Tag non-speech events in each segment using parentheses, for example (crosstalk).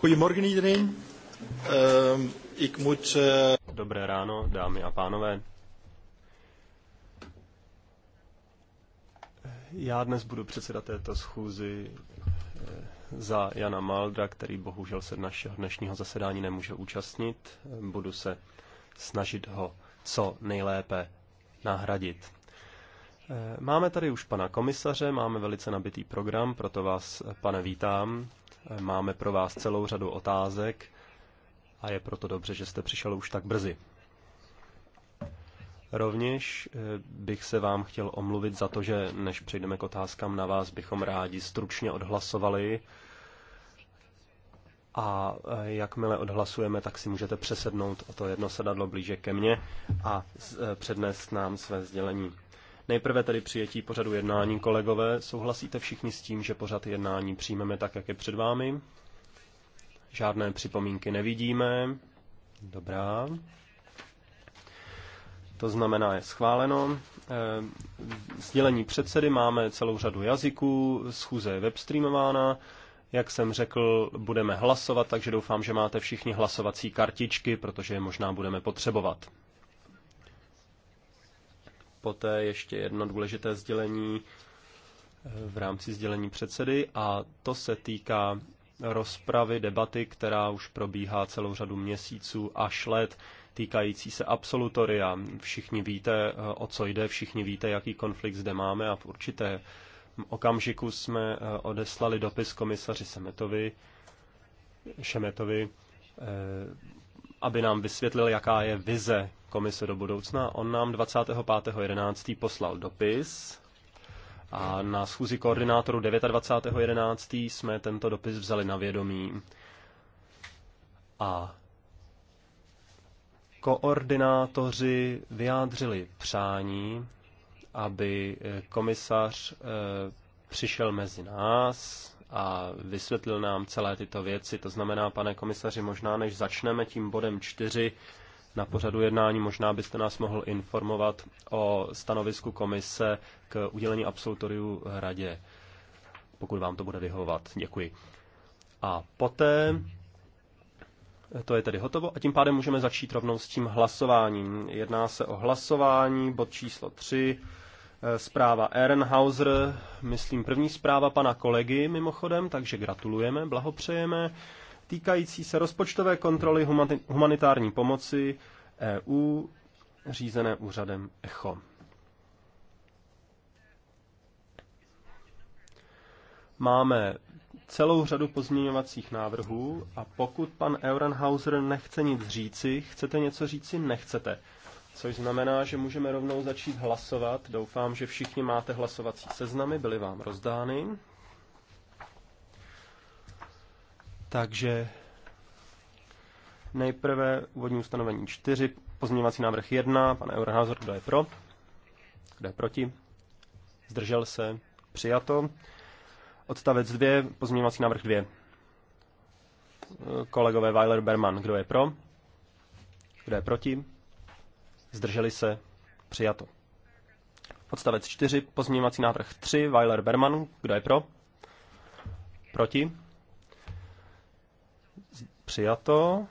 Goedemorgen iedereen. Ehm, ik moet... Eh, Dobré ráno, dámy a pánové. Já dnes budu předsedat této schůzi eh, za Jana Maldra, který bohužel se našeho dnešního zasedání nemůže účastnit. Budu se snažit ho co nejlépe nahradit. Eh, máme tady už pana komisaře, máme velice nabitý program, proto vás, pane, vítám Máme pro vás celou řadu otázek a je proto dobře, že jste přišel už tak brzy. Rovněž eh, bych se vám chtěl omluvit za to, že než přejdeme k otázkám na vás, bychom rádi stručně odhlasovali. A eh, jakmile odhlasujeme, tak si můžete přesednout o to jedno sedadlo blíže ke mně a eh, přednést nám své sdělení. Nejprve tedy přijetí pořadu jednání, kolegové. Souhlasíte všichni s tím, že pořad jednání přijmeme tak, jak je před vámi? Žádné připomínky nevidíme. Dobrá. To znamená, je schváleno. Eh, sdělení předsedy máme celou řadu jazyků, schůze je webstreamována. Jak jsem řekl, budeme hlasovat, takže doufám, že máte všichni hlasovací kartičky, protože je možná budeme potřebovat poté ještě jedno důležité sdělení eh, v rámci sdělení předsedy a to se týká rozpravy, debaty, která už probíhá celou řadu měsíců až let, týkající se absolutoria. Všichni víte, eh, o co jde, všichni víte, jaký konflikt zde máme a v určité okamžiku jsme eh, odeslali dopis komisaři Semetovi, Šemetovi, aby nám vysvětlil, jaká je vize komise do budoucna. On nám 25.11. poslal dopis a na schůzi koordinátoru 29.11. jsme tento dopis vzali na vědomí. A koordinátoři vyjádřili přání, aby komisař eh, přišel mezi nás a vysvětlil nám celé tyto věci. To znamená, pane komisaři, možná než začneme tím bodem 4, na pořadu jednání. Možná byste nás mohl informovat o stanovisku komise k udělení absolutoriu radě, pokud vám to bude vyhovovat. Děkuji. A poté to je tedy hotovo a tím pádem můžeme začít rovnou s tím hlasováním. Jedná se o hlasování, bod číslo 3, eh, zpráva Ehrenhauser, myslím první zpráva pana kolegy mimochodem, takže gratulujeme, blahopřejeme týkající se rozpočtové kontroly humanitární pomoci EU řízené úřadem ECHO. Máme celou řadu pozměňovacích návrhů a pokud pan Eurenhauser nechce nic říci, chcete něco říci, nechcete. Což znamená, že můžeme rovnou začít hlasovat. Doufám, že všichni máte hlasovací seznamy, byly vám rozdány. Takže nejprve vodní ustanovení 4, pozměňovací návrh 1, pan Eurhauser, kdo je pro, kdo je proti, zdržel se, přijato. Odstavec 2, pozměňovací návrh 2. Kolegové Weiler Berman, kdo je pro? Kdo je proti? Zdrželi se? Přijato. Odstavec 4, pozměňovací návrh 3, Weiler Berman, kdo je pro? Proti? Přijato.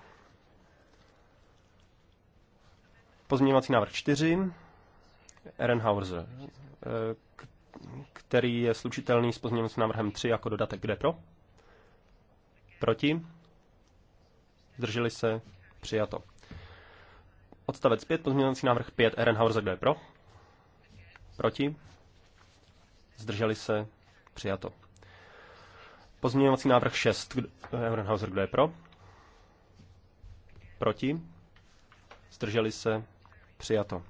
Pozměňovací návrh 4. Erenhauser, eh, který je slučitelný s pozměňovacím návrhem 3 jako dodatek. Kde pro? Proti? Zdrželi se? Přijato. Odstavec 5, pozměňovací návrh 5, Erenhauser, kde pro? Proti? Zdrželi se? Přijato. Pozměňovací návrh 6, Erenhauser, kde je pro? Proti? Zdrželi se? Přijato.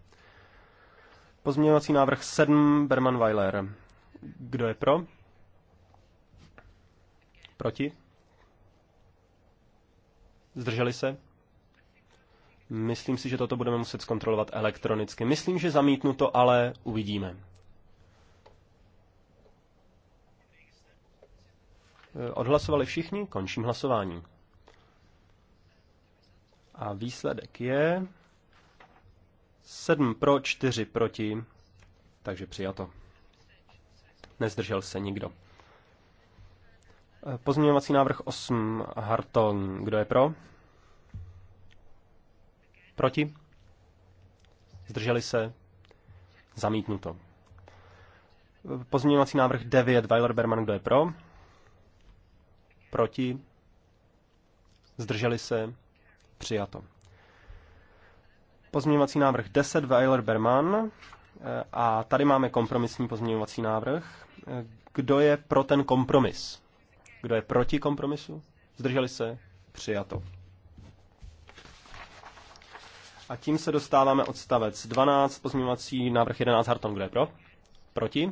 Pozměňovací návrh 7, Berman Weiler. Kdo je pro? Proti? Zdrželi se? Myslím si, že toto budeme muset zkontrolovat elektronicky. Myslím, že zamítnu to, ale uvidíme. Odhlasovali všichni? Končím hlasování. A výsledek je 7 pro, 4 proti, takže přijato. Nezdržel se nikdo. Eh, pozměňovací návrh 8, Harton, kdo je pro? Proti? Zdrželi se? Zamítnuto. Eh, pozměňovací návrh 9, Weiler Berman, kdo je pro? Proti? Zdrželi se? Přijato. Pozměňovací návrh 10 Weiler Berman. Eh, a tady máme kompromisní pozměňovací návrh. Eh, kdo je pro ten kompromis? Kdo je proti kompromisu? Zdrželi se? Přijato. A tím se dostáváme odstavec 12, pozměňovací návrh 11 Harton. Kdo je pro? Proti?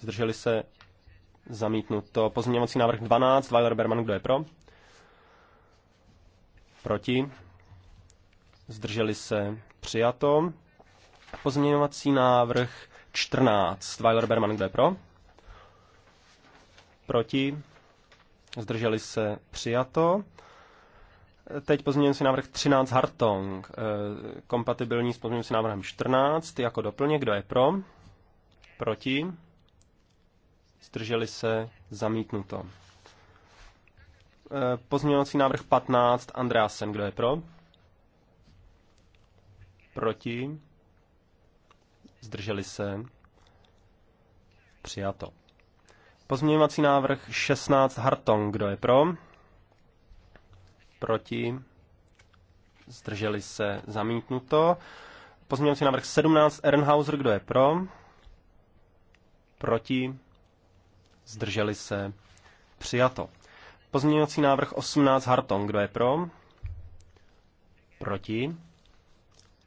Zdrželi se? Zamítnuto. Pozměňovací návrh 12, Weiler Berman. Kdo je pro? Proti? Zdrželi se? Přijato. Pozměňovací návrh 14. Weiler Berman, kde pro? Proti? Zdrželi se? Přijato. Teď pozměňující návrh 13 Hartong, eh, kompatibilní s pozměňujícím návrhem 14, jako doplněk, kdo je pro? Proti? Zdrželi se? Zamítnuto. Eh, pozměňovací návrh 15, Andreasen, kdo je pro? Proti? Zdrželi se? Přijato. Pozměňovací návrh 16, Hartong, kdo je pro? Proti? Zdrželi se? Zamítnuto. Pozměňovací návrh 17, Ernhauser, kdo je pro? Proti? Zdrželi se? Přijato. Pozměňovací návrh 18 Hartong. Kdo je pro? Proti?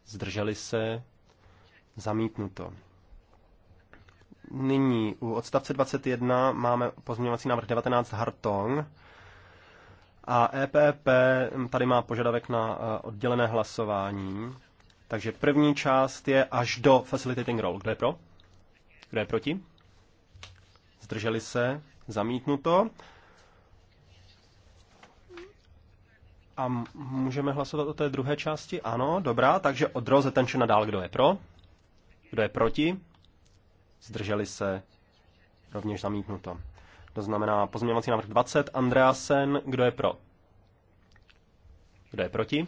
Zdrželi se? Zamítnuto. Nyní u odstavce 21 máme pozměňovací návrh 19 Hartong. A EPP tady má požadavek na eh, oddělené hlasování. Takže první část je až do facilitating role. Kdo je pro? Kdo je proti? Zdrželi se? Zamítnuto. A můžeme hlasovat o té druhé části? Ano, dobrá, takže od roze tenčena dál, kdo je pro? Kdo je proti? Zdrželi se rovněž zamítnuto. To znamená pozměňovací návrh 20, Andreasen, kdo je pro? Kdo je proti?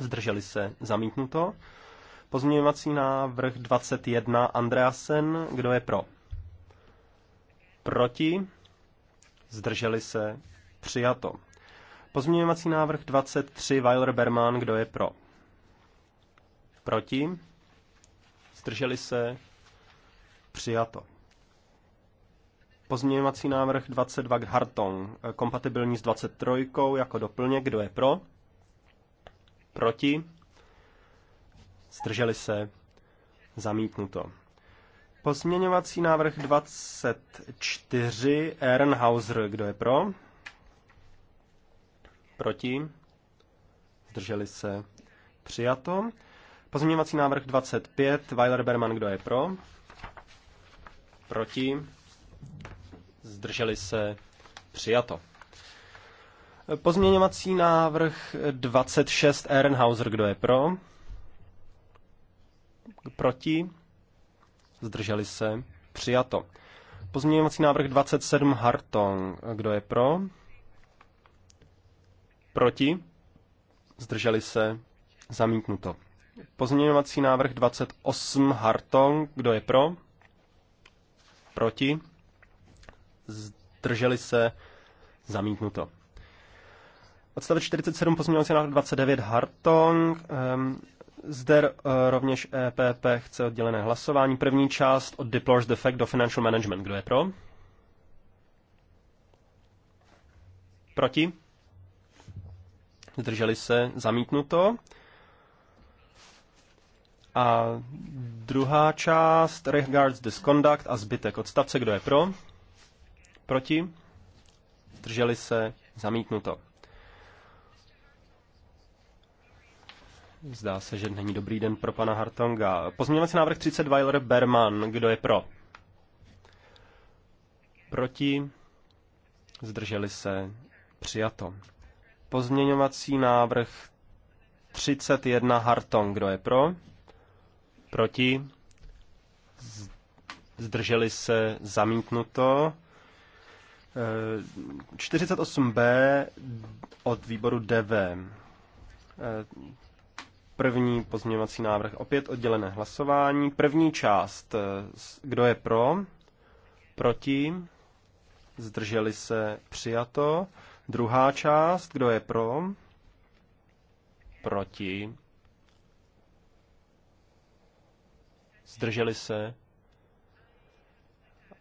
Zdrželi se zamítnuto. Pozměňovací návrh 21, Andreasen, kdo je pro? Proti? Zdrželi se přijato. Pozměňovací návrh 23 Weiler Berman, kdo je pro? Proti? Zdrželi se? Přijato. Pozměňovací návrh 22 Hartong, eh, kompatibilní s 23 jako doplněk, kdo je pro? Proti? Zdrželi se? Zamítnuto. Pozměňovací návrh 24 Ehrenhauser, kdo je pro? Proti? Zdrželi se? Přijato. Pozměňovací návrh 25. Weiler Berman, kdo je pro? Proti? Zdrželi se? Přijato. Pozměňovací návrh 26. Ehrenhauser, kdo je pro? Proti? Zdrželi se? Přijato. Pozměňovací návrh 27 Hartong. Kdo je pro? Proti? Zdrželi se? Zamítnuto. Pozměňovací návrh 28 Hartong. Kdo je pro? Proti? Zdrželi se? Zamítnuto. Odstavec 47 pozměňovací návrh 29 Hartong. Um, zde uh, rovněž EPP chce oddělené hlasování. První část od Deplores the Fact do Financial Management. Kdo je pro? Proti? zdrželi se, zamítnuto. A druhá část, regards disconduct a zbytek odstavce, kdo je pro, proti, zdrželi se, zamítnuto. Zdá se, že není dobrý den pro pana Hartonga. Pozměňovací návrh 32 Weiler Berman. Kdo je pro? Proti? Zdrželi se? Přijato. Pozměňovací návrh 31 Hartong. Kdo je pro? Proti? Zdrželi se zamítnuto. 48b e, od výboru DV. E, první pozměňovací návrh. Opět oddělené hlasování. První část. E, kdo je pro? Proti? Zdrželi se přijato. Druhá část, kdo je pro? Proti. Zdrželi se?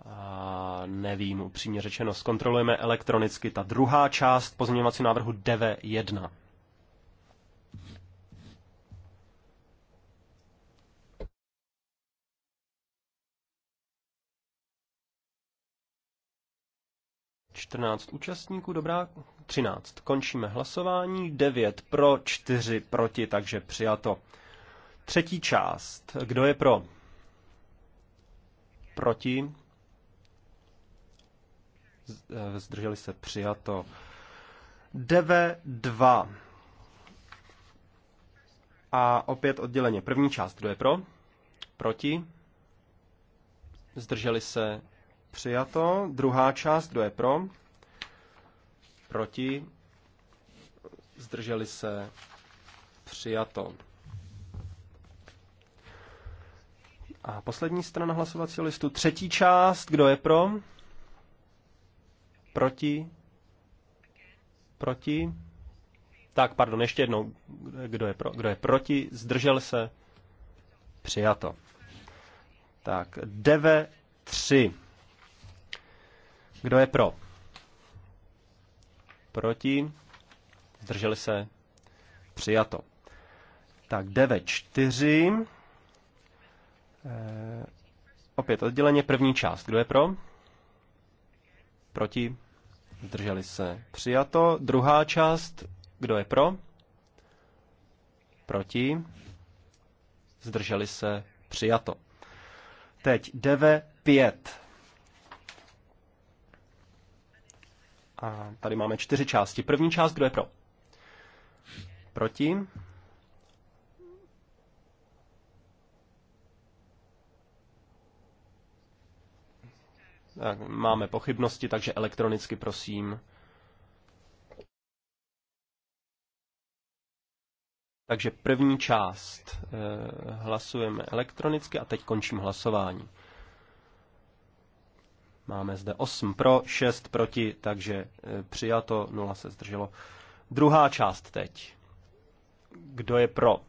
A nevím, upřímně řečeno. Zkontrolujeme elektronicky ta druhá část pozměňovacího návrhu DV1. 14 účastníků, dobrá, 13. Končíme hlasování, 9 pro, 4 proti, takže přijato. Třetí část, kdo je pro? Proti? Eh, zdrželi se přijato. 9, 2 A opět odděleně. První část, kdo je pro? Proti? Zdrželi se Přijato. Druhá část, kdo je pro? Proti? Zdrželi se? Přijato. A poslední strana hlasovacího listu. Třetí část, kdo je pro? Proti? Proti? Tak, pardon, ještě jednou. Kdo je, pro, kdo je proti? Zdržel se? Přijato. Tak, deve 3. Kdo je pro? Proti? Zdrželi se? Přijato. Tak 9.4. Eh, opět odděleně první část. Kdo je pro? Proti? Zdrželi se? Přijato. Druhá část. Kdo je pro? Proti? Zdrželi se? Přijato. Teď 5. A tady máme čtyři části. První část, kdo je pro? Proti? Tak, máme pochybnosti, takže elektronicky prosím. Takže první část eh, hlasujeme elektronicky a teď končím hlasování. Máme zde 8 pro, 6 proti, takže e, přijato, 0 se zdrželo. Druhá část teď. Kdo je pro?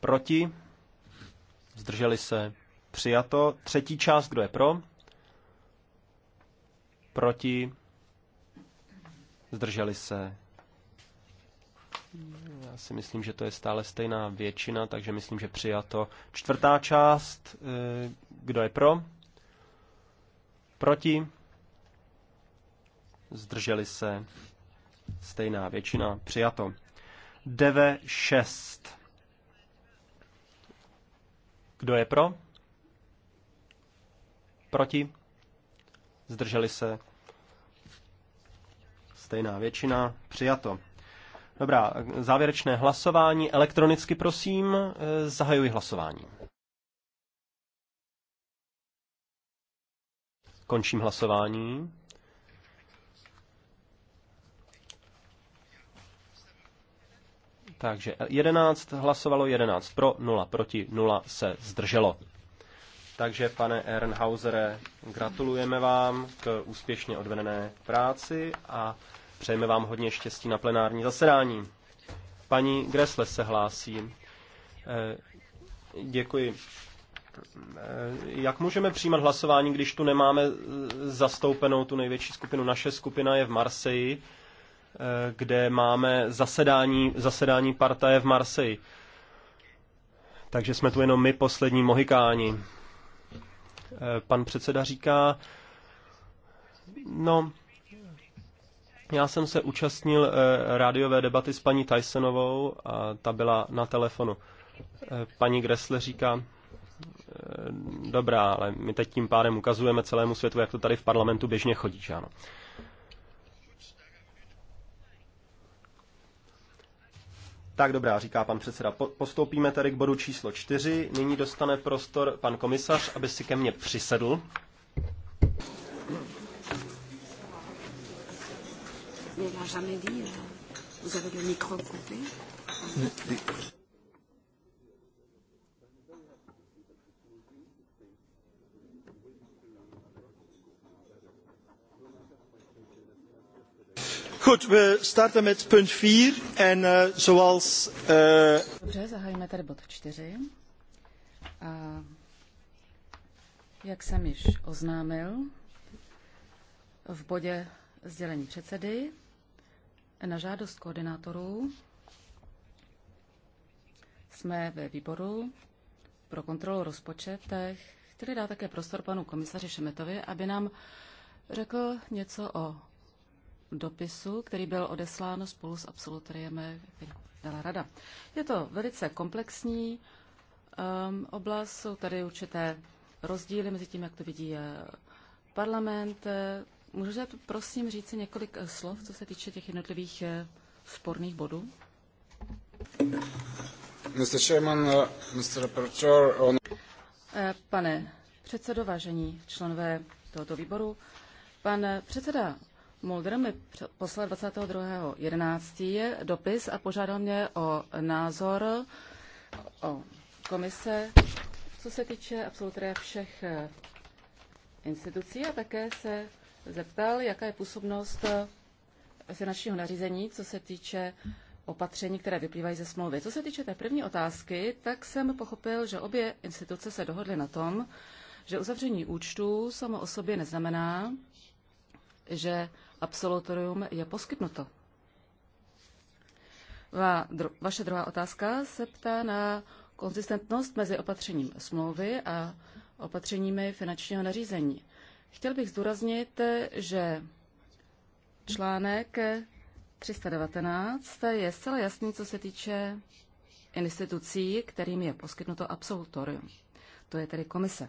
Proti? Zdrželi se? Přijato. Třetí část, kdo je pro? Proti? Zdrželi se? Já si myslím, že to je stále stejná většina, takže myslím, že přijato. Čtvrtá část, e, kdo je pro? Proti? Zdrželi se. Stejná většina. Přijato. Deve šest. Kdo je pro? Proti? Zdrželi se. Stejná většina. Přijato. Dobrá, závěrečné hlasování. Elektronicky prosím, zahajuji hlasování. Končím hlasování. Takže 11 hlasovalo 11 pro, 0 proti, 0 se zdrželo. Takže, pane Ernhausere, gratulujeme vám k úspěšně odvedené práci a přejeme vám hodně štěstí na plenární zasedání. Paní Gresle se hlásí. Eh, děkuji. Eh, jak můžeme přijímat hlasování, když tu nemáme eh, zastoupenou tu největší skupinu? Naše skupina je v Marseji, eh, kde máme zasedání, zasedání partaje v Marseji. Takže jsme tu jenom my, poslední mohikáni. Pan předseda říká, no, já jsem se účastnil rádiové debaty s paní Tysonovou a ta byla na telefonu. Paní Gressle říká, Eh, dobrá, ale my teď tím pádem ukazujeme celému světu, jak to tady v parlamentu běžně chodí, že ano. Tak dobrá, říká pan předseda. Postoupíme tedy k bodu číslo čtyři. Nyní dostane prostor pan komisař, aby si ke mně přisedl. Mais il n'a jamais dit, euh, vous avez le micro coupé. Mm. Goed, we starten met punt 4 en uh, zoals... Uh... Dobře, zahájíme tady bod 4. A jak jsem již oznámil, v bodě sdělení předsedy na žádost koordinátorů jsme ve výboru pro kontrolu rozpočet který dá také prostor panu komisaři Šemetovi, aby nám řekl něco o dopisu, který byl odeslán spolu s absolutoriem, který dala rada. Je to velice komplexní um, oblast, jsou tady určité rozdíly mezi tím, jak to vidí eh, parlament. Eh, můžete prosím říct několik eh, slov, co se týče těch jednotlivých sporných bodů? Mr. Chairman, Mr. Rapporteur, on... Pane předsedo, vážení členové tohoto výboru, pan předseda Mulder mi poslal 22.11. dopis a požádal mě o názor o komise, co se týče absolutoria všech eh, institucí a také se zeptal, jaká je působnost eh, finančního nařízení, co se týče opatření, které vyplývají ze smlouvy. Co se týče té první otázky, tak jsem pochopil, že obě instituce se dohodly na tom, že uzavření účtů samo o sobě neznamená, že absolutorium je poskytnuto. Va, dru, vaše druhá otázka se ptá na konzistentnost mezi opatřením smlouvy a opatřeními finančního nařízení. Chtěl bych zdůraznit, že článek 319 je zcela jasný, co se týče institucí, kterým je poskytnuto absolutorium. To je tedy komise.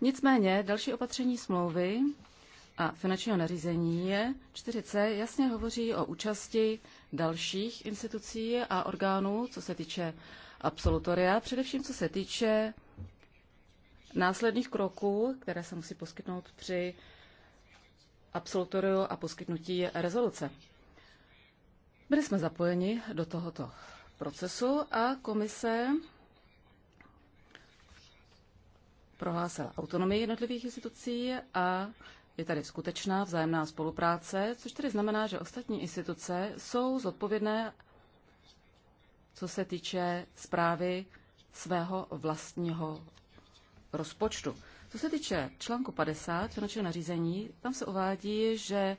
Nicméně další opatření smlouvy a finančního nařízení 4C jasně hovoří o účasti dalších institucí a orgánů, co se týče absolutoria, především co se týče následných kroků, které se musí poskytnout při absolutoriu a poskytnutí rezoluce. Byli jsme zapojeni do tohoto procesu a komise prohlásila autonomii jednotlivých institucí a je tady skutečná vzájemná spolupráce, což tedy znamená, že ostatní instituce jsou zodpovědné, co se týče zprávy svého vlastního rozpočtu. Co se týče článku 50 finančního nařízení, tam se uvádí, že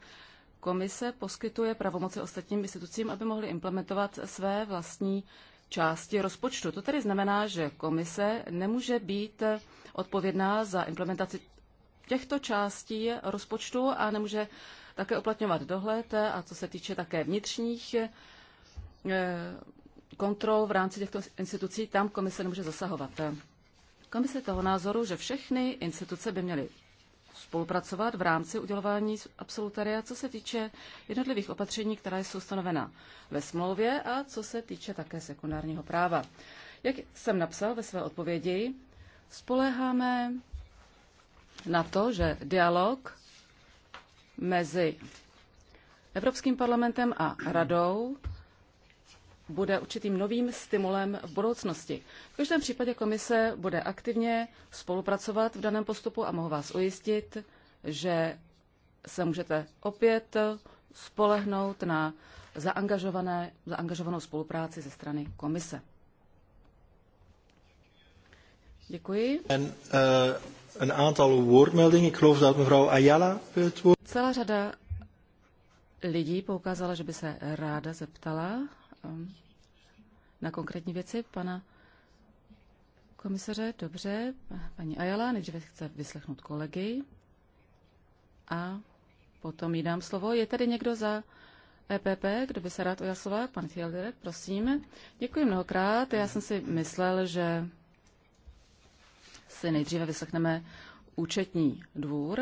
komise poskytuje pravomoci ostatním institucím, aby mohly implementovat své vlastní části rozpočtu. To tedy znamená, že komise nemůže být odpovědná za implementaci těchto částí rozpočtu a nemůže také uplatňovat dohled eh, a co se týče také vnitřních eh, kontrol v rámci těchto institucí, tam komise nemůže zasahovat. Komise toho názoru, že všechny instituce by měly spolupracovat v rámci udělování absolutaria, co se týče jednotlivých opatření, která jsou stanovena ve smlouvě a co se týče také sekundárního práva. Jak jsem napsal ve své odpovědi, spoléháme na to, že dialog mezi Evropským parlamentem a radou bude určitým novým stimulem v budoucnosti. V každém případě komise bude aktivně spolupracovat v daném postupu a mohu vás ujistit, že se můžete opět spolehnout na zaangažované, zaangažovanou spolupráci ze strany komise. Děkuji. And, uh een aantal woordmeldingen. Ik geloof dat mevrouw Ayala het woord... Celá řada lidí poukázala, že by se ráda zeptala ehm, na konkrétní věci pana komisaře. Dobře, paní Ayala, nejdříve chce vyslechnout kolegy a potom jí dám slovo. Je tady někdo za EPP, kdo by se rád ujal slova? Pan Fielder, prosím. Děkuji mnohokrát. Já jsem si myslel, že si nejdříve vyslechneme účetní dvůr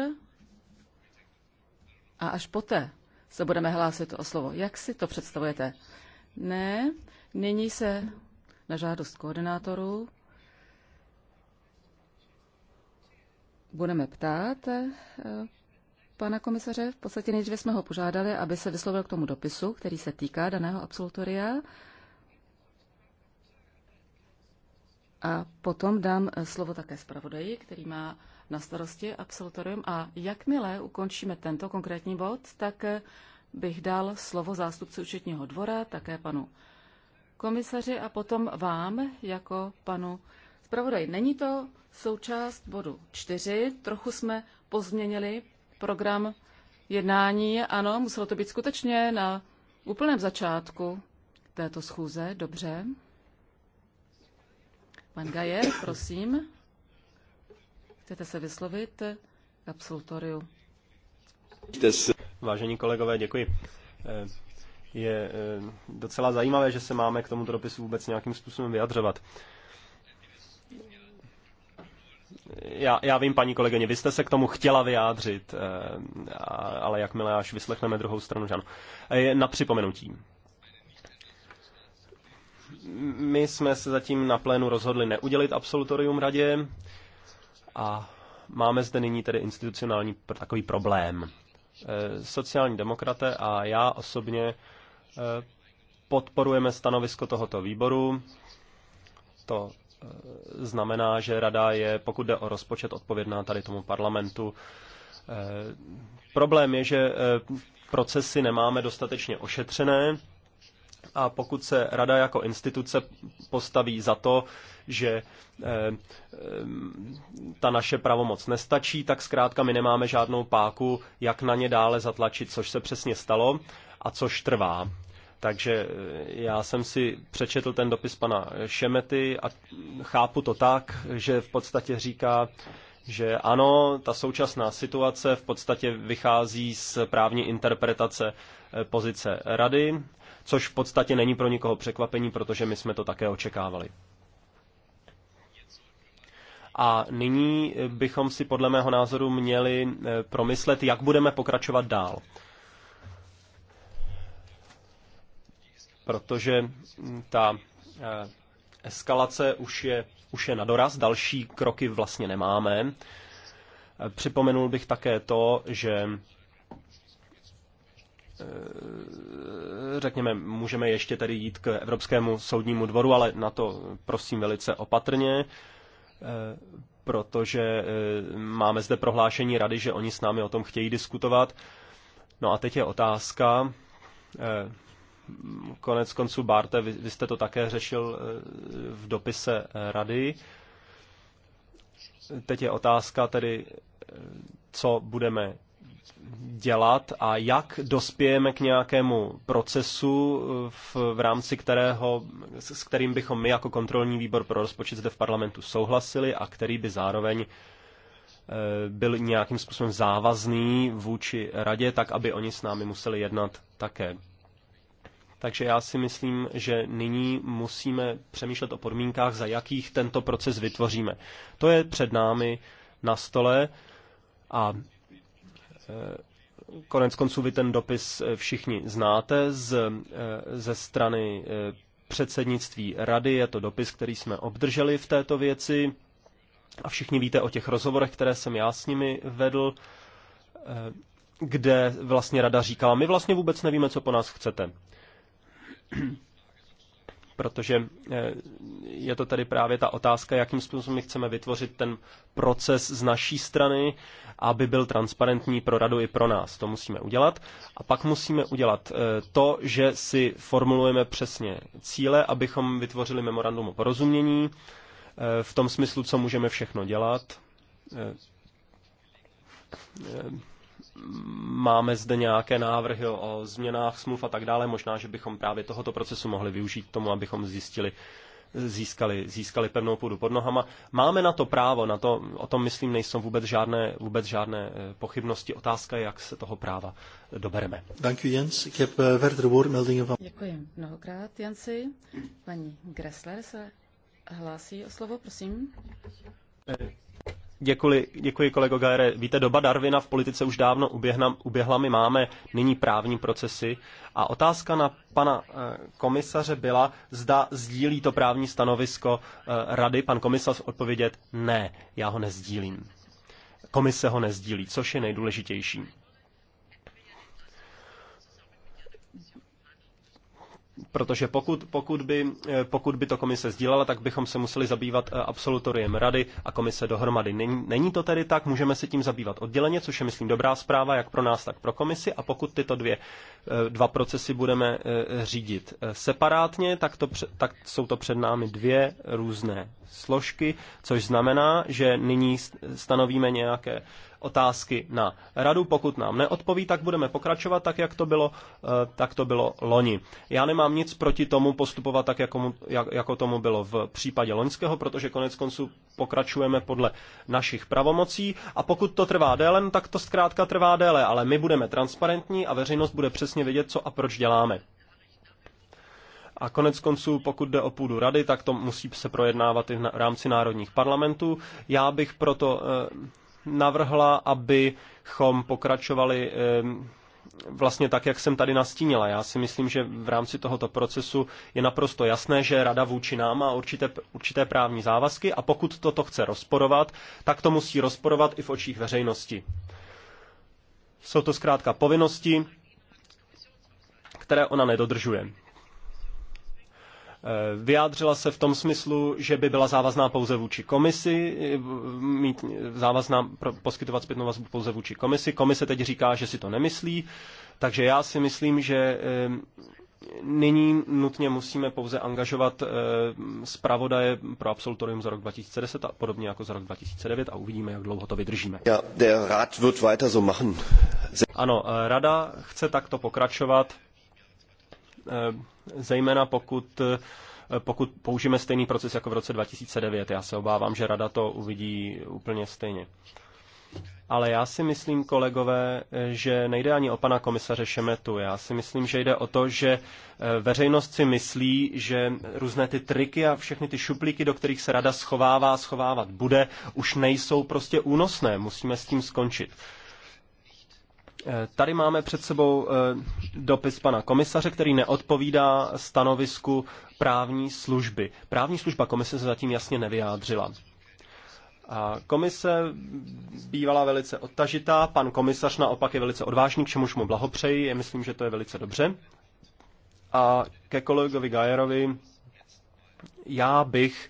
a až poté se budeme hlásit o slovo. Jak si to představujete? Ne, nyní se na žádost koordinátorů budeme ptát eh, pana komisaře. V podstatě nejdříve jsme ho požádali, aby se vyslovil k tomu dopisu, který se týká daného absolutoria. A potom dám eh, slovo také zpravodaji, který má na starosti absolutorium. A jakmile ukončíme tento konkrétní bod, tak eh, bych dal slovo zástupci účetního dvora, také panu komisaři a potom vám jako panu zpravodaji. Není to součást bodu 4, trochu jsme pozměnili program jednání. Ano, muselo to být skutečně na úplném začátku této schůze, dobře. Pan Gajer, prosím, chcete se vyslovit k absolutoriu? Vážení kolegové, děkuji. Eh, je eh, docela zajímavé, že se máme k tomuto dopisu vůbec nějakým způsobem vyjadřovat. Já, já vím, paní kolegyně, vy jste se k tomu chtěla vyjádřit, eh, ale jakmile až vyslechneme druhou stranu, žádnou. Na připomenutí. My jsme se zatím na plénu rozhodli neudělit absolutorium radě a máme zde nyní tedy institucionální takový problém. E, sociální demokraté a já osobně e, podporujeme stanovisko tohoto výboru. To e, znamená, že rada je, pokud jde o rozpočet, odpovědná tady tomu parlamentu. Problém je, že procesy nemáme dostatečně ošetřené a pokud se rada jako instituce postaví za to, že eh, eh, ta naše pravomoc nestačí, tak zkrátka my nemáme žádnou páku, jak na ně dále zatlačit, což se přesně stalo a což trvá. Takže eh, já jsem si přečetl ten dopis pana Šemety a chápu to tak, že v podstatě říká, že ano, ta současná situace v podstatě vychází z právní interpretace pozice rady což v podstatě není pro nikoho překvapení, protože my jsme to také očekávali. A nyní bychom si podle mého názoru měli eh, promyslet, jak budeme pokračovat dál. Protože hm, ta eh, eskalace už je, už je na doraz, další kroky vlastně nemáme. Eh, připomenul bych také to, že Eh, řekněme, můžeme ještě tady jít k Evropskému soudnímu dvoru, ale na to prosím velice opatrně, eh, protože eh, máme zde prohlášení rady, že oni s námi o tom chtějí diskutovat. No a teď je otázka, konec konců Barte, vy, vy jste to také řešil v dopise rady. Teď je otázka tedy, co budeme dělat a jak dospějeme k nějakému procesu, eh, v, v rámci kterého, s kterým bychom my jako kontrolní výbor pro rozpočet zde v parlamentu souhlasili a který by zároveň eh, byl nějakým způsobem závazný vůči radě, tak aby oni s námi museli jednat také. Takže já si myslím, že nyní musíme přemýšlet o podmínkách, za jakých tento proces vytvoříme. To je před námi na stole a Eh, konec konců vy ten dopis eh, všichni znáte z, eh, ze strany předsednictví rady. Je to dopis, který jsme obdrželi v této věci. A všichni víte o těch rozhovorech, které jsem já s nimi vedl, kde vlastně rada říkala, my vlastně vůbec nevíme, co po nás chcete protože eh, je to tady právě ta otázka, jakým způsobem my chceme vytvořit ten proces z naší strany, aby byl transparentní pro radu i pro nás. To musíme udělat. A pak musíme udělat eh, to, že si formulujeme přesně cíle, abychom vytvořili memorandum o porozumění, eh, v tom smyslu, co můžeme všechno dělat máme zde nějaké návrhy o změnách smluv a tak dále. Možná, že bychom právě tohoto procesu mohli využít k tomu, abychom zjistili, získali, získali pevnou půdu pod nohama. Máme na to právo, na to, o tom myslím nejsou vůbec žádné, vůbec žádné eh, pochybnosti. Otázka je, jak se toho práva dobereme. Eh, Děkuji, Jens. mnohokrát, Jensi. Paní Gressler se hlásí o slovo, prosím. Eh, Děkuji, děkuji kolego Gajere. Víte, doba Darwina v politice už dávno uběhna, uběhla. My máme nyní právní procesy. A otázka na pana eh, komisaře byla, zda sdílí to právní stanovisko eh, rady. Pan komisař odpovědět ne, já ho nezdílím. Komise ho nezdílí, což je nejdůležitější. Protože pokud, pokud, by, eh, pokud by to komise sdílela, tak bychom se museli zabývat eh, absolutoriem rady a komise dohromady. Není, není to tedy tak, můžeme se tím zabývat odděleně, což je, myslím, dobrá zpráva jak pro nás, tak pro komisi. A pokud tyto dvě, eh, dva procesy budeme řídit separátně, tak, to, tak jsou to před námi dvě různé složky, což znamená, že nyní stanovíme nějaké otázky na radu. Pokud nám neodpoví, tak budeme pokračovat tak, jak to bylo, eh, tak to bylo loni. Já nemám nic proti tomu postupovat tak, jako, jak, jako tomu bylo v případě loňského, protože konec konců pokračujeme podle našich pravomocí a pokud to trvá déle, no tak to zkrátka trvá déle, ale my budeme transparentní a veřejnost bude přesně vědět, co a proč děláme. A konec konců, pokud jde o půdu rady, tak to musí se projednávat i v rámci národních parlamentů. Já bych proto eh, navrhla, abychom pokračovali vlastně tak, jak jsem tady nastínila. Já si myslím, že v rámci tohoto procesu je naprosto jasné, že Rada vůči nám má určité, určité právní závazky a pokud toto chce rozporovat, tak to musí rozporovat i v očích veřejnosti. Jsou to zkrátka povinnosti, které ona nedodržuje. Eh, vyjádřila se v tom smyslu, že by byla závazná pouze vůči komisi, eh, mít závazná poskytovat zpětnou vazbu pouze vůči komisi. Komise teď říká, že si to nemyslí, takže já si myslím, že eh, nyní nutně musíme pouze angažovat zpravodaje pro absolutorium za rok 2010 a podobně jako za rok 2009 a uvidíme, jak dlouho to vydržíme. Ja, der Rat wird weiter so machen. Ano, rada chce takto pokračovat zejména pokud eh, pokud použijeme stejný proces jako v roce 2009. Já se obávám, že rada to uvidí úplně stejně. Ale já si myslím, kolegové, že nejde ani o pana komisaře Šemetu. Já si myslím, že jde o to, že eh, veřejnost si myslí, že různé ty triky a všechny ty šuplíky, do kterých se rada schovává a schovávat bude, už nejsou prostě únosné. Musíme s tím skončit. Eh, tady máme před sebou eh, dopis pana komisaře, který neodpovídá stanovisku právní služby. Právní služba komise se zatím jasně nevyjádřila. A komise bývala velice odtažitá, pan komisař naopak je velice odvážný, k čemuž mu blahopřeji, je myslím, že to je velice dobře. A ke kolegovi Gajerovi, já bych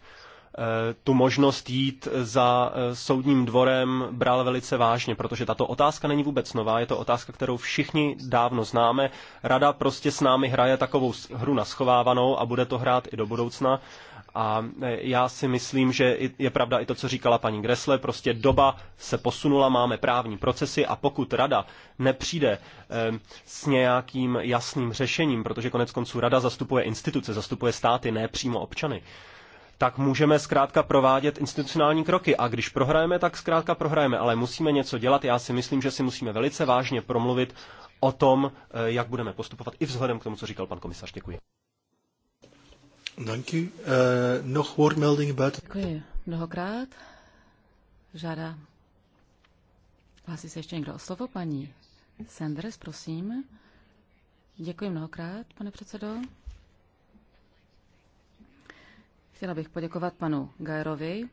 Eh, tu možnost jít za eh, soudním dvorem bral velice vážně, protože tato otázka není vůbec nová, je to otázka, kterou všichni dávno známe. Rada prostě s námi hraje takovou hru naschovávanou a bude to hrát i do budoucna. A eh, já si myslím, že je pravda i to, co říkala paní Gresle, prostě doba se posunula, máme právní procesy a pokud rada nepřijde s nějakým jasným řešením, protože konec konců rada zastupuje instituce, zastupuje státy, ne přímo občany, tak můžeme zkrátka provádět institucionální kroky. A když prohrajeme, tak zkrátka prohrajeme, ale musíme něco dělat. Já si myslím, že si musíme velice vážně promluvit o tom, eh, jak budeme postupovat, i vzhledem k tomu, co říkal pan komisař. Děkuji. Děkuji. Eh, noch woordmelding about... Děkuji mnohokrát. Žádá. Hlásí se ještě někdo o slovo? Paní Sanders, prosím. Děkuji mnohokrát, pane předsedo. Chtěla bych poděkovat panu Gajerovi,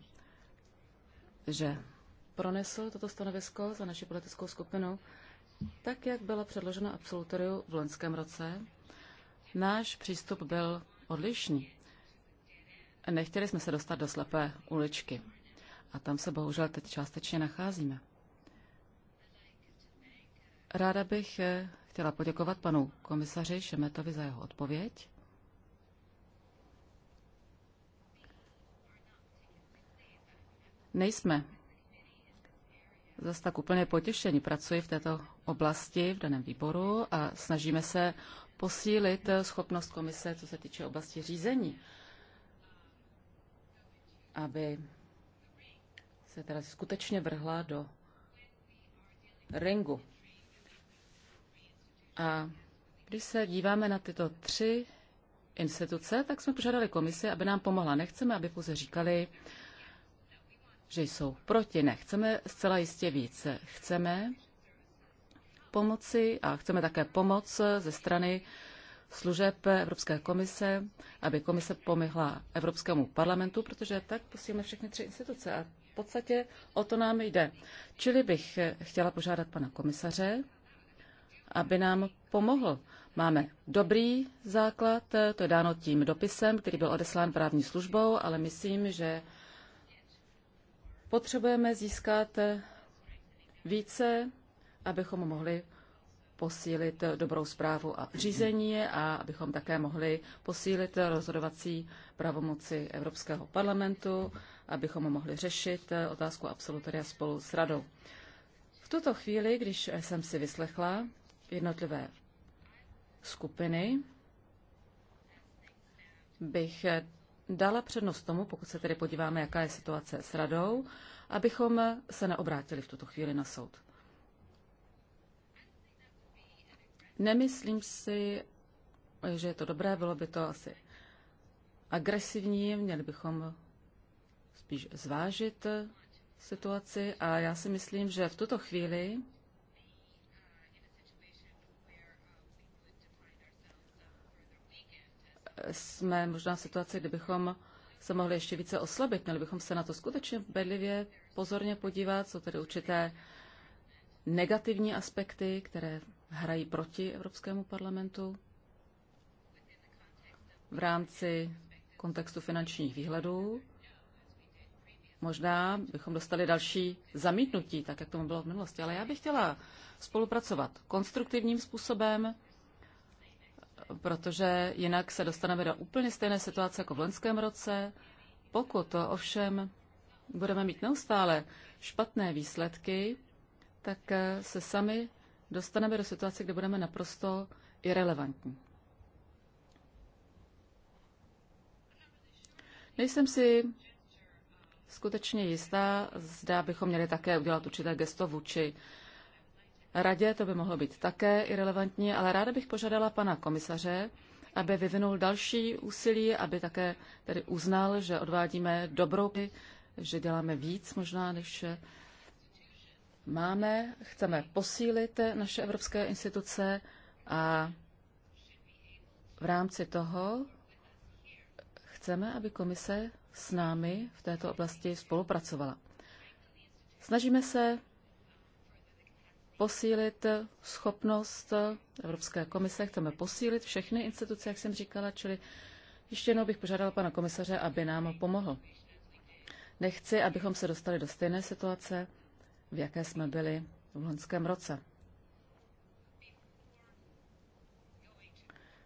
že pronesl toto stanovisko za naši politickou skupinu, tak jak byla předložena absolutoriu v loňském roce. Náš přístup byl odlišný. Nechtěli jsme se dostat do slepé uličky. A tam se bohužel teď částečně nacházíme. Ráda bych eh, chtěla poděkovat panu komisaři Šemetovi za jeho odpověď. nejsme zase tak úplně potěšení. Pracuji v této oblasti v daném výboru a snažíme se posílit schopnost komise, co se týče oblasti řízení, aby se teda skutečně vrhla do ringu. A když se díváme na tyto tři instituce, tak jsme požádali komisi, aby nám pomohla. Nechceme, aby pouze říkali, že jsou proti. Nechceme zcela jistě více. Chceme pomoci a chceme také pomoc ze strany služeb Evropské komise, aby komise pomohla Evropskému parlamentu, protože tak posíme všechny tři instituce a v podstatě o to nám jde. Čili bych chtěla požádat pana komisaře, aby nám pomohl. Máme dobrý základ, to je dáno tím dopisem, který byl odeslán právní službou, ale myslím, že potřebujeme získat více, abychom mohli posílit dobrou zprávu a řízení a abychom také mohli posílit rozhodovací pravomoci Evropského parlamentu, abychom mohli řešit otázku absolutoria spolu s radou. V tuto chvíli, když jsem si vyslechla jednotlivé skupiny, bych dala přednost tomu, pokud se tedy podíváme, jaká je situace s radou, abychom se neobrátili v tuto chvíli na soud. Nemyslím si, že je to dobré, bylo by to asi agresivní, měli bychom spíš zvážit situaci a já si myslím, že v tuto chvíli jsme možná v situaci, kdybychom se mohli ještě více oslabit. Měli bychom se na to skutečně bedlivě pozorně podívat. co tedy určité negativní aspekty, které hrají proti Evropskému parlamentu v rámci kontextu finančních výhledů. Možná bychom dostali další zamítnutí, tak jak tomu bylo v minulosti, ale já bych chtěla spolupracovat konstruktivním způsobem, protože jinak se dostaneme do úplně stejné situace jako v loňském roce. Pokud to ovšem budeme mít neustále špatné výsledky, tak eh, se sami dostaneme do situace, kde budeme naprosto irrelevantní. Nejsem si skutečně jistá, zda bychom měli také udělat určité gesto vůči radě, to by mohlo být také irrelevantní, ale ráda bych požádala pana komisaře, aby vyvinul další úsilí, aby také tedy uznal, že odvádíme dobrou, že děláme víc možná, než máme. Chceme posílit naše evropské instituce a v rámci toho chceme, aby komise s námi v této oblasti spolupracovala. Snažíme se posílit schopnost Evropské komise, chceme posílit všechny instituce, jak jsem říkala, čili ještě jednou bych požádala pana komisaře, aby nám pomohl. Nechci, abychom se dostali do stejné situace, v jaké jsme byli v loňském roce.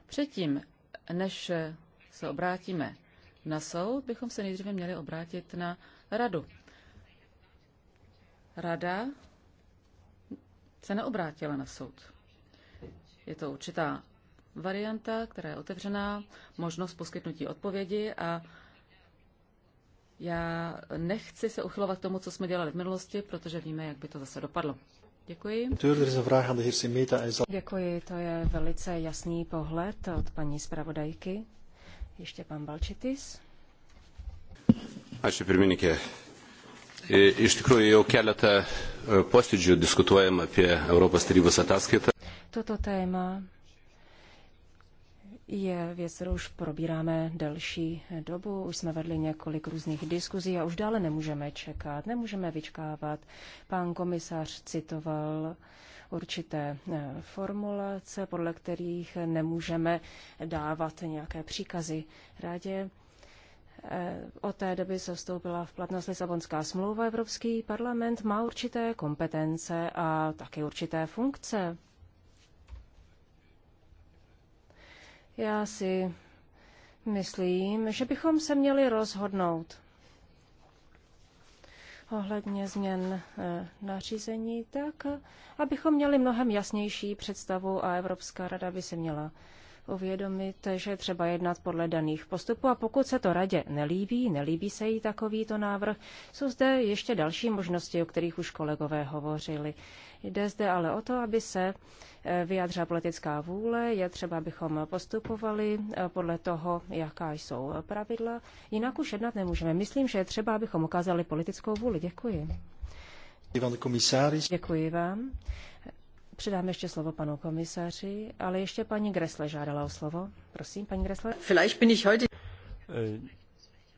Předtím, než se obrátíme na soud, bychom se nejdříve měli obrátit na radu. Rada se neobrátila na soud. Je to určitá varianta, která je otevřená, možnost poskytnutí odpovědi a já nechci se uchylovat tomu, co jsme dělali v minulosti, protože víme, jak by to zase dopadlo. Děkuji. Děkuji, to je velice jasný pohled od paní zpravodajky. Ještě pan Balčitis. Ačiū pirmininkė. Iš tikrųjų jau keletą e, posėdžių diskutuojam apie Europos tarybos ataskaitą. Toto téma je věc, kterou už probíráme delší dobu. Už jsme vedli několik různých diskuzí a už dále nemůžeme čekat, nemůžeme vyčkávat. Pán komisař citoval určité e, formulace, podle kterých nemůžeme dávat nějaké příkazy rádě. Eh, od té doby se vstoupila v platnost Lisabonská smlouva. Evropský parlament má určité kompetence a také určité funkce. Já si myslím, že bychom se měli rozhodnout ohledně změn eh, nařízení tak, abychom měli mnohem jasnější představu a Evropská rada by se měla uvědomit, že třeba jednat podle daných postupů a pokud se to radě nelíbí, nelíbí se jí takovýto návrh, jsou zde ještě další možnosti, o kterých už kolegové hovořili. Jde zde ale o to, aby se eh, vyjádřila politická vůle, je třeba, abychom postupovali eh, podle toho, jaká jsou pravidla. Jinak už jednat nemůžeme. Myslím, že je třeba, abychom ukázali politickou vůli. Děkuji. Děkuji vám. Předám ještě slovo panu komisaři, ale ještě paní Gresle žádala o slovo. Prosím, paní Gresle. Vielleicht bin ich heute... Eh,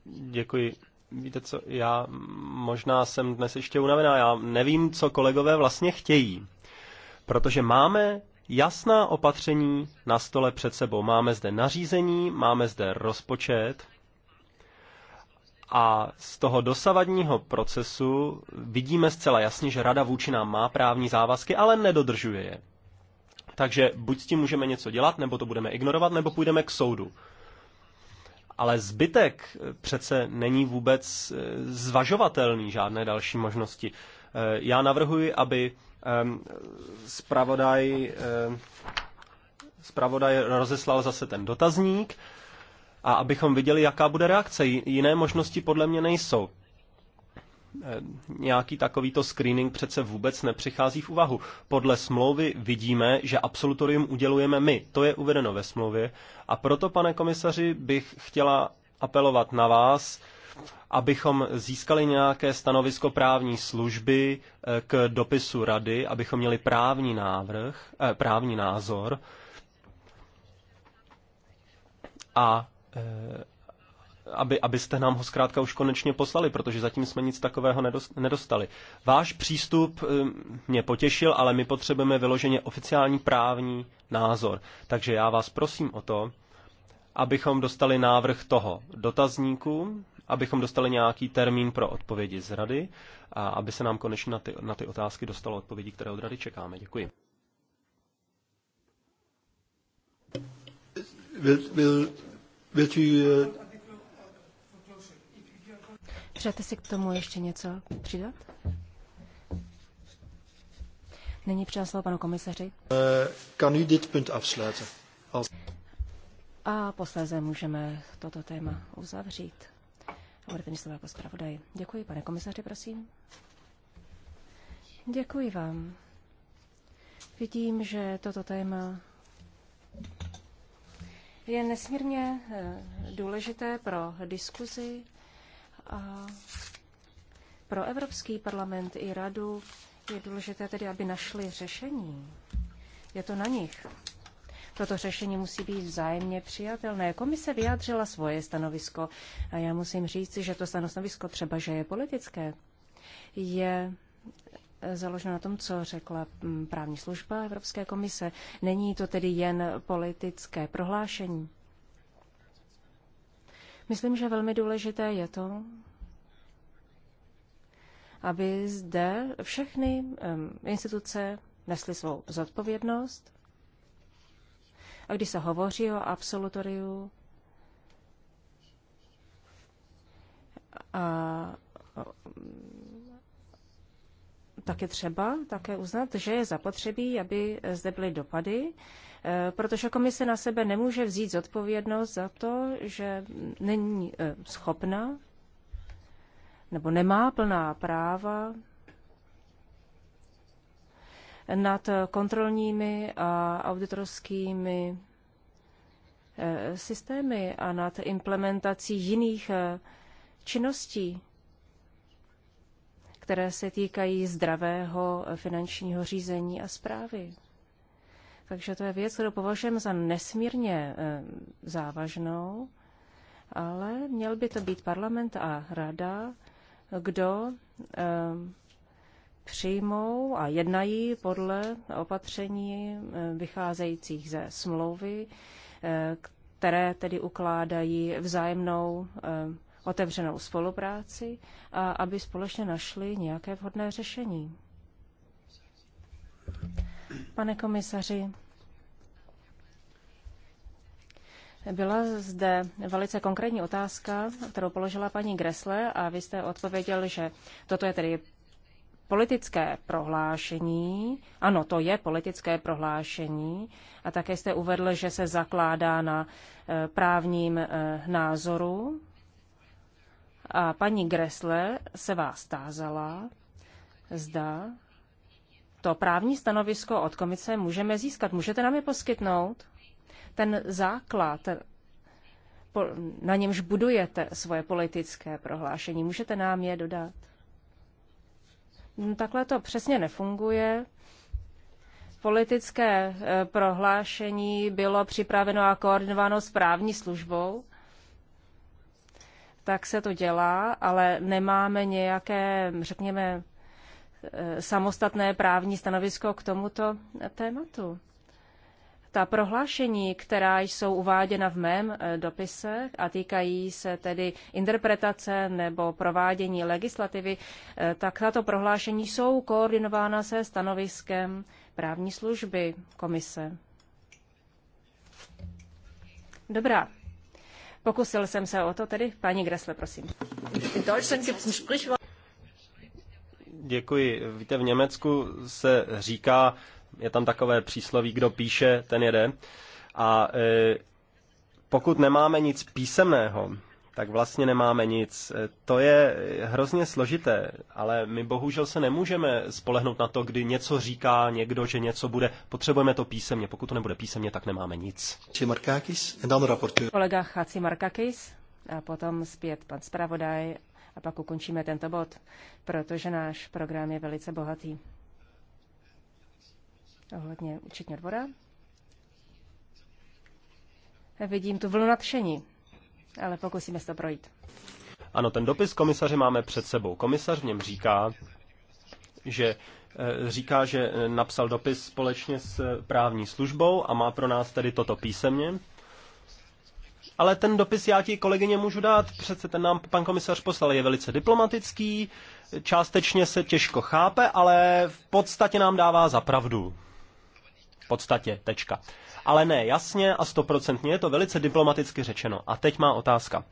děkuji. Víte co, já možná jsem dnes ještě unavená, já nevím, co kolegové vlastně chtějí. Protože máme jasná opatření na stole před sebou. Máme zde nařízení, máme zde rozpočet, a z toho dosavadního procesu vidíme zcela jasně, že rada vůči nám má právní závazky, ale nedodržuje je. Takže buď s tím můžeme něco dělat, nebo to budeme ignorovat, nebo půjdeme k soudu. Ale zbytek přece není vůbec eh, zvažovatelný žádné další možnosti. Eh, já navrhuji, aby ehm, zpravodaj, ehm, zpravodaj rozeslal zase ten dotazník a abychom viděli, jaká bude reakce. Jiné možnosti podle mě nejsou. Eh, nějaký takovýto screening přece vůbec nepřichází v úvahu. Podle smlouvy vidíme, že absolutorium udělujeme my. To je uvedeno ve smlouvě. A proto, pane komisaři, bych chtěla apelovat na vás, abychom získali nějaké stanovisko právní služby eh, k dopisu rady, abychom měli právní návrh, eh, právní názor. A Eh, aby, abyste nám ho zkrátka už konečně poslali, protože zatím jsme nic takového nedostali. Váš přístup eh, mě potěšil, ale my potřebujeme vyloženě oficiální právní názor. Takže já vás prosím o to, abychom dostali návrh toho dotazníku, abychom dostali nějaký termín pro odpovědi z rady a aby se nám konečně na ty, na ty otázky dostalo odpovědi, které od rady čekáme. Děkuji. Will, will Wilt u... Eh, si k tomu ještě něco přidat? Není předal panu komisaři. Kan eh, u dit punt afsluiten? A posléze můžeme toto téma uzavřít. A budete mi slovo jako zpravodaj. Děkuji, pane komisaři, prosím. Děkuji vám. Vidím, že toto téma je nesmírně eh, důležité pro diskuzi a pro Evropský parlament i radu je důležité tedy, aby našli řešení. Je to na nich. Toto řešení musí být vzájemně přijatelné. Komise vyjádřila svoje stanovisko a já musím říct, že to stanovisko třeba, že je politické, je založeno na tom, co řekla mm, právní služba Evropské komise. Není to tedy jen politické prohlášení. Myslím, že velmi důležité je to, aby zde všechny instituce nesly svou zodpovědnost. A když se hovoří o absolutoriu a tak je třeba také uznat, že je zapotřebí, aby zde byly dopady, eh, protože komise na sebe nemůže vzít zodpovědnost za to, že není eh, schopna nebo nemá plná práva nad kontrolními a auditorskými eh, systémy a nad implementací jiných činností které se týkají zdravého eh, finančního řízení a zprávy. Takže to je věc, kterou považujeme za nesmírně eh, závažnou, ale měl by to být parlament a rada, kdo eh, přijmou a jednají podle opatření vycházejících ze smlouvy, které tedy ukládají vzájemnou otevřenou spolupráci a aby společně našli nějaké vhodné řešení. Pane komisaři, byla zde velice konkrétní otázka, kterou položila paní Gresle a vy jste odpověděl, že toto je tedy politické prohlášení. Ano, to je politické prohlášení. A také jste uvedl, že se zakládá na eh, právním eh, názoru a paní Gressle se vás tázala, zda to právní stanovisko od komise můžeme získat. Můžete nám je poskytnout? Ten základ, na němž budujete svoje politické prohlášení, můžete nám je dodat? No, takhle to přesně nefunguje. Politické eh, prohlášení bylo připraveno a koordinováno správní službou tak se to dělá, ale nemáme nějaké, řekněme, eh, samostatné právní stanovisko k tomuto tématu. Ta prohlášení, která jsou uváděna v mém eh, dopise a týkají se tedy interpretace nebo provádění legislativy, eh, tak tato prohlášení jsou koordinována se stanoviskem právní služby komise. Dobrá, Pokusil jsem se o to tedy. Paní Gressle, prosím. Děkuji. Víte, v Německu se říká, je tam takové přísloví, kdo píše, ten jede. A e, pokud nemáme nic písemného, tak vlastně nemáme nic. To je hrozně složité, ale my bohužel se nemůžeme spolehnout na to, kdy něco říká někdo, že něco bude. Potřebujeme to písemně. Pokud to nebude písemně, tak nemáme nic. Markakis, Kolega Chaci Markakis a potom zpět pan zpravodaj a pak ukončíme tento bod, protože náš program je velice bohatý. Ohledně účetního dvora. Vidím tu vlnu nadšení ale pokusíme se to projít. Ano, ten dopis komisaře máme před sebou. Komisař v něm říká, že eh, říká, že eh, napsal dopis společně s eh, právní službou a má pro nás tedy toto písemně. Ale ten dopis já ti kolegyně můžu dát, přece ten nám pan komisař poslal, je velice diplomatický, částečně se těžko chápe, ale v podstatě nám dává za pravdu. V podstatě, tečka ale ne jasně a stoprocentně, je to velice diplomaticky řečeno. A teď má otázka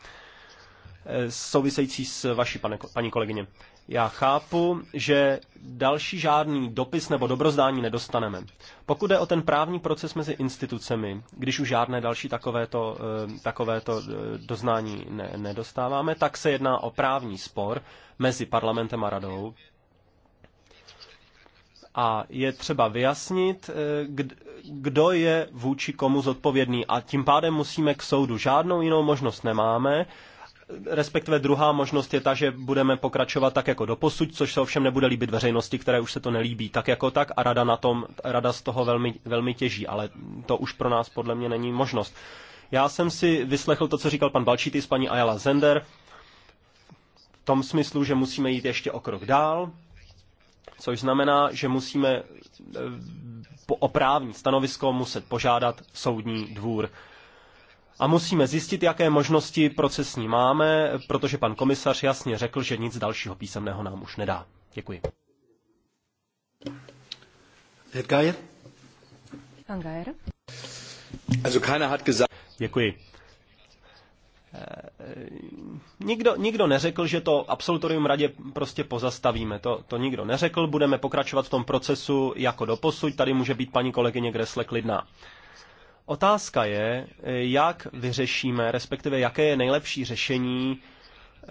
eh, související s vaší pane, paní kolegyně. Já chápu, že další žádný dopis nebo dobrozdání nedostaneme. Pokud je o ten právní proces mezi institucemi, když už žádné další takovéto, eh, takovéto eh, doznání ne, nedostáváme, tak se jedná o právní spor mezi parlamentem a radou, a je třeba vyjasnit, eh, kdo je vůči komu zodpovědný a tím pádem musíme k soudu. Žádnou jinou možnost nemáme, respektive druhá možnost je ta, že budeme pokračovat tak jako doposud, což se ovšem nebude líbit veřejnosti, které už se to nelíbí tak jako tak a rada, na tom, rada z toho velmi, velmi těží, ale to už pro nás podle mě není možnost. Já jsem si vyslechl to, co říkal pan Balčíty s paní Ayala Zender, v tom smyslu, že musíme jít ještě o krok dál, což znamená, že musíme eh, o právní stanovisko muset požádat soudní dvůr. A musíme zjistit, jaké možnosti procesní máme, protože pan komisař jasně řekl, že nic dalšího písemného nám už nedá. Děkuji. Herr Geier? Pan Geier? Also keiner hat gesagt... Děkuji. Eh, nikdo, nikdo neřekl, že to absolutorium radě prostě pozastavíme. To, to nikdo neřekl. Budeme pokračovat v tom procesu jako doposud. Tady může být paní kolegyně Gresle klidná. Otázka je, eh, jak vyřešíme, respektive jaké je nejlepší řešení eh,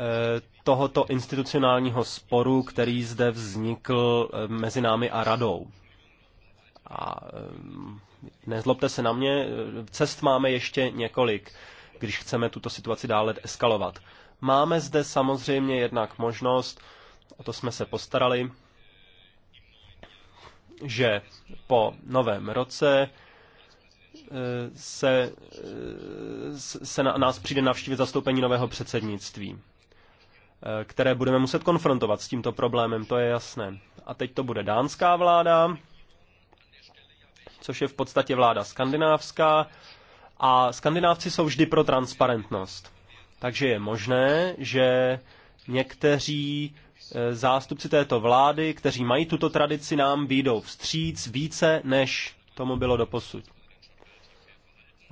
tohoto institucionálního sporu, který zde vznikl mezi námi a radou. A nezlobte se na mě, cest máme ještě několik když chceme tuto situaci dále eskalovat. Máme zde samozřejmě jednak možnost, o to jsme se postarali, že po novém roce e, se, e, se na nás přijde navštívit zastoupení nového předsednictví, e, které budeme muset konfrontovat s tímto problémem, to je jasné. A teď to bude dánská vláda, což je v podstatě vláda skandinávská, a skandinávci jsou vždy pro transparentnost. Takže je možné, že někteří e, zástupci této vlády, kteří mají tuto tradici, nám výjdou vstříc více, než tomu bylo doposud. E,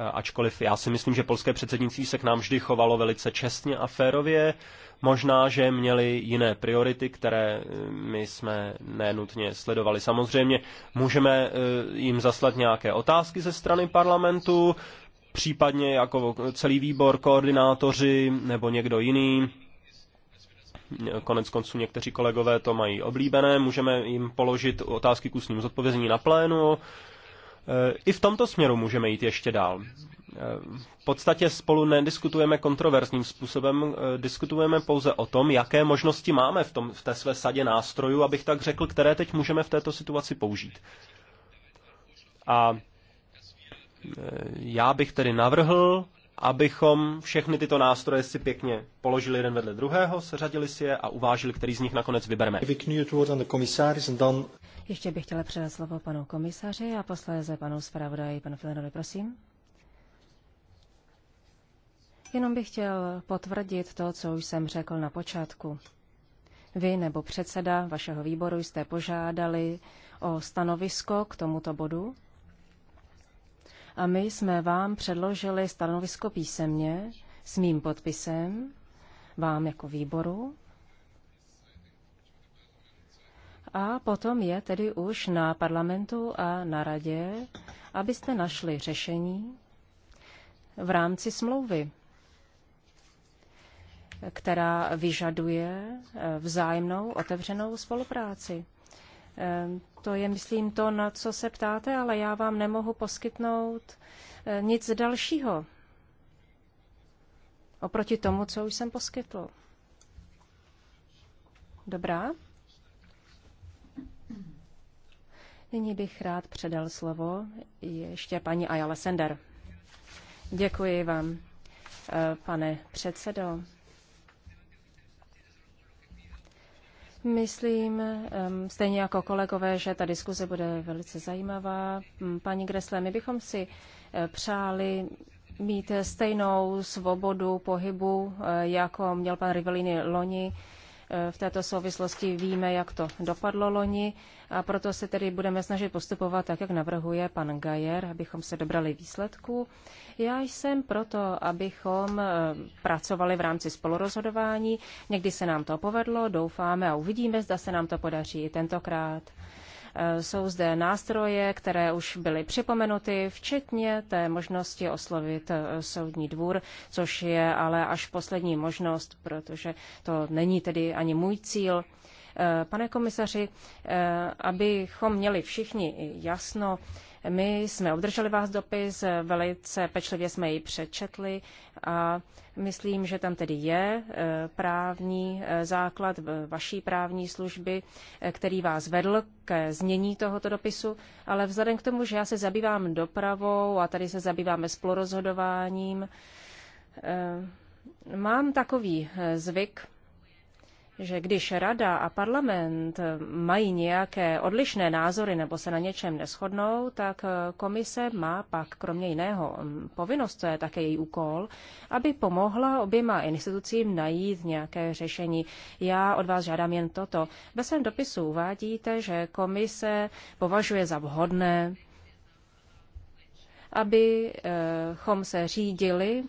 ačkoliv já si myslím, že polské předsednictví se k nám vždy chovalo velice čestně a férově, možná, že měli jiné priority, které e, my jsme nenutně sledovali. Samozřejmě můžeme jim zaslat nějaké otázky ze strany parlamentu, případně jako celý výbor, koordinátoři nebo někdo jiný, konec konců někteří kolegové to mají oblíbené, můžeme jim položit otázky k ústnímu zodpovězení na plénu. E, I v tomto směru můžeme jít ještě dál. E, v podstatě spolu nediskutujeme kontroverzním způsobem, e, diskutujeme pouze o tom, jaké možnosti máme v, tom, v té své sadě nástrojů, abych tak řekl, které teď můžeme v této situaci použít. A já bych tedy navrhl, abychom všechny tyto nástroje si pěkně položili jeden vedle druhého, seřadili si je a uvážili, který z nich nakonec vybereme. Ještě bych chtěla předat slovo panu komisaři a posléze panu zpravodaji, panu Filenovi, prosím. Jenom bych chtěl potvrdit to, co už jsem řekl na počátku. Vy nebo předseda vašeho výboru jste požádali o stanovisko k tomuto bodu a my jsme vám předložili stanovisko písemně s mým podpisem, vám jako výboru. A potom je tedy už na parlamentu a na radě, abyste našli řešení v rámci smlouvy, která vyžaduje eh, vzájemnou otevřenou spolupráci. Ehm, to je, myslím, to, na co se ptáte, ale já vám nemohu poskytnout eh, nic dalšího oproti tomu, co už jsem poskytl. Dobrá. Nyní bych rád předal slovo ještě paní Ayala Sender. Děkuji vám, eh, pane předsedo. Myslím, stejně jako kolegové, že ta diskuze bude velice zajímavá. Paní Gresle, my bychom si e, přáli mít stejnou svobodu pohybu, e, jako měl pan Rivellini loni v této souvislosti víme, jak to dopadlo loni a proto se tedy budeme snažit postupovat tak, jak navrhuje pan Gajer, abychom se dobrali výsledků. Já jsem proto, abychom e, pracovali v rámci spolurozhodování. Někdy se nám to povedlo, doufáme a uvidíme, zda se nám to podaří i tentokrát. Eh, jsou zde nástroje, které už byly připomenuty, včetně té možnosti oslovit eh, soudní dvůr, což je ale až poslední možnost, protože to není tedy ani můj cíl. Eh, pane komisaři, abychom měli všichni jasno, my jsme obdrželi vás dopis, velice pečlivě jsme ji přečetli a myslím, že tam tedy je eh, právní eh, základ vaší právní služby, eh, který vás vedl ke znění tohoto dopisu, ale vzhledem k tomu, že já se zabývám dopravou a tady se zabýváme splorozhodováním, mám takový zvyk, že když rada a parlament mají nějaké odlišné názory nebo se na něčem neschodnou, tak komise má pak kromě jiného povinnost, to je také její úkol, aby pomohla oběma institucím najít nějaké řešení. Já od vás žádám jen toto. Ve svém dopisu uvádíte, že komise považuje za vhodné, abychom se řídili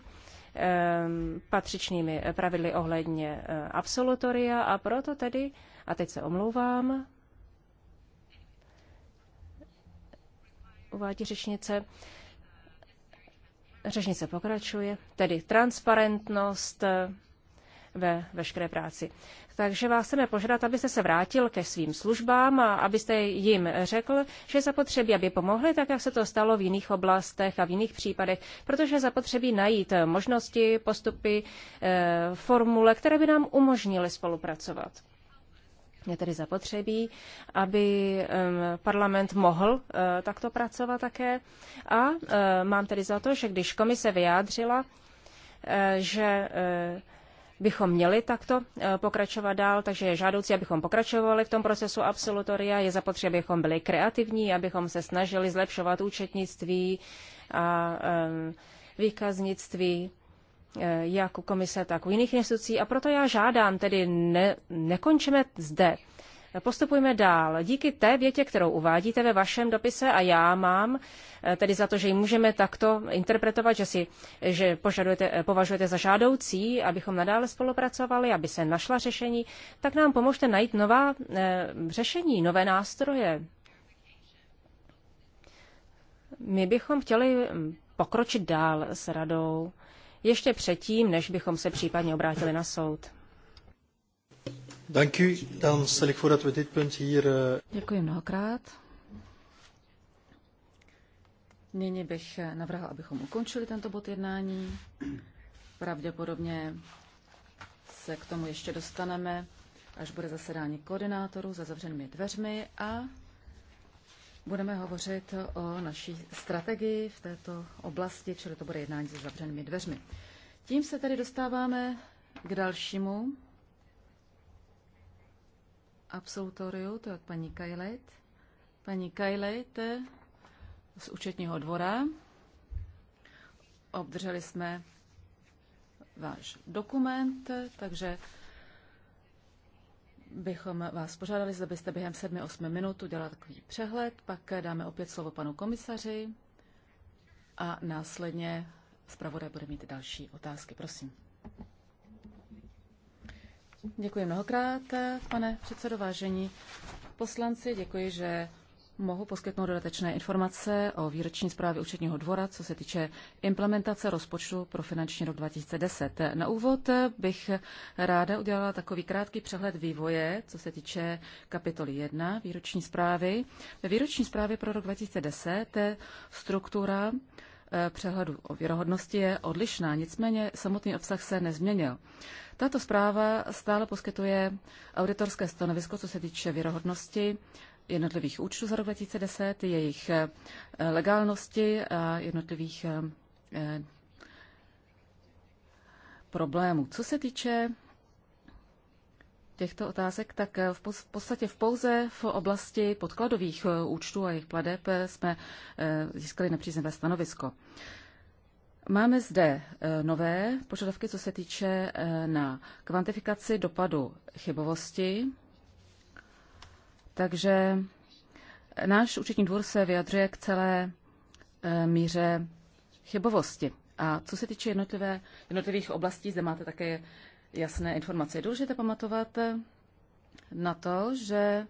Ehm, patřičnými pravidly ohledně eh, absolutoria a proto tedy, a teď se omlouvám, uvádí řečnice, řečnice pokračuje, tedy transparentnost eh, ve veškeré práci. Takže vás chceme požádat, abyste se vrátil ke svým službám a abyste jim řekl, že zapotřebí, aby pomohli, tak jak se to stalo v jiných oblastech a v jiných případech, protože zapotřebí najít možnosti, postupy, eh, formule, které by nám umožnily spolupracovat. Je tedy zapotřebí, aby parlament mohl eh, takto pracovat také. A eh, mám tedy za to, že když komise vyjádřila, že bychom měli takto eh, pokračovat dál, takže je žádoucí, abychom pokračovali v tom procesu absolutoria, je zapotřebí, abychom byli kreativní, abychom se snažili zlepšovat účetnictví a eh, výkaznictví eh, jak u komise, tak u jiných institucí. A proto já žádám, tedy ne, nekončeme zde. Postupujme dál. Díky té větě, kterou uvádíte ve vašem dopise a já mám, eh, tedy za to, že ji můžeme takto interpretovat, že, si, že požadujete, eh, považujete za žádoucí, abychom nadále spolupracovali, aby se našla řešení, tak nám pomožte najít nová eh, řešení, nové nástroje. My bychom chtěli hm, pokročit dál s radou, ještě předtím, než bychom se případně obrátili na soud. Dank u. Dan stel ik voor dat we dit punt hier... Eh, Děkuji mnohokrát. Nyní bych eh, navrhla, abychom ukončili tento bod jednání. Pravděpodobně se k tomu ještě dostaneme, až bude zasedání koordinátorů za zavřenými dveřmi a budeme hovořit o naší strategii v této oblasti, čili to bude jednání za zavřenými dveřmi. Tím se tedy dostáváme k dalšímu absolutoriu, to je od paní Kajlejt. Paní Kajlejt z účetního dvora. Obdrželi jsme váš dokument, takže bychom vás požádali, zda byste během 7-8 minut udělali takový přehled, pak dáme opět slovo panu komisaři a následně zpravodaj bude mít další otázky. Prosím. Děkuji mnohokrát, pane předsedo, vážení poslanci. Děkuji, že mohu poskytnout dodatečné informace o výroční zprávě účetního dvora, co se týče implementace rozpočtu pro finanční rok 2010. Na úvod bych ráda udělala takový krátký přehled vývoje, co se týče kapitoly 1 výroční zprávy. Ve výroční zprávě pro rok 2010 struktura Eh, přehledu o věrohodnosti je odlišná, nicméně samotný obsah se nezměnil. Tato zpráva stále poskytuje auditorské stanovisko, co se týče věrohodnosti jednotlivých účtů za rok 2010, jejich eh, legálnosti a jednotlivých eh, problémů. Co se týče těchto otázek, tak eh, v podstatě v pouze v oblasti podkladových eh, účtů a jejich pladeb eh, jsme získali nepříznivé stanovisko. Máme zde nové požadavky, co se týče na kvantifikaci dopadu chybovosti. Takže náš účetní dvůr se vyjadřuje k celé míře chybovosti. A co se týče jednotlivé, jednotlivých oblastí, zde máte také jasné informace. Je důležité pamatovat na to, že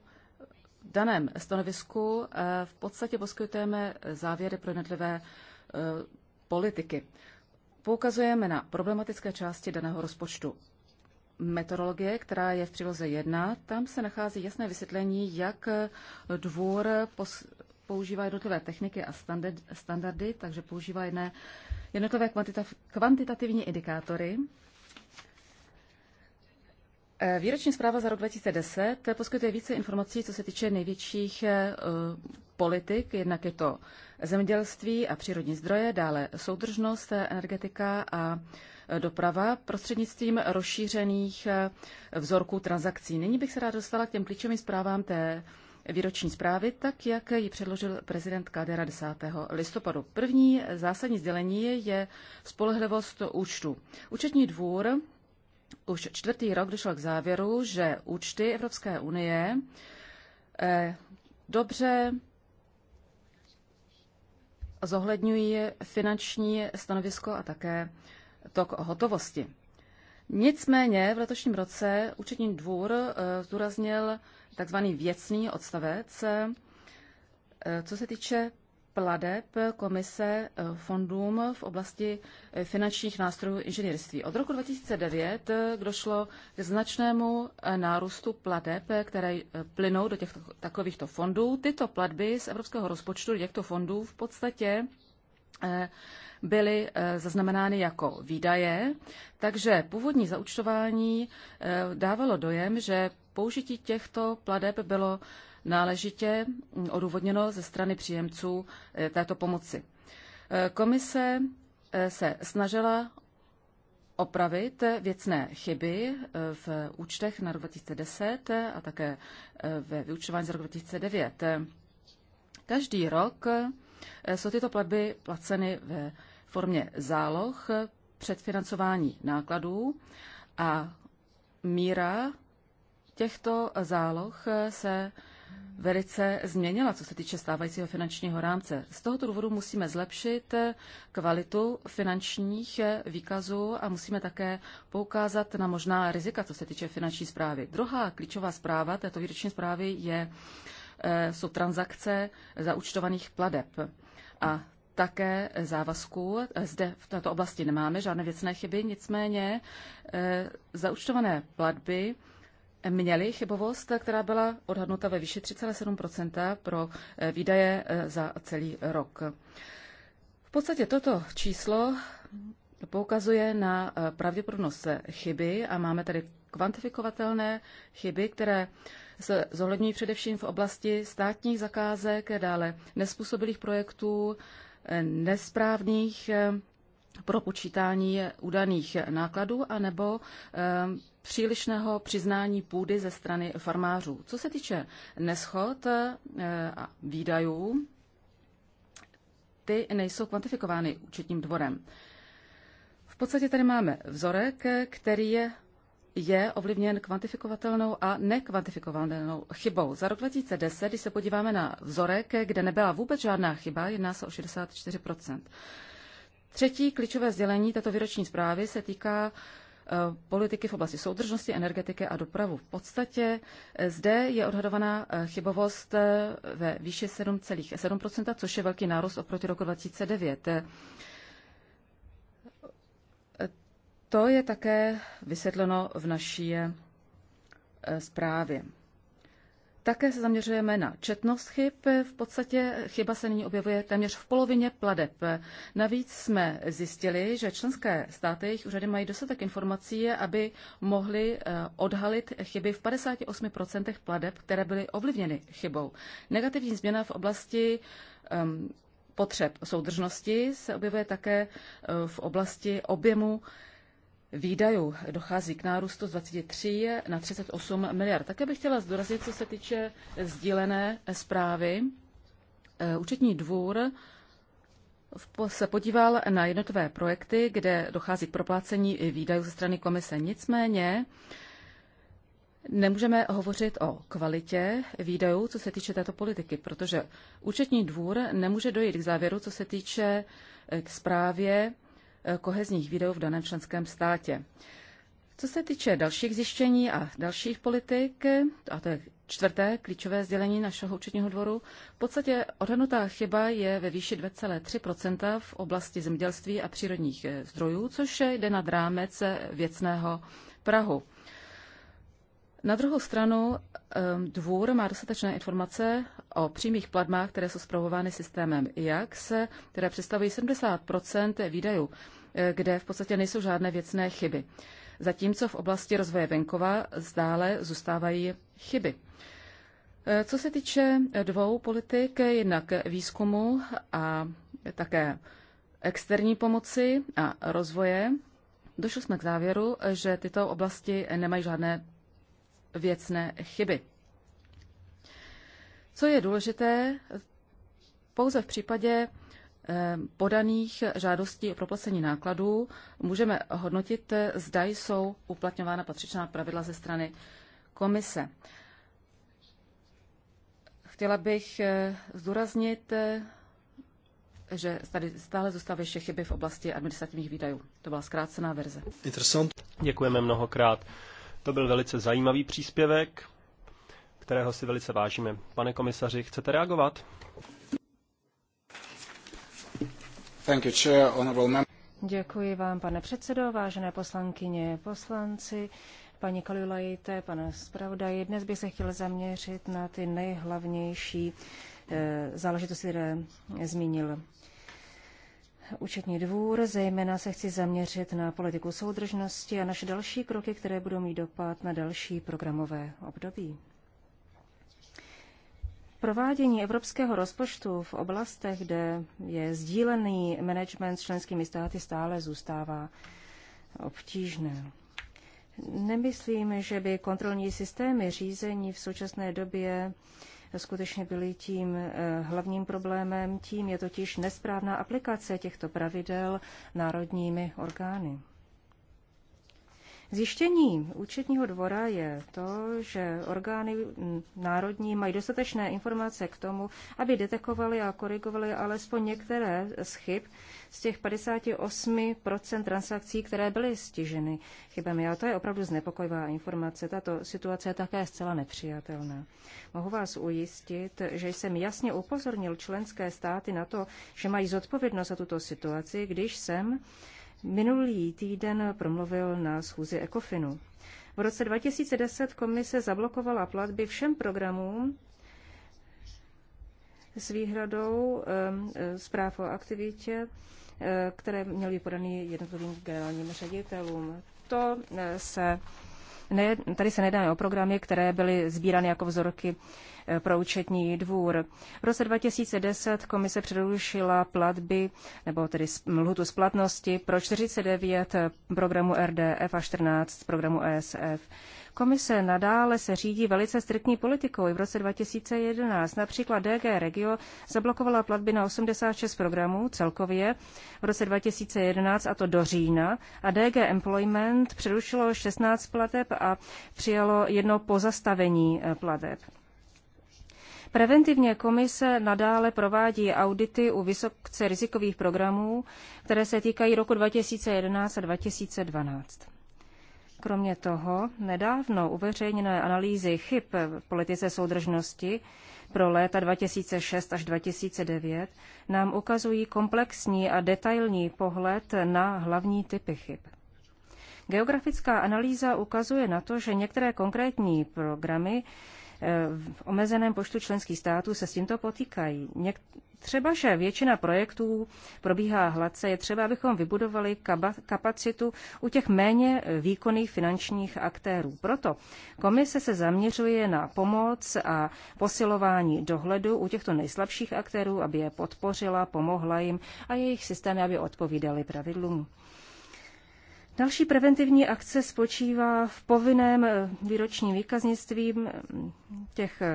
v daném stanovisku eh, v podstatě poskytujeme závěry pro jednotlivé eh, politiky. Poukazujeme na problematické části daného rozpočtu. Meteorologie, která je v příloze 1, tam se nachází jasné vysvětlení, jak dvůr používá jednotlivé techniky a standardy, takže používá jedné jednotlivé kvantitativní indikátory, Eh, výroční zpráva za rok 2010 poskytuje více informací, co se týče největších eh, politik. Jednak je to zemědělství a přírodní zdroje, dále soudržnost, eh, energetika a doprava prostřednictvím rozšířených vzorků transakcí. Nyní bych se rád dostala k těm klíčovým zprávám té výroční zprávy, tak jak ji předložil prezident Kadera 10. listopadu. První zásadní sdělení je spolehlivost účtu. Účetní dvůr už čtvrtý rok došel k závěru, že účty Evropské unie eh, dobře zohledňují finanční stanovisko a také tok hotovosti. Nicméně v letošním roce účetní dvůr eh, zdůraznil tzv. věcný odstavec, eh, co se týče pladeb komise eh, fondům v oblasti eh, finančních nástrojů inženýrství. Od roku 2009 eh, došlo k značnému nárůstu pladeb, které plynou do těchto takovýchto fondů. Tyto platby z evropského rozpočtu do těchto fondů v podstatě byly zaznamenány jako výdaje, takže původní zaučtování dávalo dojem, že použití těchto pladeb bylo náležitě odůvodněno ze strany příjemců eh, této pomoci. Eh, komise eh, se snažila opravit věcné chyby v účtech na rok 2010 a také ve vyučování z roku 2009. Každý rok jsou tyto platby placeny ve formě záloh předfinancování nákladů a míra těchto záloh se velice změnila, co se týče stávajícího finančního rámce. Z tohoto důvodu musíme zlepšit kvalitu finančních výkazů a musíme také poukázat na možná rizika, co se týče finanční zprávy. Druhá klíčová zpráva této výroční zprávy je, eh, jsou transakce zaúčtovaných pladeb. A také závazků. Eh, zde v této oblasti nemáme žádné věcné chyby, nicméně eh, zaučtované platby měli chybovost, která byla odhadnuta ve výši 3,7 pro eh, výdaje eh, za celý rok. V podstatě toto číslo poukazuje na eh, pravděpodobnost chyby a máme tady kvantifikovatelné chyby, které se zohledňují především v oblasti státních zakázek, dále nespůsobilých projektů, nesprávných pro počítání údaných nákladů anebo eh, přílišného přiznání půdy ze strany farmářů. Co se týče neschod eh, a výdajů, ty nejsou kvantifikovány účetním dvorem. V podstatě tady máme vzorek, který je je ovlivněn kvantifikovatelnou a nekvantifikovatelnou chybou. Za rok 2010, když se podíváme na vzorek, kde nebyla vůbec žádná chyba, jedná se o 64 Třetí klíčové sdělení této výroční zprávy se týká eh, politiky v oblasti soudržnosti, energetiky a dopravu. V podstatě eh, zde je odhadovaná eh, chybovost ve výši 7,7%, což je velký nárůst oproti roku 2009. To je také vysvětleno v naší zprávě. Také se zaměřujeme na četnost chyb. V podstatě chyba se nyní objevuje téměř v polovině pladeb. Navíc jsme zjistili, že členské státy, jejich úřady mají dostatek informací, aby mohly eh, odhalit chyby v 58% pladeb, které byly ovlivněny chybou. Negativní změna v oblasti um, potřeb soudržnosti se objevuje také eh, v oblasti objemu výdajů. Dochází k nárůstu z 23 na 38 miliard. Také bych chtěla zdorazit, co se týče sdílené zprávy. Eh, účetní dvůr se podíval na jednotové projekty, kde dochází k proplácení výdajů ze strany komise. Nicméně nemůžeme hovořit o kvalitě výdajů, co se týče této politiky, protože účetní dvůr nemůže dojít k závěru, co se týče eh, k zprávě kohezních výdajů v daném členském státě. Co se týče dalších zjištění a dalších politik, a to je čtvrté klíčové sdělení našeho účetního dvoru, v podstatě odhadnutá chyba je ve výši 2,3 v oblasti zemědělství a přírodních eh, zdrojů, což jde nad rámec eh, věcného Prahu. Na druhou stranu ehm, dvůr má dostatečné informace o přímých platbách, které jsou zpravovány systémem IAX, eh, které představují 70 výdajů kde v podstatě nejsou žádné věcné chyby. Zatímco v oblasti rozvoje venkova zdále zůstávají chyby. Eh, co se týče dvou politik, jednak výzkumu a také externí pomoci a rozvoje, došli jsme k závěru, že tyto oblasti nemají žádné věcné chyby. Co je důležité, pouze v případě Eh, podaných žádostí o proplacení nákladů můžeme hodnotit, eh, zda jsou uplatňována patřičná pravidla ze strany komise. Chtěla bych eh, zdůraznit, že tady stále zůstávají ještě chyby v oblasti administrativních výdajů. To byla zkrácená verze. Děkujeme mnohokrát. To byl velice zajímavý příspěvek, kterého si velice vážíme. Pane komisaři, chcete reagovat? Děkuji vám, pane předsedo, vážené poslankyně, poslanci, paní Kalulajte, pane zpravodaji. Dnes bych se chtěl zaměřit na ty nejhlavnější e, záležitosti, které zmínil účetní dvůr. Zejména se chci zaměřit na politiku soudržnosti a naše další kroky, které budou mít dopad na další programové období. Provádění evropského rozpočtu v oblastech, kde je sdílený management s členskými státy, stále zůstává obtížné. Nemyslím, že by kontrolní systémy řízení v současné době skutečně byly tím eh, hlavním problémem. Tím je totiž nesprávná aplikace těchto pravidel národními orgány. Zjištění účetního dvora je to, že orgány národní mají dostatečné informace k tomu, aby detekovali a korigovali alespoň některé z chyb z těch 58% transakcí, které byly stiženy chybami. A to je opravdu znepokojivá informace. Tato situace je také zcela nepřijatelná. Mohu vás ujistit, že jsem jasně upozornil členské státy na to, že mají zodpovědnost za tuto situaci, když jsem Minulý týden promluvil na schůzi Ekofinu. V roce 2010 komise zablokovala platby všem programům s výhradou ehm, e, zpráv o aktivitě, e, které měly podaný jednotlivým generálním ředitelům. To e, se ne, tady se nedá o programy, které byly sbírány jako vzorky eh, pro účetní dvůr. V roce 2010 komise přerušila platby, nebo tedy lhutu splatnosti pro 49 programů RDF a 14 programů ESF. Komise nadále se řídí velice striktní politikou. I v roce 2011 například DG Regio zablokovala platby na 86 programů celkově v roce 2011 a to do října a DG Employment přerušilo 16 plateb a přijalo jedno pozastavení eh, plateb. Preventivně komise nadále provádí audity u vysokce rizikových programů, které se týkají roku 2011 a 2012. Kromě toho, nedávno uveřejněné analýzy chyb v politice soudržnosti pro léta 2006 až 2009 nám ukazují komplexní a detailní pohled na hlavní typy chyb. Geografická analýza ukazuje na to, že některé konkrétní programy Eh, v omezeném počtu členských států se s tímto potýkají. Něk- třeba, že většina projektů probíhá hladce, je třeba, abychom vybudovali kapacitu u těch méně eh, výkonných finančních aktérů. Proto komise se zaměřuje na pomoc a posilování dohledu u těchto nejslabších aktérů, aby je podpořila, pomohla jim a jejich systémy, aby odpovídaly pravidlům. Další preventivní akce spočívá v povinném eh, výročním výkaznictví mm, těch eh,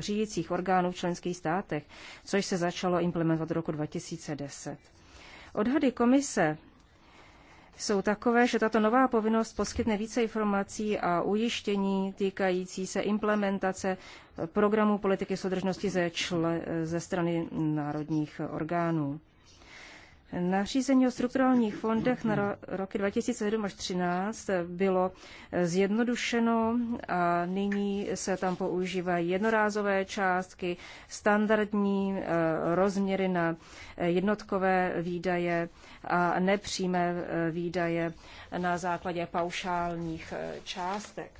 řídících orgánů v členských státech, což se začalo implementovat roku 2010. Odhady komise jsou takové, že tato nová povinnost poskytne více informací a ujištění týkající se implementace eh, programů politiky soudržnosti ze, čle, ze strany národních orgánů. Nařízení o strukturálních fondech na roky 2007 až 2013 bylo zjednodušeno a nyní se tam používají jednorázové částky, standardní eh, rozměry na jednotkové výdaje a nepřímé eh, výdaje na základě paušálních eh, částek.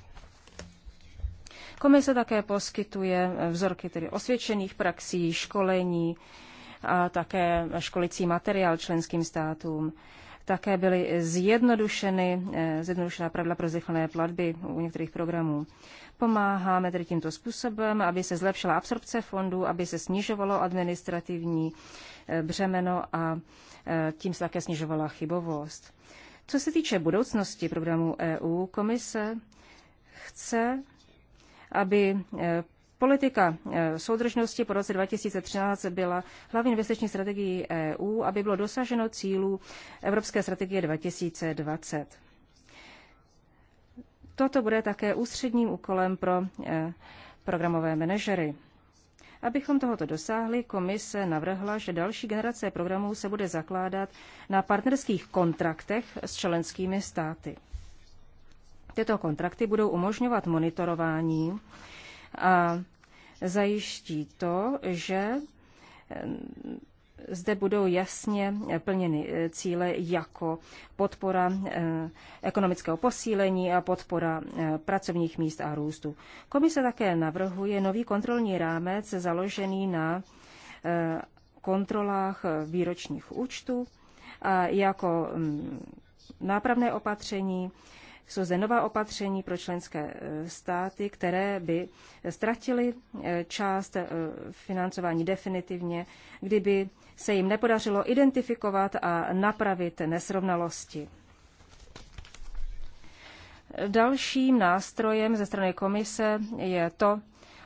Komise také poskytuje vzorky tedy osvědčených praxí, školení, a také školicí materiál členským státům. Také byly zjednodušeny, eh, zjednodušená pravidla pro zrychlené platby u některých programů. Pomáháme tedy tímto způsobem, aby se zlepšila absorpce fondů, aby se snižovalo administrativní eh, břemeno a eh, tím se také snižovala chybovost. Co se týče budoucnosti programu EU, komise chce, aby Politika eh, soudržnosti po roce 2013 byla hlavní investiční strategií EU, aby bylo dosaženo cílů Evropské strategie 2020. Toto bude také ústředním úkolem pro eh, programové manažery. Abychom tohoto dosáhli, komise navrhla, že další generace programů se bude zakládat na partnerských kontraktech s členskými státy. Tyto kontrakty budou umožňovat monitorování a zajiští to, že eh, zde budou jasně plněny eh, cíle jako podpora eh, ekonomického posílení a podpora pracovních míst a růstu. Komise také navrhuje nový kontrolní rámec založený na kontrolách výročních účtů a jako mm, nápravné opatření jsou zde nová opatření pro členské e, státy, které by ztratily e, část e, financování definitivně, kdyby se jim nepodařilo identifikovat a napravit nesrovnalosti. Dalším nástrojem ze strany komise je to,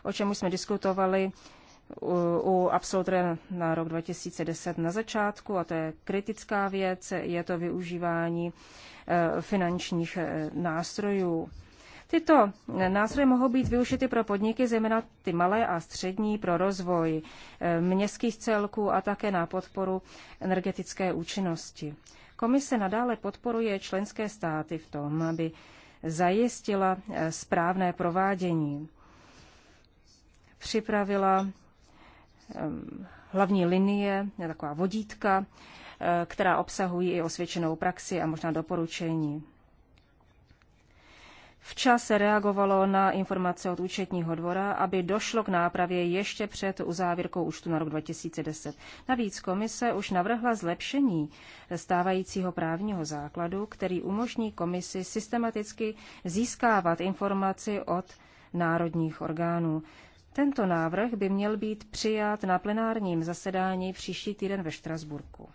o čem už jsme diskutovali u, u na rok 2010 na začátku, a to je kritická věc, je to využívání e, finančních e, nástrojů. Tyto nástroje mohou být využity pro podniky, zejména ty malé a střední, pro rozvoj e, městských celků a také na podporu energetické účinnosti. Komise nadále podporuje členské státy v tom, aby zajistila správné provádění. Připravila hlavní linie, taková vodítka, eh, která obsahují i osvědčenou praxi a možná doporučení. Včas se reagovalo na informace od účetního dvora, aby došlo k nápravě ještě před uzávěrkou účtu na rok 2010. Navíc komise už navrhla zlepšení stávajícího právního základu, který umožní komisi systematicky získávat informaci od národních orgánů. Tento návrh by měl být přijat na plenárním zasedání příští týden ve Štrasburku.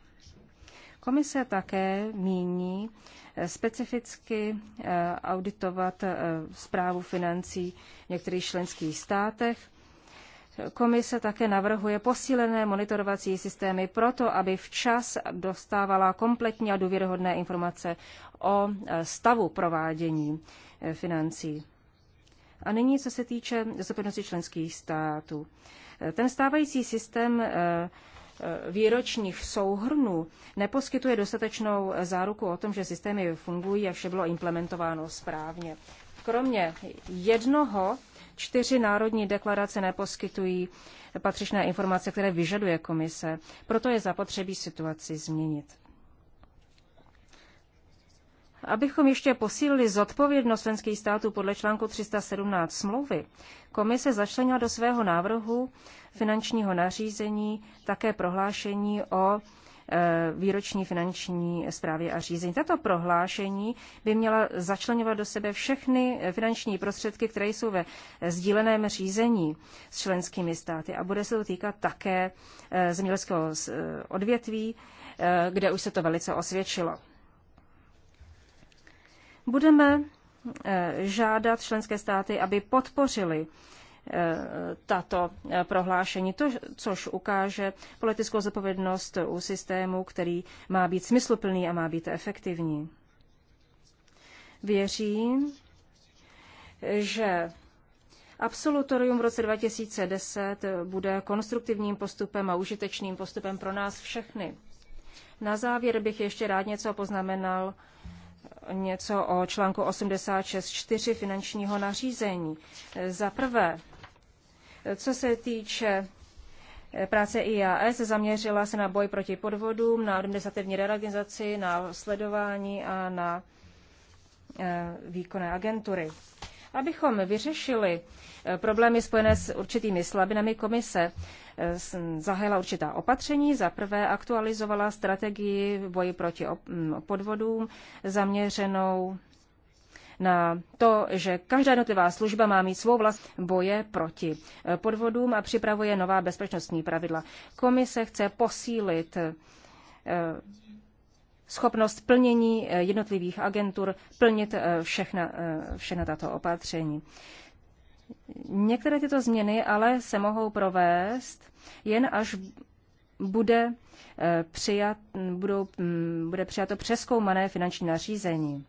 Komise také míní eh, specificky eh, auditovat eh, zprávu financí v některých členských státech. Komise také navrhuje posílené monitorovací systémy proto, aby včas dostávala kompletní a důvěryhodné informace o stavu provádění financí. A nyní, co se týče zodpovědnosti členských států. Ten stávající systém eh, eh, výročních souhrnů neposkytuje dostatečnou záruku o tom, že systémy fungují a vše bylo implementováno správně. Kromě jednoho čtyři národní deklarace neposkytují patřičné informace, které vyžaduje komise. Proto je zapotřebí situaci změnit. Abychom ještě posílili zodpovědnost členských států podle článku 317 smlouvy, komise začlenila do svého návrhu finančního nařízení také prohlášení o e, výroční finanční zprávě a řízení. Tato prohlášení by měla začlenovat do sebe všechny finanční prostředky, které jsou ve sdíleném řízení s členskými státy a bude se to týkat také e, zemědělského odvětví, e, kde už se to velice osvědčilo. Budeme eh, žádat členské státy, aby podpořili eh, tato eh, prohlášení, to, což ukáže politickou zodpovědnost u systému, který má být smysluplný a má být efektivní. Věřím, že absolutorium v roce 2010 bude konstruktivním postupem a užitečným postupem pro nás všechny. Na závěr bych ještě rád něco poznamenal něco o článku 86.4 finančního nařízení. Za prvé, co se týče práce IAS, zaměřila se na boj proti podvodům, na administrativní reorganizaci, na sledování a na eh, výkonné agentury. Abychom vyřešili eh, problémy spojené s určitými slabinami komise, eh, zahájila určitá opatření. Za prvé aktualizovala strategii v boji proti mm, podvodům zaměřenou na to, že každá jednotlivá služba má mít svou vlast boje proti eh, podvodům a připravuje nová bezpečnostní pravidla. Komise chce posílit schopnost plnění eh, jednotlivých agentur plnit eh, všechna, eh, všechna tato opatření. Některé tyto změny ale se mohou provést jen až bude, přijat, budou, mm, bude přijato přeskoumané finanční nařízení.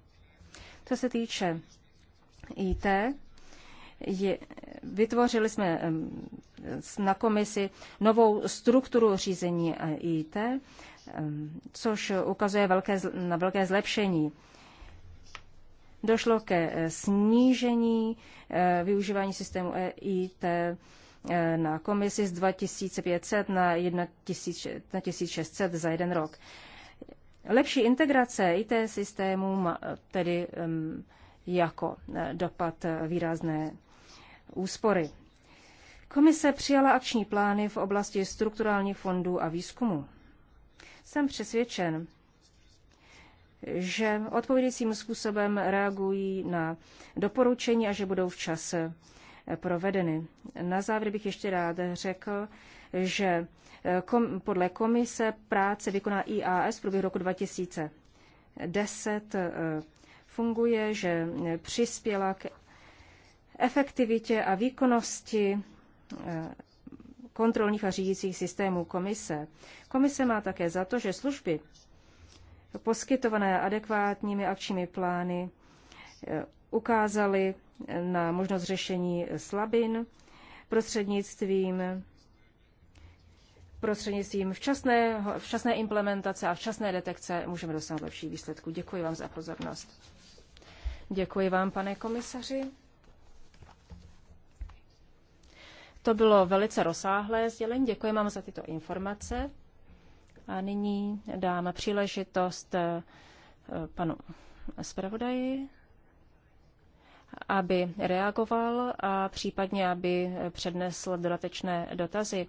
Co se týče IT, je, vytvořili jsme na komisi novou strukturu řízení IT Ehm, což ukazuje velké, na velké zlepšení. Došlo ke eh, snížení eh, využívání systému EIT eh, na komisi z 2500 na 1600 za jeden rok. Lepší integrace IT systémů tedy ehm, jako dopad výrazné úspory. Komise přijala akční plány v oblasti strukturálních fondů a výzkumu. Jsem přesvědčen, že odpovědícím způsobem reagují na doporučení a že budou včas eh, provedeny. Na závěr bych ještě rád řekl, že eh, kom, podle komise práce vykoná IAS v průběhu roku 2010 eh, funguje, že přispěla k efektivitě a výkonnosti kontrolních a řídících systémů komise. Komise má také za to, že služby poskytované adekvátními akčními plány eh, ukázaly na možnost řešení slabin prostřednictvím prostřednictvím včasné, včasné implementace a včasné detekce můžeme dosáhnout lepší výsledku. Děkuji vám za pozornost. Děkuji vám, pane komisaři. To bylo velice rozsáhlé sdělení. Děkuji vám za tyto informace. A nyní dáme příležitost eh, panu zpravodaji, aby reagoval a případně, aby přednesl dodatečné dotazy.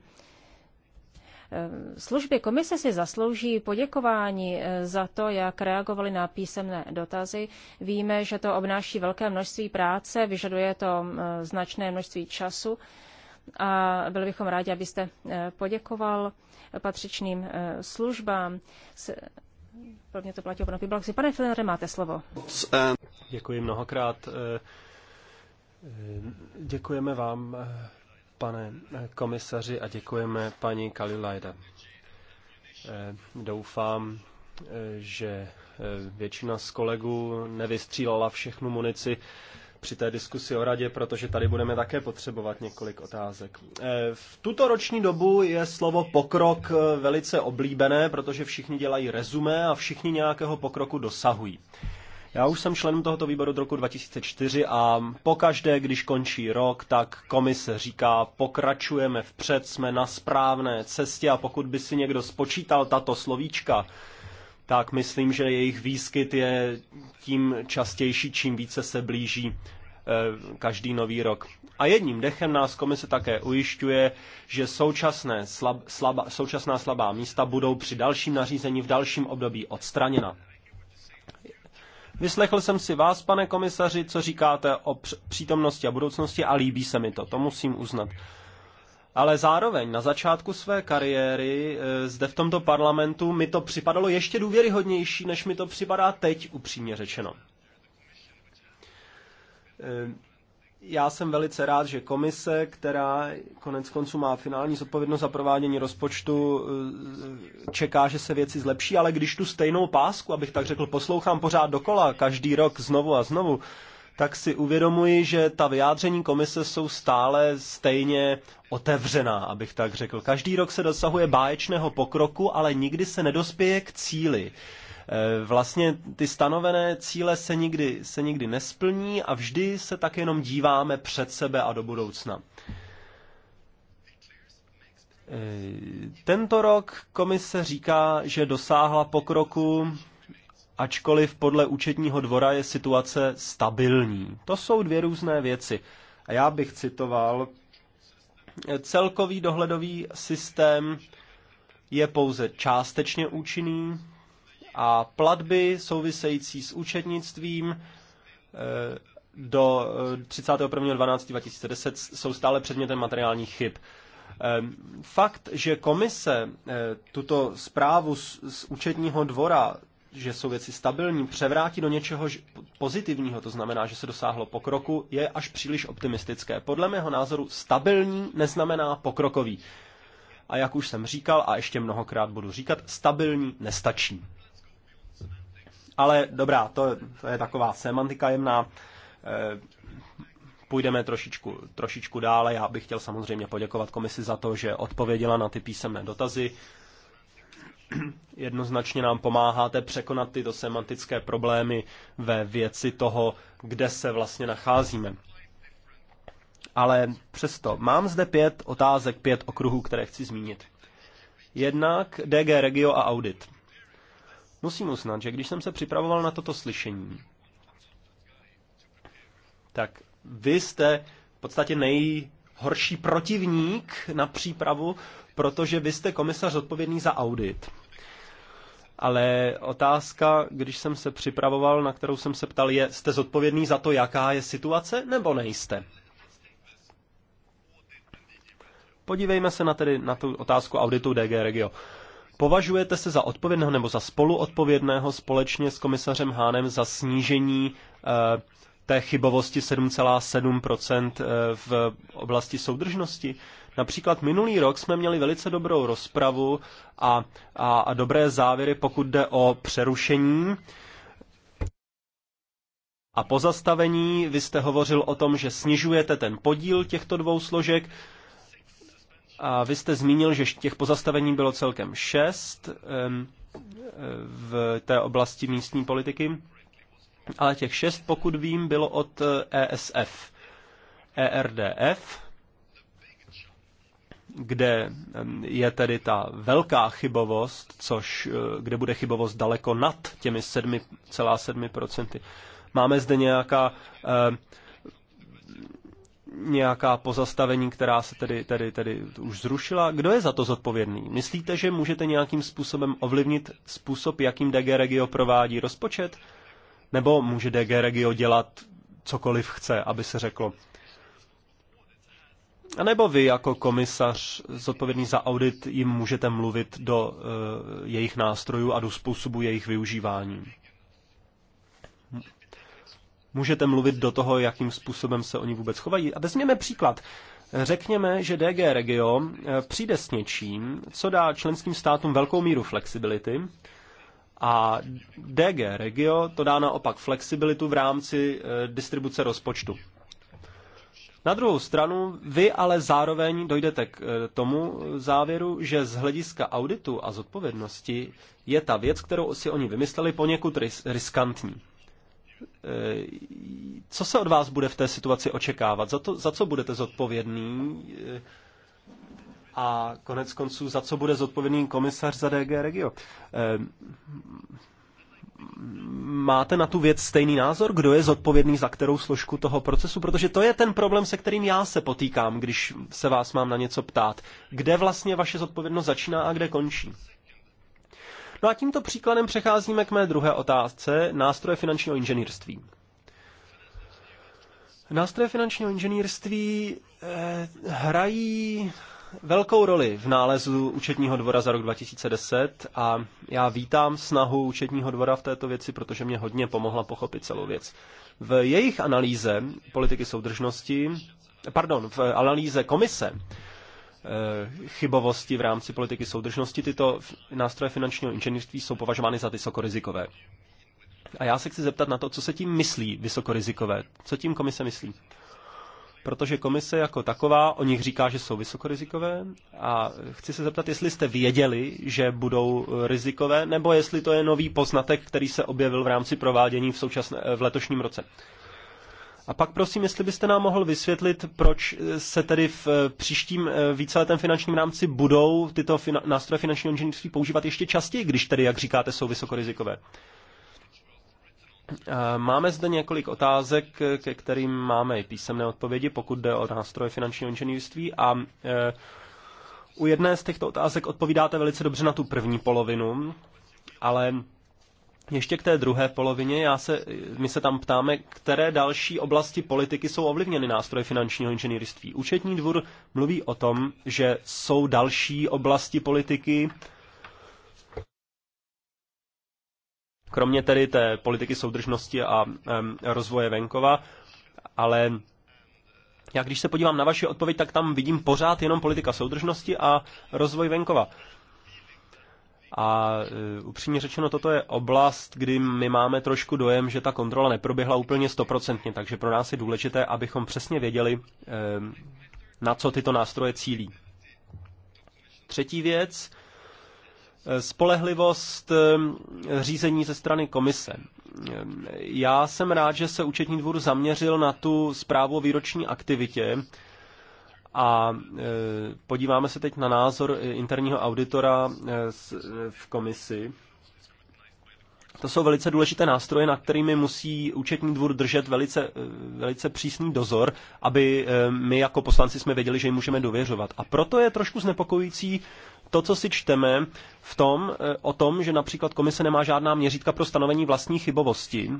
Eh, služby komise si zaslouží poděkování eh, za to, jak reagovali na písemné dotazy. Víme, že to obnáší velké množství práce, vyžaduje to značné množství času a byli bychom rádi, abyste eh, poděkoval eh, patřičným eh, službám. Pro mě to platí pro Piblaxi. Pane Filinare, máte slovo. Děkuji mnohokrát. Děkujeme vám, pane komisaři, a děkujeme paní Kalilajda. Doufám, že většina z kolegů nevystřílala všechnu munici při té diskusi o radě, protože tady budeme také potřebovat několik otázek. Eh, v tuto roční dobu je slovo pokrok eh, velice oblíbené, protože všichni dělají rezumé a všichni nějakého pokroku dosahují. Já už jsem členem tohoto výboru od roku 2004 a pokaždé, když končí rok, tak komise říká, pokračujeme vpřed, jsme na správné cestě a pokud by si někdo spočítal tato slovíčka, tak myslím, že jejich výskyt je tím častější, čím více se blíží eh, každý nový rok. A jedním dechem nás komise také ujišťuje, že současné slab, slaba, současná slabá místa budou při dalším nařízení v dalším období odstraněna. Vyslechl jsem si vás, pane komisaři, co říkáte o přítomnosti a budoucnosti a líbí se mi to, to musím uznat ale zároveň na začátku své kariéry e, zde v tomto parlamentu mi to připadalo ještě důvěryhodnější, než mi to připadá teď, upřímně řečeno. E, já jsem velice rád, že komise, která konec konců má finální zodpovědnost za provádění rozpočtu, e, čeká, že se věci zlepší, ale když tu stejnou pásku, abych tak řekl, poslouchám pořád dokola, každý rok znovu a znovu, tak si uvědomuji, že ta vyjádření komise jsou stále stejně otevřená, abych tak řekl. Každý rok se dosahuje báječného pokroku, ale nikdy se nedospěje k cíli. E, vlastně ty stanovené cíle se nikdy, se nikdy nesplní a vždy se tak jenom díváme před sebe a do budoucna. E, tento rok komise říká, že dosáhla pokroku ačkoliv podle účetního dvora je situace stabilní. To jsou dvě různé věci. A já bych citoval, celkový dohledový systém je pouze částečně účinný a platby související s účetnictvím eh, do 31.12.2010 eh, jsou stále předmětem materiálních chyb. Ehm, fakt, že komise eh, tuto zprávu z, z účetního dvora že jsou věci stabilní, převrátí do něčeho pozitivního, to znamená, že se dosáhlo pokroku, je až příliš optimistické. Podle mého názoru stabilní neznamená pokrokový. A jak už jsem říkal a ještě mnohokrát budu říkat, stabilní nestačí. Ale dobrá, to, to je taková semantika jemná. E, půjdeme trošičku, trošičku dále. Já bych chtěl samozřejmě poděkovat komisi za to, že odpověděla na ty písemné dotazy (clears throat) Jednoznačně nám pomáháte překonat tyto semantické problémy ve věci toho, kde se vlastně nacházíme. Ale přesto, mám zde pět otázek, pět okruhů, které chci zmínit. Jednak DG Regio a audit. Musím uznat, že když jsem se připravoval na toto slyšení, tak vy jste v podstatě nejhorší protivník na přípravu protože vy jste komisař odpovědný za audit. Ale otázka, když jsem se připravoval, na kterou jsem se ptal, je, jste zodpovědný za to, jaká je situace, nebo nejste? Podívejme se na, tedy, na tu otázku auditu DG Regio. Považujete se za odpovědného nebo za spoluodpovědného společně s komisařem Hánem za snížení eh, té chybovosti 7,7 eh, v oblasti soudržnosti? Například minulý rok jsme měli velice dobrou rozpravu a, a, a dobré závěry, pokud jde o přerušení. A pozastavení, vy jste hovořil o tom, že snižujete ten podíl těchto dvou složek. A vy jste zmínil, že těch pozastavení bylo celkem šest v té oblasti místní politiky, ale těch šest, pokud vím, bylo od ESF. Eh, e ERDF kde je tedy ta velká chybovost, což, eh, kde bude chybovost daleko nad těmi 7,7%. Máme zde nějaká, nějaká pozastavení, která se tedy, tedy, tedy už zrušila. Kdo je za to zodpovědný? Myslíte, že můžete nějakým způsobem ovlivnit způsob, jakým DG Regio provádí rozpočet? Nebo může DG Regio dělat cokoliv chce, aby se řeklo? A nebo vy jako komisař zodpovědný za audit jim můžete mluvit do e, jejich nástrojů a do způsobu jejich využívání? Můžete mluvit do toho, jakým způsobem se oni vůbec chovají. A vezměme příklad. Řekněme, že DG Regio eh, přijde s něčím, co dá členským státům velkou míru flexibility, a DG Regio to dá naopak flexibilitu v rámci eh, distribuce rozpočtu. Na druhou stranu, vy ale zároveň dojdete k eh, tomu závěru, že z hlediska auditu a zodpovědnosti je ta věc, kterou si oni vymysleli, poněkud ris- riskantní. Eh, co se od vás bude v té situaci očekávat? Za, to, za co budete zodpovědný? Eh, a konec konců, za co bude zodpovědný komisař za DG Regio? máte na tu věc stejný názor, kdo je zodpovědný za kterou složku toho procesu, protože to je ten problém, se kterým já se potýkám, když se vás mám na něco ptát. Kde vlastně vaše zodpovědnost začíná a kde končí? No a tímto příkladem přecházíme k mé druhé otázce, nástroje finančního inženýrství. Nástroje finančního inženýrství eh, hrají velkou roli v nálezu účetního dvora za rok 2010 a já vítám snahu účetního dvora v této věci, protože mě hodně pomohla pochopit celou věc. V jejich analýze politiky soudržnosti, pardon, v analýze komise eh, chybovosti v rámci politiky soudržnosti, tyto nástroje finančního inženýrství jsou považovány za vysokorizikové. A já se chci zeptat na to, co se tím myslí vysokorizikové. Co tím komise myslí? protože komise jako taková o nich říká, že jsou vysokorizikové a chci se zeptat, jestli jste věděli, že budou rizikové, nebo jestli to je nový poznatek, který se objevil v rámci provádění v, současné, v letošním roce. A pak prosím, jestli byste nám mohl vysvětlit, proč se tedy v příštím eh, víceletém finančním rámci budou tyto fina- nástroje finančního inženýrství používat ještě častěji, když tedy, jak říkáte, jsou vysokorizikové. rizikové. Eh, máme zde několik otázek, ke kterým máme i písemné odpovědi, pokud jde o nástroje finančního inženýrství a eh, u jedné z těchto otázek odpovídáte velice dobře na tu první polovinu, ale ještě k té druhé polovině, já se, my se tam ptáme, které další oblasti politiky jsou ovlivněny nástroje finančního inženýrství. Účetní dvůr mluví o tom, že jsou další oblasti politiky, Kromě tedy té politiky soudržnosti a rozvoje venkova, ale já když se podívám na vaši odpověď, tak tam vidím pořád jenom politika soudržnosti a rozvoj venkova. A e, upřímně řečeno, toto je oblast, kdy my máme trošku dojem, že ta kontrola neproběhla úplně stoprocentně, takže pro nás je důležité, abychom přesně věděli, na co tyto nástroje cílí. Třetí věc, spolehlivost ehm, řízení ze strany komise. Ehm, já jsem rád, že se účetní dvůr zaměřil na tu zprávu o výroční aktivitě a e, podíváme se teď na názor interního auditora e, e, v komisi. To jsou velice důležité nástroje, na kterými musí účetní dvůr držet velice, velice přísný dozor, aby my jako poslanci jsme věděli, že jim můžeme dověřovat. A proto je trošku znepokojující to, co si čteme v tom, eh, o tom, že například komise nemá žádná měřítka pro stanovení vlastní chybovosti,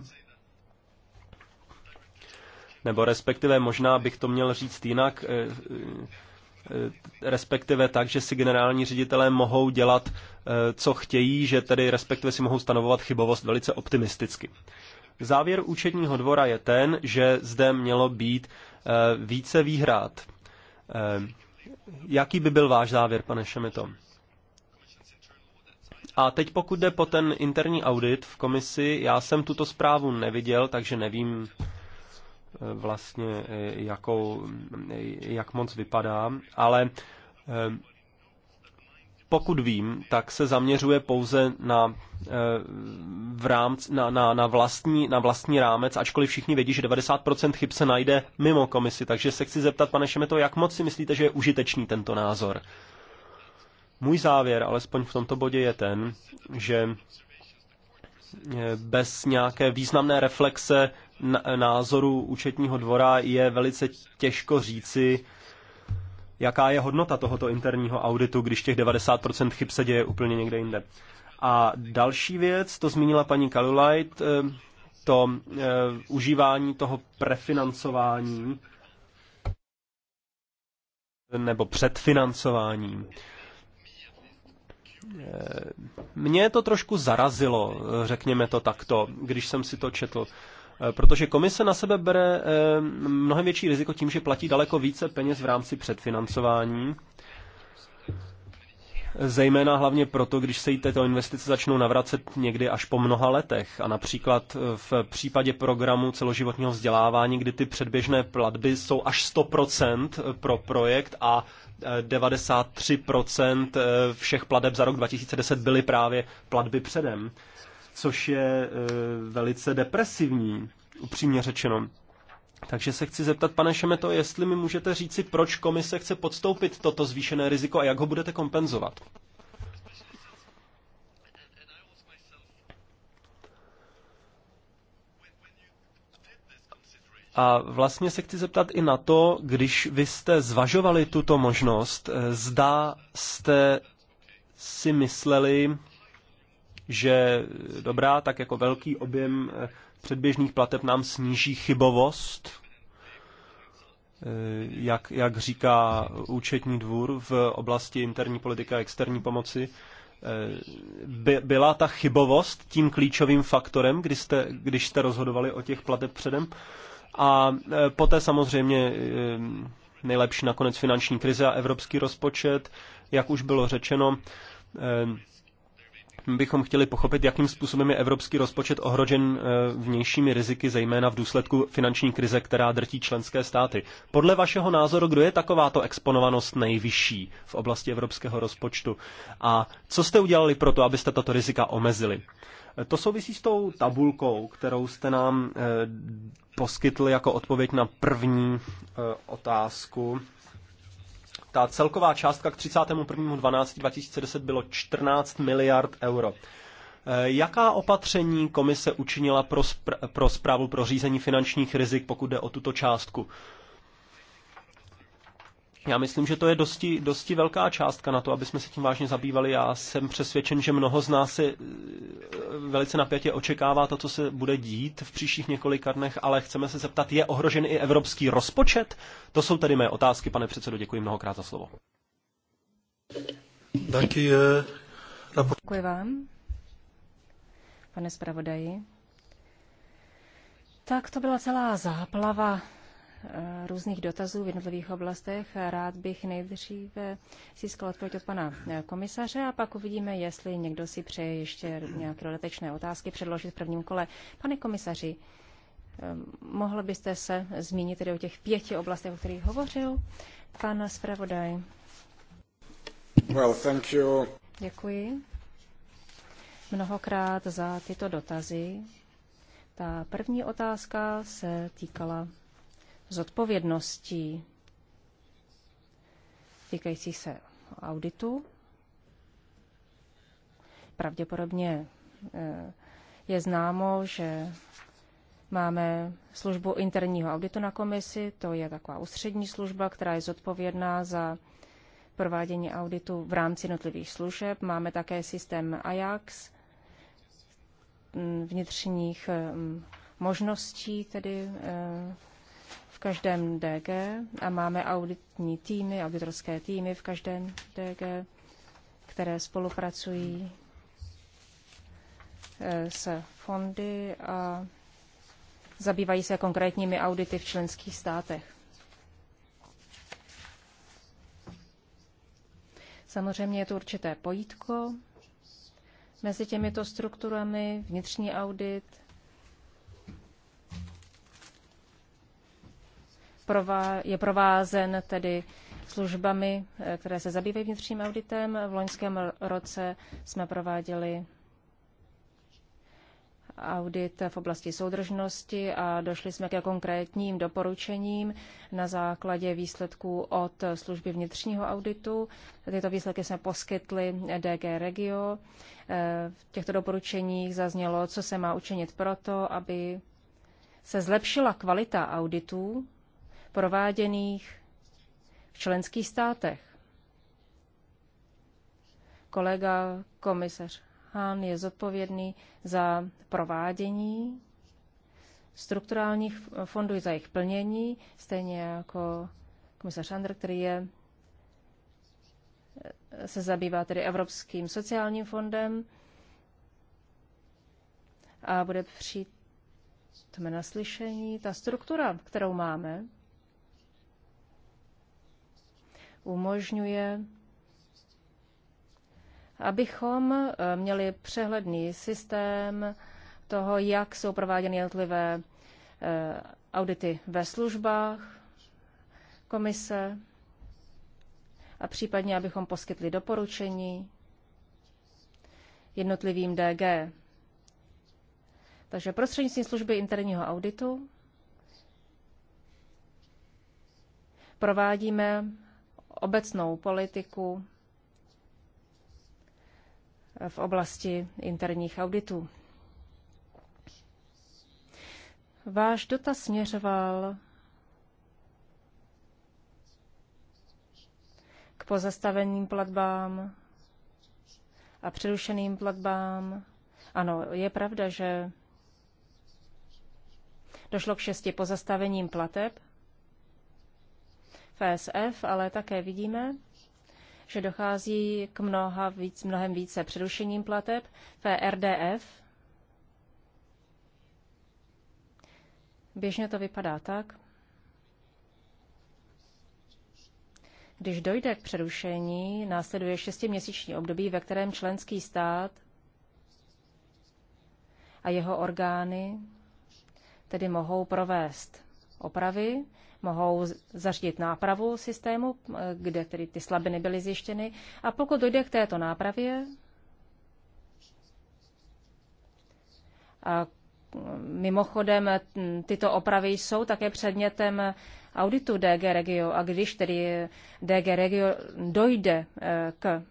nebo respektive možná bych to měl říct jinak, eh, eh, respektive tak, že si generální ředitelé mohou dělat, co chtějí, že tedy respektive si mohou stanovovat chybovost velice optimisticky. Závěr účetního dvora je ten, že zde mělo být více výhrad. Jaký by byl váš závěr, pane Šemeto? A teď pokud jde po ten interní audit v komisi, já jsem tuto zprávu neviděl, takže nevím eh, vlastně, eh, jakou, eh, jak moc vypadá, ale pokud vím, tak se zaměřuje pouze na, eh, v rámci, na, na, na, vlastní, na vlastní rámec, ačkoliv všichni vědí, že 90% chyb se najde mimo komisi. Takže se chci zeptat, pane Šemeto, jak moc si myslíte, že je užitečný tento názor? Můj závěr, alespoň v tomto bodě, je ten, že eh, bez nějaké významné reflexe názoru účetního dvora je velice těžko říci, jaká je hodnota tohoto interního auditu, když těch 90% chyb se děje úplně někde jinde. A další věc, to zmínila paní Kalulajt, eh, to eh, užívání toho prefinancování nebo předfinancování. Eh, mě to trošku zarazilo, řekněme to takto, když jsem si to četl. Eh, protože komise na sebe bere eh, mnohem větší riziko tím, že platí daleko více peněz v rámci předfinancování, zejména hlavně proto, když se jí této investice začnou navracet někdy až po mnoha letech. A například eh, v případě programu celoživotního vzdělávání, kdy ty předběžné platby jsou až 100% pro projekt a 93% všech plateb za rok 2010 byly právě platby předem což je e, velice depresivní, upřímně řečeno. Takže se chci zeptat, pane Šemeto, jestli mi můžete říci, proč komise chce podstoupit toto zvýšené riziko a jak ho budete kompenzovat? A vlastně se chci zeptat i na to, když vy jste zvažovali tuto možnost, e, zda jste si mysleli, že dobrá, tak jako velký objem eh, předběžných plateb nám sníží chybovost, eh, jak, jak říká účetní dvůr v oblasti interní politiky a externí pomoci, eh, by, byla ta chybovost tím klíčovým faktorem, kdy jste, když jste rozhodovali o těch plateb předem? A poté samozřejmě nejlepší nakonec finanční krize a evropský rozpočet, jak už bylo řečeno, bychom chtěli pochopit, jakým způsobem je evropský rozpočet ohrožen eh, vnějšími riziky, zejména v důsledku finanční krize, která drtí členské státy. Podle vašeho názoru, kdo je takováto exponovanost nejvyšší v oblasti evropského rozpočtu? A co jste udělali pro to, abyste tato rizika omezili? Eh, to souvisí s tou tabulkou, kterou jste nám eh, poskytli jako odpověď na první otázku ta celková částka k 31.12.2010 bylo 14 miliard euro. Eh, jaká opatření komise učinila pro, spr- pro zprávu pro řízení finančních rizik, pokud jde o tuto částku? Já myslím, že to je dosti, dosti velká částka na to, aby jsme se tím vážně zabývali. Já jsem přesvědčen, že mnoho z nás se eh, velice napětě očekává to, co se bude dít v příštích několika dnech, ale chceme se zeptat, je ohrožen i evropský rozpočet? To jsou tedy mé otázky, pane předsedo, děkuji mnohokrát za slovo. Děkuji vám, pane zpravodaji. Tak to byla celá záplava Eh, různých dotazů v jednotlivých oblastech. Rád bych nejdříve získal odpověď od pana eh, komisaře a pak uvidíme, jestli někdo si přeje ještě nějaké dodatečné otázky předložit v prvním kole. Pane komisaři, eh, mohl byste se zmínit tedy o těch pěti oblastech, o kterých hovořil pan zpravodaj? Well, thank you. Děkuji mnohokrát za tyto dotazy. Ta první otázka se týkala zodpovědností týkajících se auditu. Pravděpodobně eh, je známo, že máme službu interního auditu na komisi, to je taková ústřední služba, která je zodpovědná za provádění auditu v rámci notlivých služeb. Máme také systém Ajax, mm, vnitřních mm, možností tedy eh, každém DG a máme auditní týmy, auditorské týmy v každém DG, které spolupracují e, s fondy a zabývají se konkrétními audity v členských státech. Samozřejmě je to určité pojítko mezi těmito strukturami, vnitřní audit, je provázen tedy službami, eh, které se zabývají vnitřním auditem. V loňském roce jsme prováděli audit v oblasti soudržnosti a došli jsme ke konkrétním doporučením na základě výsledků od služby vnitřního auditu. Tyto výsledky jsme poskytli DG Regio. Eh, v těchto doporučeních zaznělo, co se má učinit proto, aby se zlepšila kvalita auditů prováděných v členských státech. Kolega komisař Hahn je zodpovědný za provádění strukturálních fondů za jejich plnění, stejně jako komisař Andr, který je, se zabývá tedy Evropským sociálním fondem a bude přijít na slyšení. Ta struktura, kterou máme, umožňuje, abychom eh, měli přehledný systém toho, jak jsou prováděny jednotlivé eh, audity ve službách komise a případně, abychom poskytli doporučení jednotlivým DG. Takže prostřednictvím služby interního auditu provádíme obecnou politiku v oblasti interních auditů. Váš dotaz směřoval k pozastaveným platbám a přerušeným platbám. Ano, je pravda, že došlo k šesti pozastavením plateb FSF, ale také vidíme, že dochází k mnoha víc, mnohem více přerušením plateb v Běžně to vypadá tak, Když dojde k přerušení, následuje šestiměsíční období, ve kterém členský stát a jeho orgány tedy mohou provést opravy mohou zařídit nápravu systému, kde tedy ty slabiny byly zjištěny. A pokud dojde k této nápravě, a mimochodem tyto opravy jsou také předmětem auditu DG Regio a když tedy DG Regio dojde e, k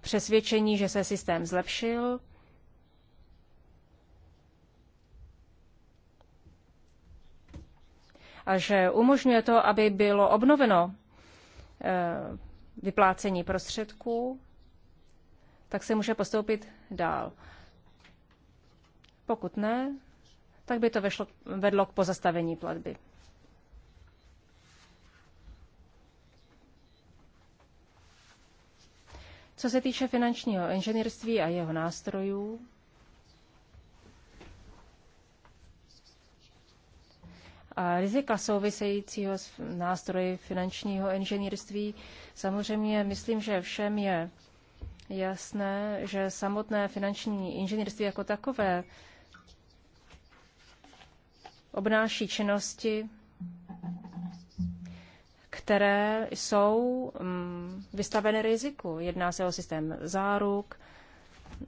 přesvědčení, že se systém zlepšil, a že umožňuje to, aby bylo obnoveno eh, vyplácení prostředků, tak se může postoupit dál. Pokud ne, tak by to vešlo, vedlo k pozastavení platby. Co se týče finančního inženýrství a jeho nástrojů, A rizika souvisejícího s nástroji finančního inženýrství samozřejmě myslím, že všem je jasné, že samotné finanční inženýrství jako takové obnáší činnosti, které jsou mm, vystaveny riziku. Jedná se o systém záruk,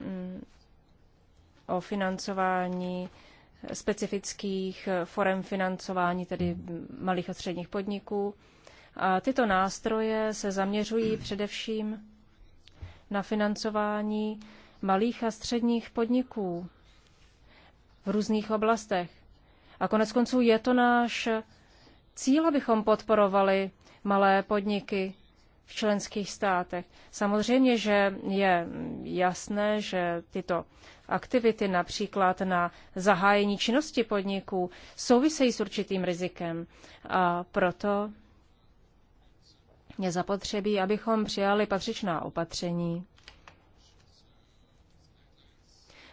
mm, o financování specifických eh, forem financování, tedy malých a středních podniků. A tyto nástroje se zaměřují hmm. především na financování malých a středních podniků v různých oblastech. A konec konců je to náš cíl, abychom podporovali malé podniky v členských státech. Samozřejmě, že je jasné, že tyto aktivity například na zahájení činnosti podniků souvisejí s určitým rizikem. A proto je zapotřebí, abychom přijali patřičná opatření.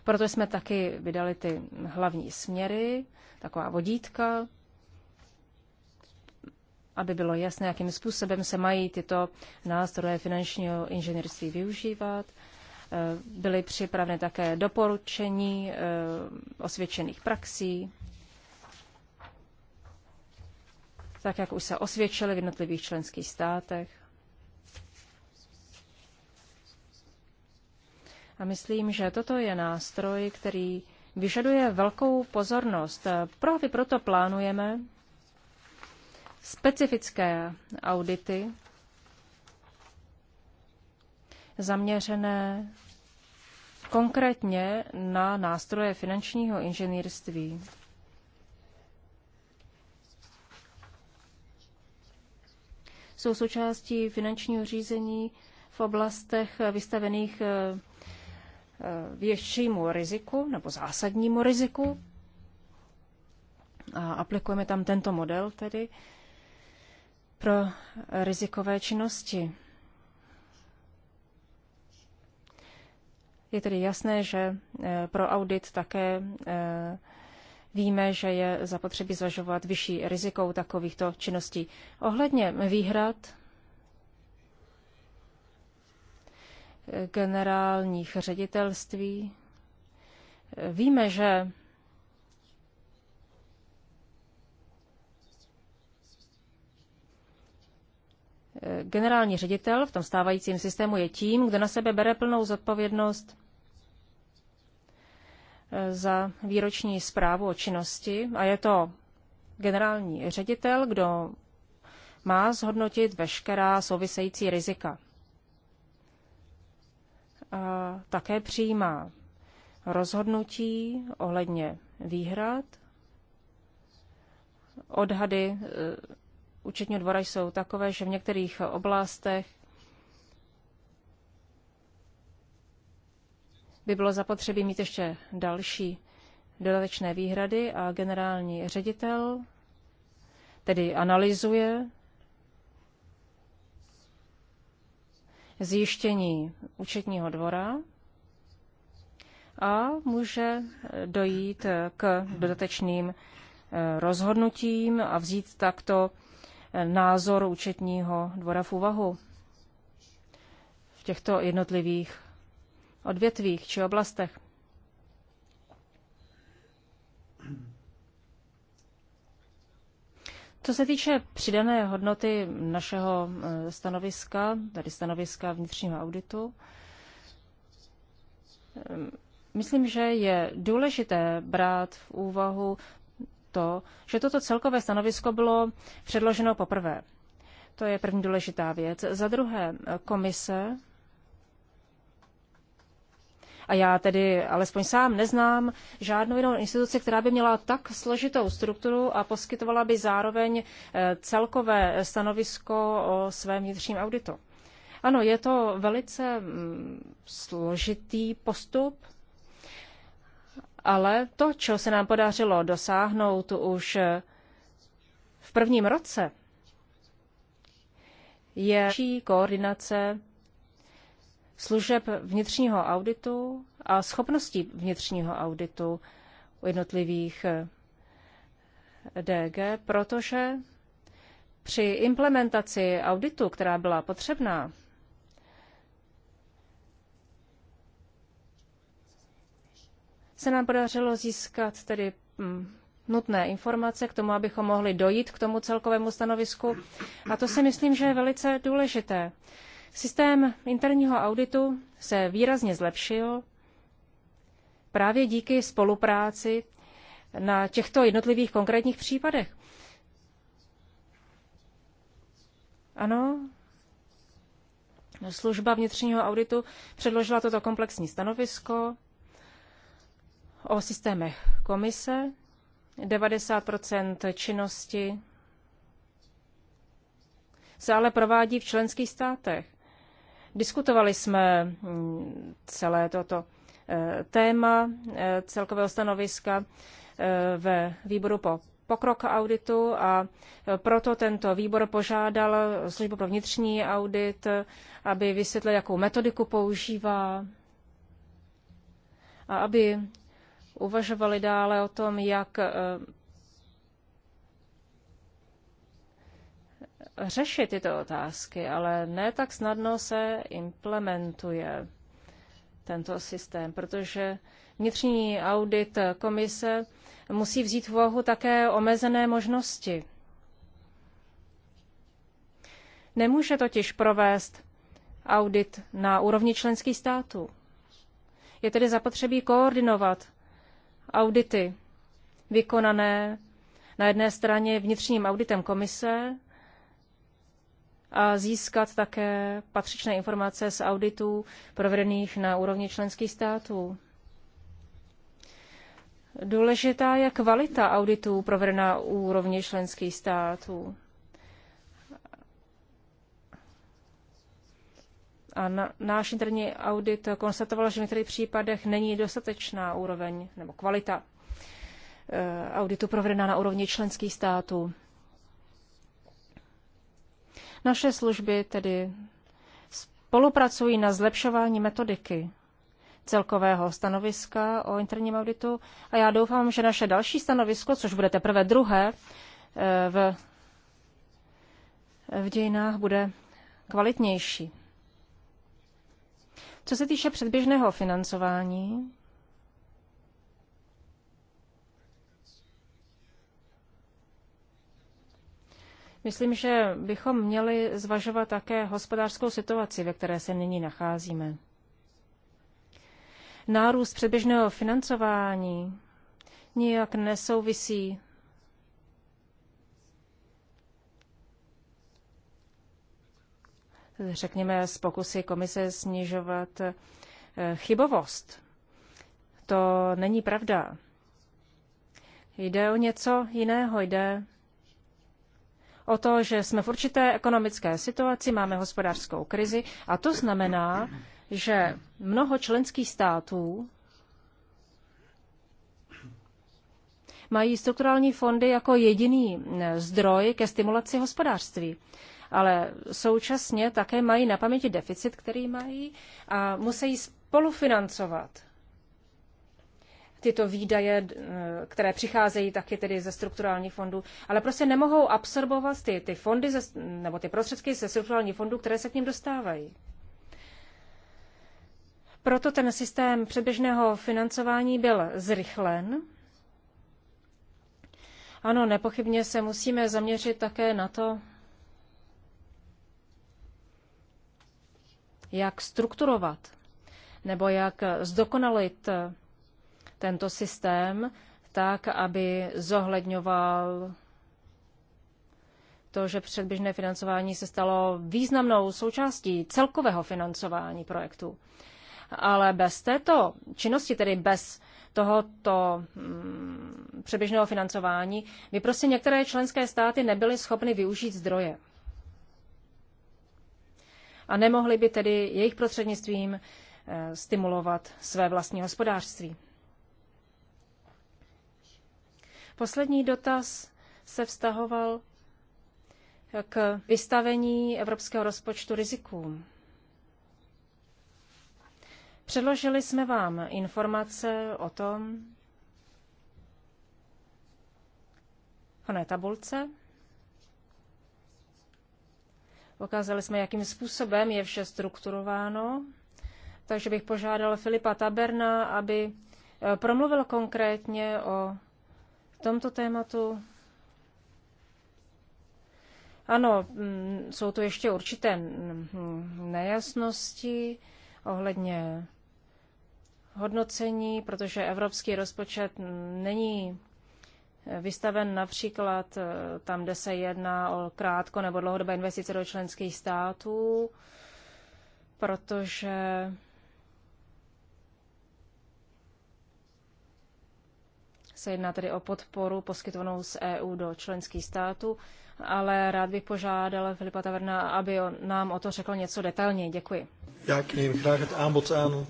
Proto jsme taky vydali ty hlavní směry, taková vodítka, aby bylo jasné, jakým způsobem se mají tyto nástroje finančního inženýrství využívat. Eh, byly připraveny také doporučení eh, osvědčených praxí, tak jak už se osvědčily v jednotlivých členských státech. A myslím, že toto je nástroj, který vyžaduje velkou pozornost. Eh, právě proto plánujeme specifické audity zaměřené konkrétně na nástroje finančního inženýrství. Jsou součástí finančního řízení v oblastech vystavených eh, eh, většímu riziku nebo zásadnímu riziku. A aplikujeme tam tento model tedy pro rizikové činnosti. Je tedy jasné, že eh, pro audit také eh, víme, že je zapotřebí zvažovat vyšší rizikou takovýchto činností. Ohledně výhrad eh, generálních ředitelství víme, že generální ředitel v tom stávajícím systému je tím, kdo na sebe bere plnou zodpovědnost eh, za výroční zprávu o činnosti a je to generální ředitel, kdo má zhodnotit veškerá související rizika. A také přijímá rozhodnutí ohledně výhrad, odhady eh, účetního dvora jsou takové, že v některých oblastech by bylo zapotřebí mít ještě další dodatečné výhrady a generální ředitel tedy analyzuje zjištění účetního dvora a může dojít k dodatečným eh, rozhodnutím a vzít takto názor účetního dvora v úvahu v těchto jednotlivých odvětvích či oblastech. Co se týče přidané hodnoty našeho eh, stanoviska, tedy stanoviska vnitřního auditu, eh, myslím, že je důležité brát v úvahu to, že toto celkové stanovisko bylo předloženo poprvé. To je první důležitá věc. Za druhé, komise a já tedy alespoň sám neznám žádnou jinou instituci, která by měla tak složitou strukturu a poskytovala by zároveň eh, celkové stanovisko o svém vnitřním auditu. Ano, je to velice mm, složitý postup, ale to, čeho se nám podařilo dosáhnout už v prvním roce, je další koordinace služeb vnitřního auditu a schopností vnitřního auditu u jednotlivých eh, DG, protože při implementaci auditu, která byla potřebná, se nám podařilo získat tedy mm, nutné informace k tomu, abychom mohli dojít k tomu celkovému stanovisku. A to si myslím, že je velice důležité. Systém interního auditu se výrazně zlepšil právě díky spolupráci na těchto jednotlivých konkrétních případech. Ano, služba vnitřního auditu předložila toto komplexní stanovisko o systémech komise. 90 činnosti se ale provádí v členských státech. Diskutovali jsme mm, celé toto eh, téma eh, celkového stanoviska eh, ve výboru po pokrok auditu a proto tento výbor požádal službu pro vnitřní audit, aby vysvětlil, jakou metodiku používá a aby uvažovali dále o tom, jak eh, řešit tyto otázky, ale ne tak snadno se implementuje tento systém, protože vnitřní audit komise musí vzít v úvahu také omezené možnosti. Nemůže totiž provést audit na úrovni členských států. Je tedy zapotřebí koordinovat audity vykonané na jedné straně vnitřním auditem komise a získat také patřičné informace z auditů provedených na úrovni členských států. Důležitá je kvalita auditů provedená úrovni členských států. A na, náš interní audit konstatoval, že v některých případech není dostatečná úroveň nebo kvalita e, auditu provedená na úrovni členských států. Naše služby tedy spolupracují na zlepšování metodiky celkového stanoviska o interním auditu a já doufám, že naše další stanovisko, což bude teprve druhé e, v, v dějinách, bude kvalitnější. Co se týče předběžného financování, Myslím, že bychom měli zvažovat také hospodářskou situaci, ve které se nyní nacházíme. Nárůst předběžného financování nijak nesouvisí řekněme, z pokusy komise snižovat eh, chybovost. To není pravda. Jde o něco jiného, jde o to, že jsme v určité ekonomické situaci, máme hospodářskou krizi a to znamená, že mnoho členských států mají strukturální fondy jako jediný eh, zdroj ke stimulaci hospodářství ale současně také mají na paměti deficit, který mají a musí spolufinancovat tyto výdaje, eh, které přicházejí taky tedy ze strukturálních fondů, ale prostě nemohou absorbovat ty, ty fondy ze, nebo ty prostředky ze strukturálních fondů, které se k ním dostávají. Proto ten systém předběžného financování byl zrychlen. Ano, nepochybně se musíme zaměřit také na to, jak strukturovat nebo jak zdokonalit eh, tento systém tak, aby zohledňoval to, že předběžné financování se stalo významnou součástí celkového financování projektu. Ale bez této činnosti, tedy bez tohoto mm, předběžného financování, by prostě některé členské státy nebyly schopny využít zdroje a nemohli by tedy jejich prostřednictvím eh, stimulovat své vlastní hospodářství. Poslední dotaz se vztahoval k vystavení evropského rozpočtu rizikům. Předložili jsme vám informace o tom, o tabulce, Ukázali jsme, jakým způsobem je vše strukturováno. Takže bych požádal Filipa Taberna, aby e, promluvil konkrétně o tomto tématu. Ano, mm, jsou tu ještě určité mm, mm, nejasnosti ohledně hodnocení, protože evropský rozpočet není vystaven například eh, tam, kde se jedná o krátko nebo dlouhodobé investice do členských států, protože se jedná tedy o podporu poskytovanou z EU do členských států, ale rád bych požádal Filipa Taverna, aby on, nám o to řekl něco detailně. Děkuji. Já rád Taverna.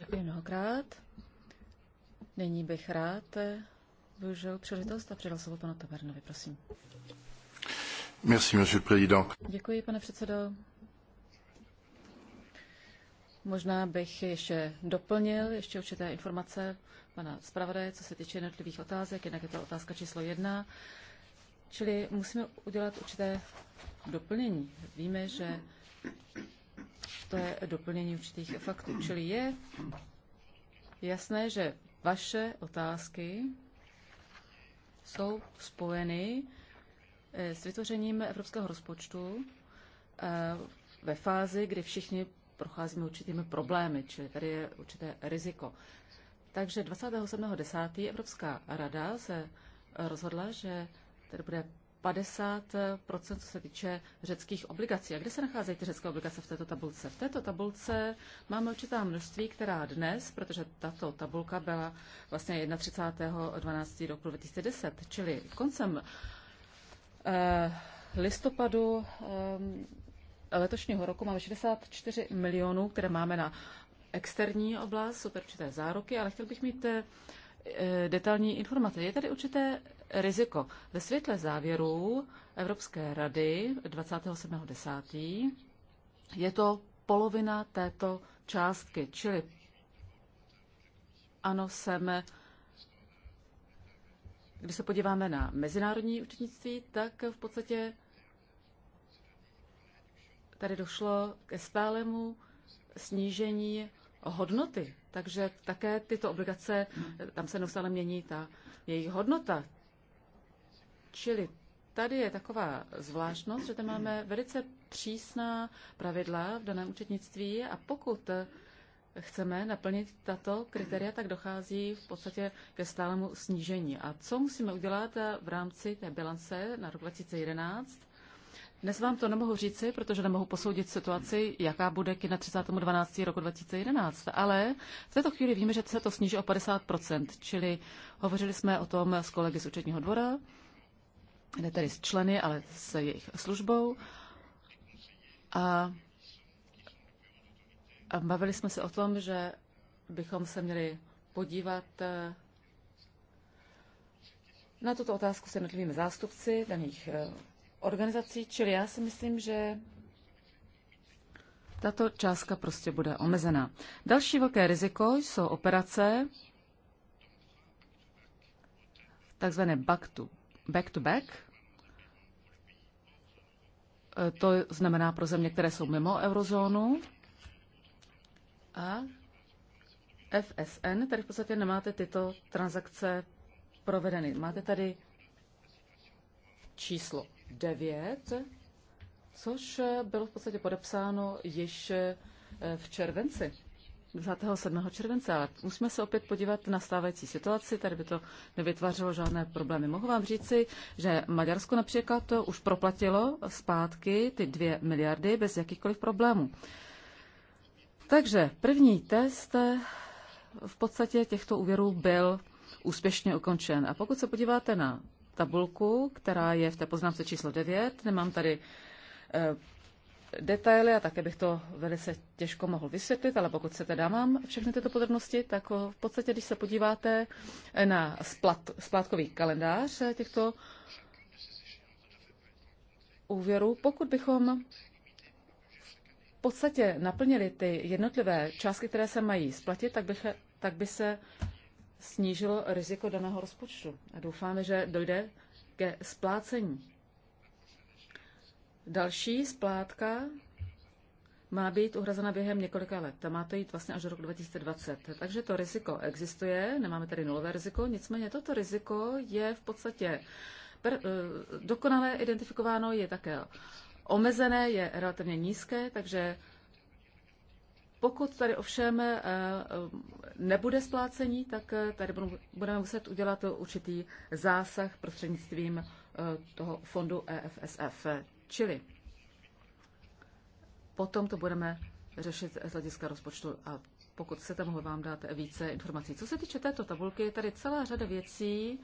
Děkuji mnohokrát. Nyní bych rád eh, využil příležitost a předal slovo panu Tavernovi, prosím. Merci, monsieur président. Děkuji, pane předsedo. Možná bych ještě doplnil ještě určité informace pana zpravodaje, co se týče jednotlivých otázek, jednak je to otázka číslo jedna. Čili musíme udělat určité doplnění. Víme, že to je doplnění určitých faktů. Čili je jasné, že vaše otázky jsou spojeny eh, s vytvořením evropského rozpočtu eh, ve fázi, kdy všichni procházíme určitými problémy, čili tady je určité riziko. Takže 27.10. Evropská rada se rozhodla, že tady bude 50 eh, co se týče řeckých obligací. A kde se nacházejí ty řecké obligace v této tabulce? V této tabulce máme určitá množství, která dnes, protože tato tabulka byla vlastně 31.12. roku 2010, čili koncem eh, listopadu eh, letošního roku máme 64 milionů, které máme na externí oblast, jsou určité záruky, ale chtěl bych mít eh, detailní informace. Je tady určité riziko. Ve světle závěrů Evropské rady 27.10. je to polovina této částky, čili ano, jsem když se podíváme na mezinárodní účetnictví, tak v podstatě tady došlo ke stálemu snížení hodnoty. Takže také tyto obligace, tam se neustále mění ta jejich hodnota. Čili tady je taková zvláštnost, že tam máme velice přísná pravidla v daném účetnictví a pokud chceme naplnit tato kritéria, tak dochází v podstatě ke stálemu snížení. A co musíme udělat v rámci té bilance na rok 2011? Dnes vám to nemohu říci, protože nemohu posoudit situaci, jaká bude k 12. roku 2011, ale v této chvíli víme, že se to sníží o 50%, čili hovořili jsme o tom s kolegy z účetního dvora, ne tedy s členy, ale s jejich službou. A, a bavili jsme se o tom, že bychom se měli podívat eh, na tuto otázku s jednotlivými zástupci daných eh, organizací, čili já si myslím, že tato částka prostě bude omezená. Další velké riziko jsou operace takzvané back to back-to-back. E, to znamená pro země, které jsou mimo eurozónu. A FSN, tady v podstatě nemáte tyto transakce provedeny. Máte tady číslo 9, což bylo v podstatě podepsáno již e, v červenci. 27. července, ale musíme se opět podívat na stávající situaci, tady by to nevytvářelo žádné problémy. Mohu vám říci, že Maďarsko například to už proplatilo zpátky ty dvě miliardy bez jakýchkoliv problémů. Takže první test v podstatě těchto úvěrů byl úspěšně ukončen. A pokud se podíváte na tabulku, která je v té poznámce číslo 9, nemám tady eh, detaily a také bych to velice těžko mohl vysvětlit, ale pokud se teda mám všechny tyto podrobnosti, tak v podstatě, když se podíváte na splat, splátkový kalendář těchto úvěrů, pokud bychom v podstatě naplnili ty jednotlivé částky, které se mají splatit, tak, bych, tak by se snížilo riziko daného rozpočtu. A doufáme, že dojde ke splácení. Další splátka má být uhrazena během několika let. Má to jít vlastně až do roku 2020. Takže to riziko existuje, nemáme tady nulové riziko, nicméně toto riziko je v podstatě per, eh, dokonale identifikováno, je také omezené, je relativně nízké, takže pokud tady ovšem eh, nebude splácení, tak eh, tady budeme muset udělat určitý zásah prostřednictvím toho fondu EFSF. Čili potom to budeme řešit z hlediska rozpočtu a pokud se mohu vám dát více informací. Co se týče této tabulky, je tady celá řada věcí.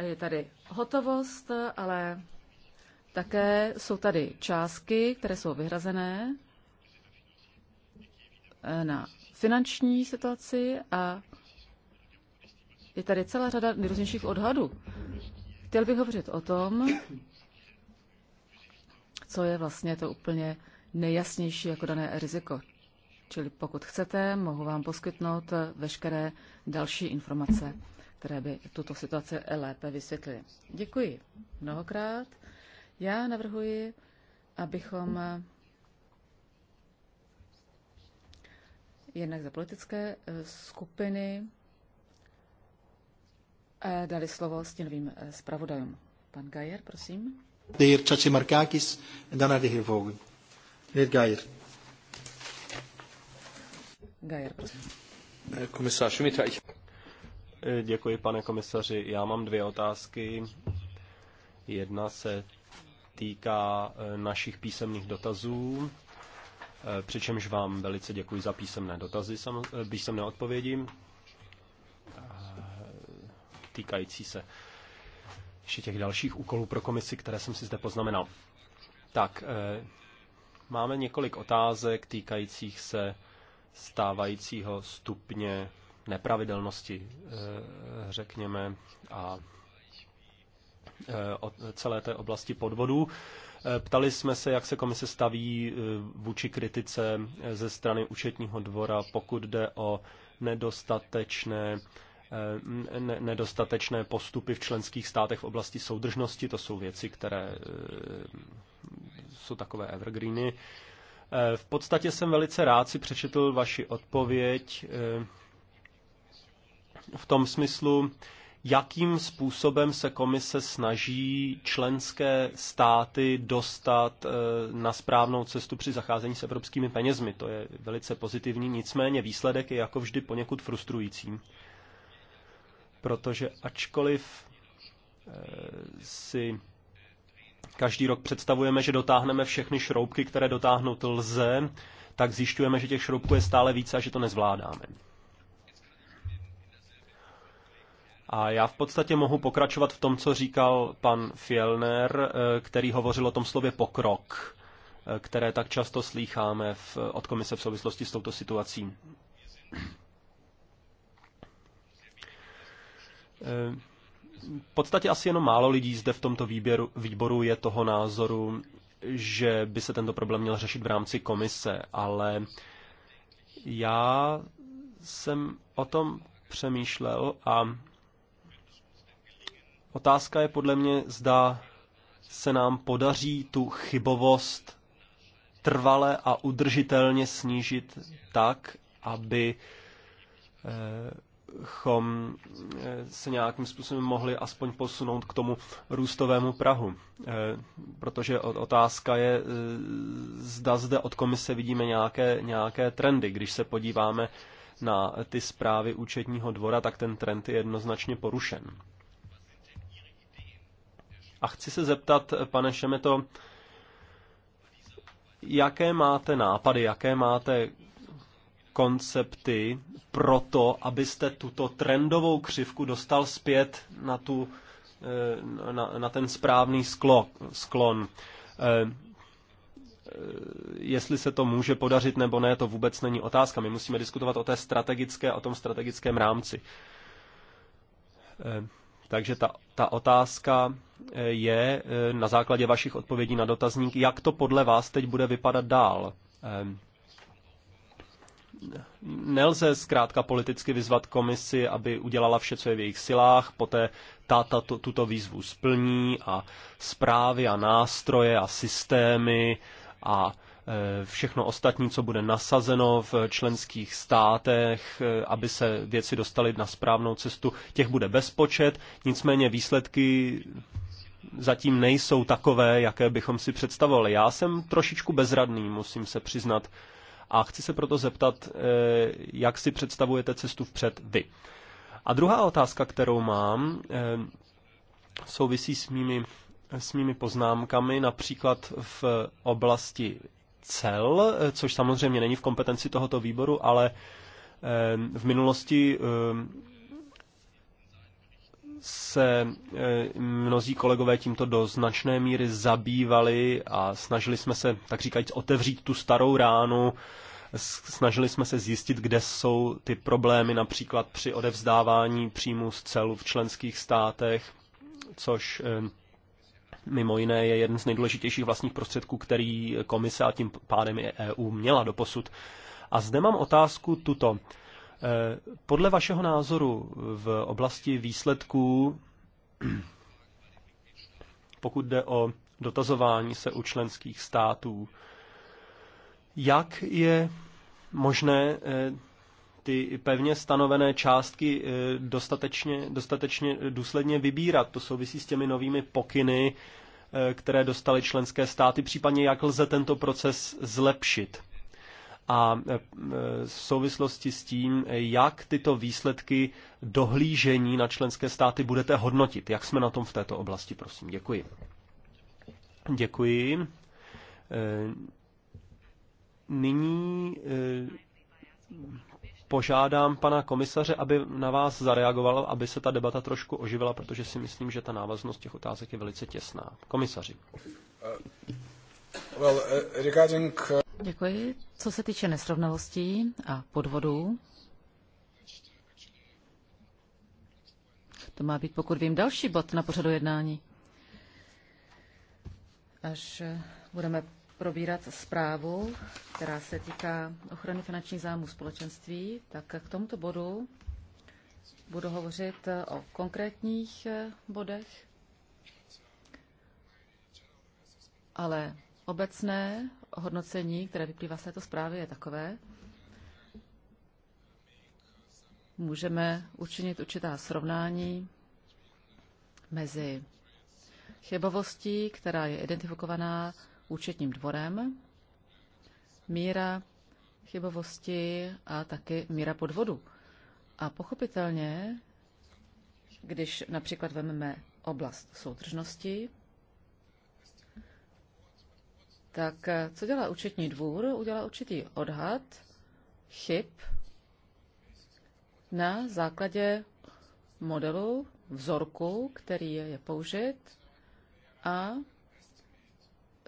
Je tady hotovost, ale také jsou tady částky, které jsou vyhrazené eh, na finanční situaci a je tady celá řada nejrůznějších odhadů. Chtěl bych hovořit o tom, co je vlastně to úplně nejjasnější jako dané riziko. Čili pokud chcete, mohu vám poskytnout veškeré další informace, které by tuto situaci lépe vysvětlily. Děkuji mnohokrát. Já navrhuji, abychom jednak za politické eh, skupiny eh, dali slovo stínovým eh, zpravodajům. Pan Gajer, prosím de heer Tsatsimarkakis en daarna de heer Vogel. Meneer Geijer. Geijer, prosím. Eh, Komisař Šumitra, eh, Děkuji, pane komisaři. Já mám dvě otázky. Jedna se týká eh, našich písemných dotazů, přičemž vám velice děkuji za písemné dotazy, písemné odpovědi týkající se ještě těch dalších úkolů pro komisi, které jsem si zde poznamenal. Tak, eh, máme několik otázek týkajících se stávajícího stupně nepravidelnosti, eh, řekněme, a eh, o celé té oblasti podvodů. Ptali jsme se, jak se komise staví vůči kritice ze strany účetního dvora, pokud jde o nedostatečné Eh, nedostatečné postupy v členských státech v oblasti soudržnosti. To jsou věci, které eh, jsou takové evergreeny. Eh, v podstatě jsem velice rád si přečetl vaši odpověď v tom smyslu, jakým způsobem se komise snaží členské státy dostat na správnou cestu při zacházení s evropskými penězmi. To je velice pozitivní, nicméně výsledek je jako vždy poněkud frustrující protože ačkoliv eh, si každý rok představujeme, že dotáhneme všechny šroubky, které dotáhnout lze, tak zjišťujeme, že těch šroubků je stále více a že to nezvládáme. A já v podstatě mohu pokračovat v tom, co říkal pan Fielner, eh, který hovořil o tom slově pokrok, eh, které tak často slýcháme v, od komise v souvislosti s touto situací. Eh, v podstatě asi jenom málo lidí zde v tomto výběru, výboru je toho názoru, že by se tento problém měl řešit v rámci komise, ale já jsem o tom přemýšlel a otázka je podle mě, zda se nám podaří tu chybovost trvale a udržitelně snížit tak, aby eh, abychom eh, se nějakým způsobem mohli aspoň posunout k tomu růstovému Prahu. Eh, protože otázka je, eh, zda zde od komise vidíme nějaké, nějaké trendy. Když se podíváme na ty zprávy účetního dvora, tak ten trend je jednoznačně porušen. A chci se zeptat, pane Šemeto, jaké máte nápady, jaké máte koncepty pro to, abyste tuto trendovou křivku dostal zpět na, tu, eh, na, na ten správný sklo, sklon. Eh, eh, jestli se to může podařit nebo ne, to vůbec není otázka. My musíme diskutovat o té strategické, o tom strategickém rámci. Takže ta, ta otázka je na základě vašich odpovědí na dotazník, jak to podle vás teď bude vypadat dál nelze zkrátka politicky vyzvat komisi, aby udělala vše, co je v jejich silách, poté ta, ta tuto výzvu splní a zprávy a nástroje a systémy a e, všechno ostatní, co bude nasazeno v členských státech, e, aby se věci dostaly na správnou cestu, těch bude bezpočet, nicméně výsledky zatím nejsou takové, jaké bychom si představovali. Já jsem trošičku bezradný, musím se přiznat a chci se proto zeptat, eh, jak si představujete cestu vpřed vy. A druhá otázka, kterou mám, eh, souvisí s mými, s mými poznámkami, například v oblasti cel, eh, což samozřejmě není v kompetenci tohoto výboru, ale v minulosti se e, mnozí kolegové tímto do značné míry zabývali a snažili jsme se, tak říkajíc, otevřít tu starou ránu, snažili jsme se zjistit, kde jsou ty problémy například při odevzdávání příjmu z celu v členských státech, což e, mimo jiné je jeden z nejdůležitějších vlastních prostředků, který komise a tím pádem i EU měla doposud. A zde mám otázku tuto. Eh, podle vašeho názoru v oblasti výsledků, (clears throat) pokud jde o dotazování se u členských států, jak je možné eh, ty pevně stanovené částky eh, dostatečně, dostatečně důsledně vybírat. To souvisí s těmi novými pokyny, které dostaly členské státy, případně jak lze tento proces zlepšit a e, e, v souvislosti s tím, jak tyto výsledky dohlížení na členské státy budete hodnotit. Jak jsme na tom v této oblasti, prosím. Děkuji. Děkuji. E, nyní požádám pana komisaře, aby na vás zareagoval, aby se ta debata trošku oživila, protože si myslím, že ta návaznost těch otázek je velice těsná. Komisaři. Uh, well, uh, regarding... Uh, Děkuji. Co se týče nesrovnalostí a podvodů, to má být, pokud vím, další bod na pořadu jednání. Až budeme probírat zprávu, která se týká ochrany finančních zájmů společenství, tak k tomuto bodu budu hovořit o konkrétních bodech, ale obecné hodnocení, které vyplývá z této zprávy, je takové, můžeme učinit určitá srovnání mezi chybovostí, která je identifikovaná účetním dvorem, míra chybovosti a taky míra podvodu. A pochopitelně, když například vezmeme oblast soudržnosti, tak eh, co dělá účetní dvůr? Udělá určitý odhad chyb na základě modelu, vzorku, který je použit a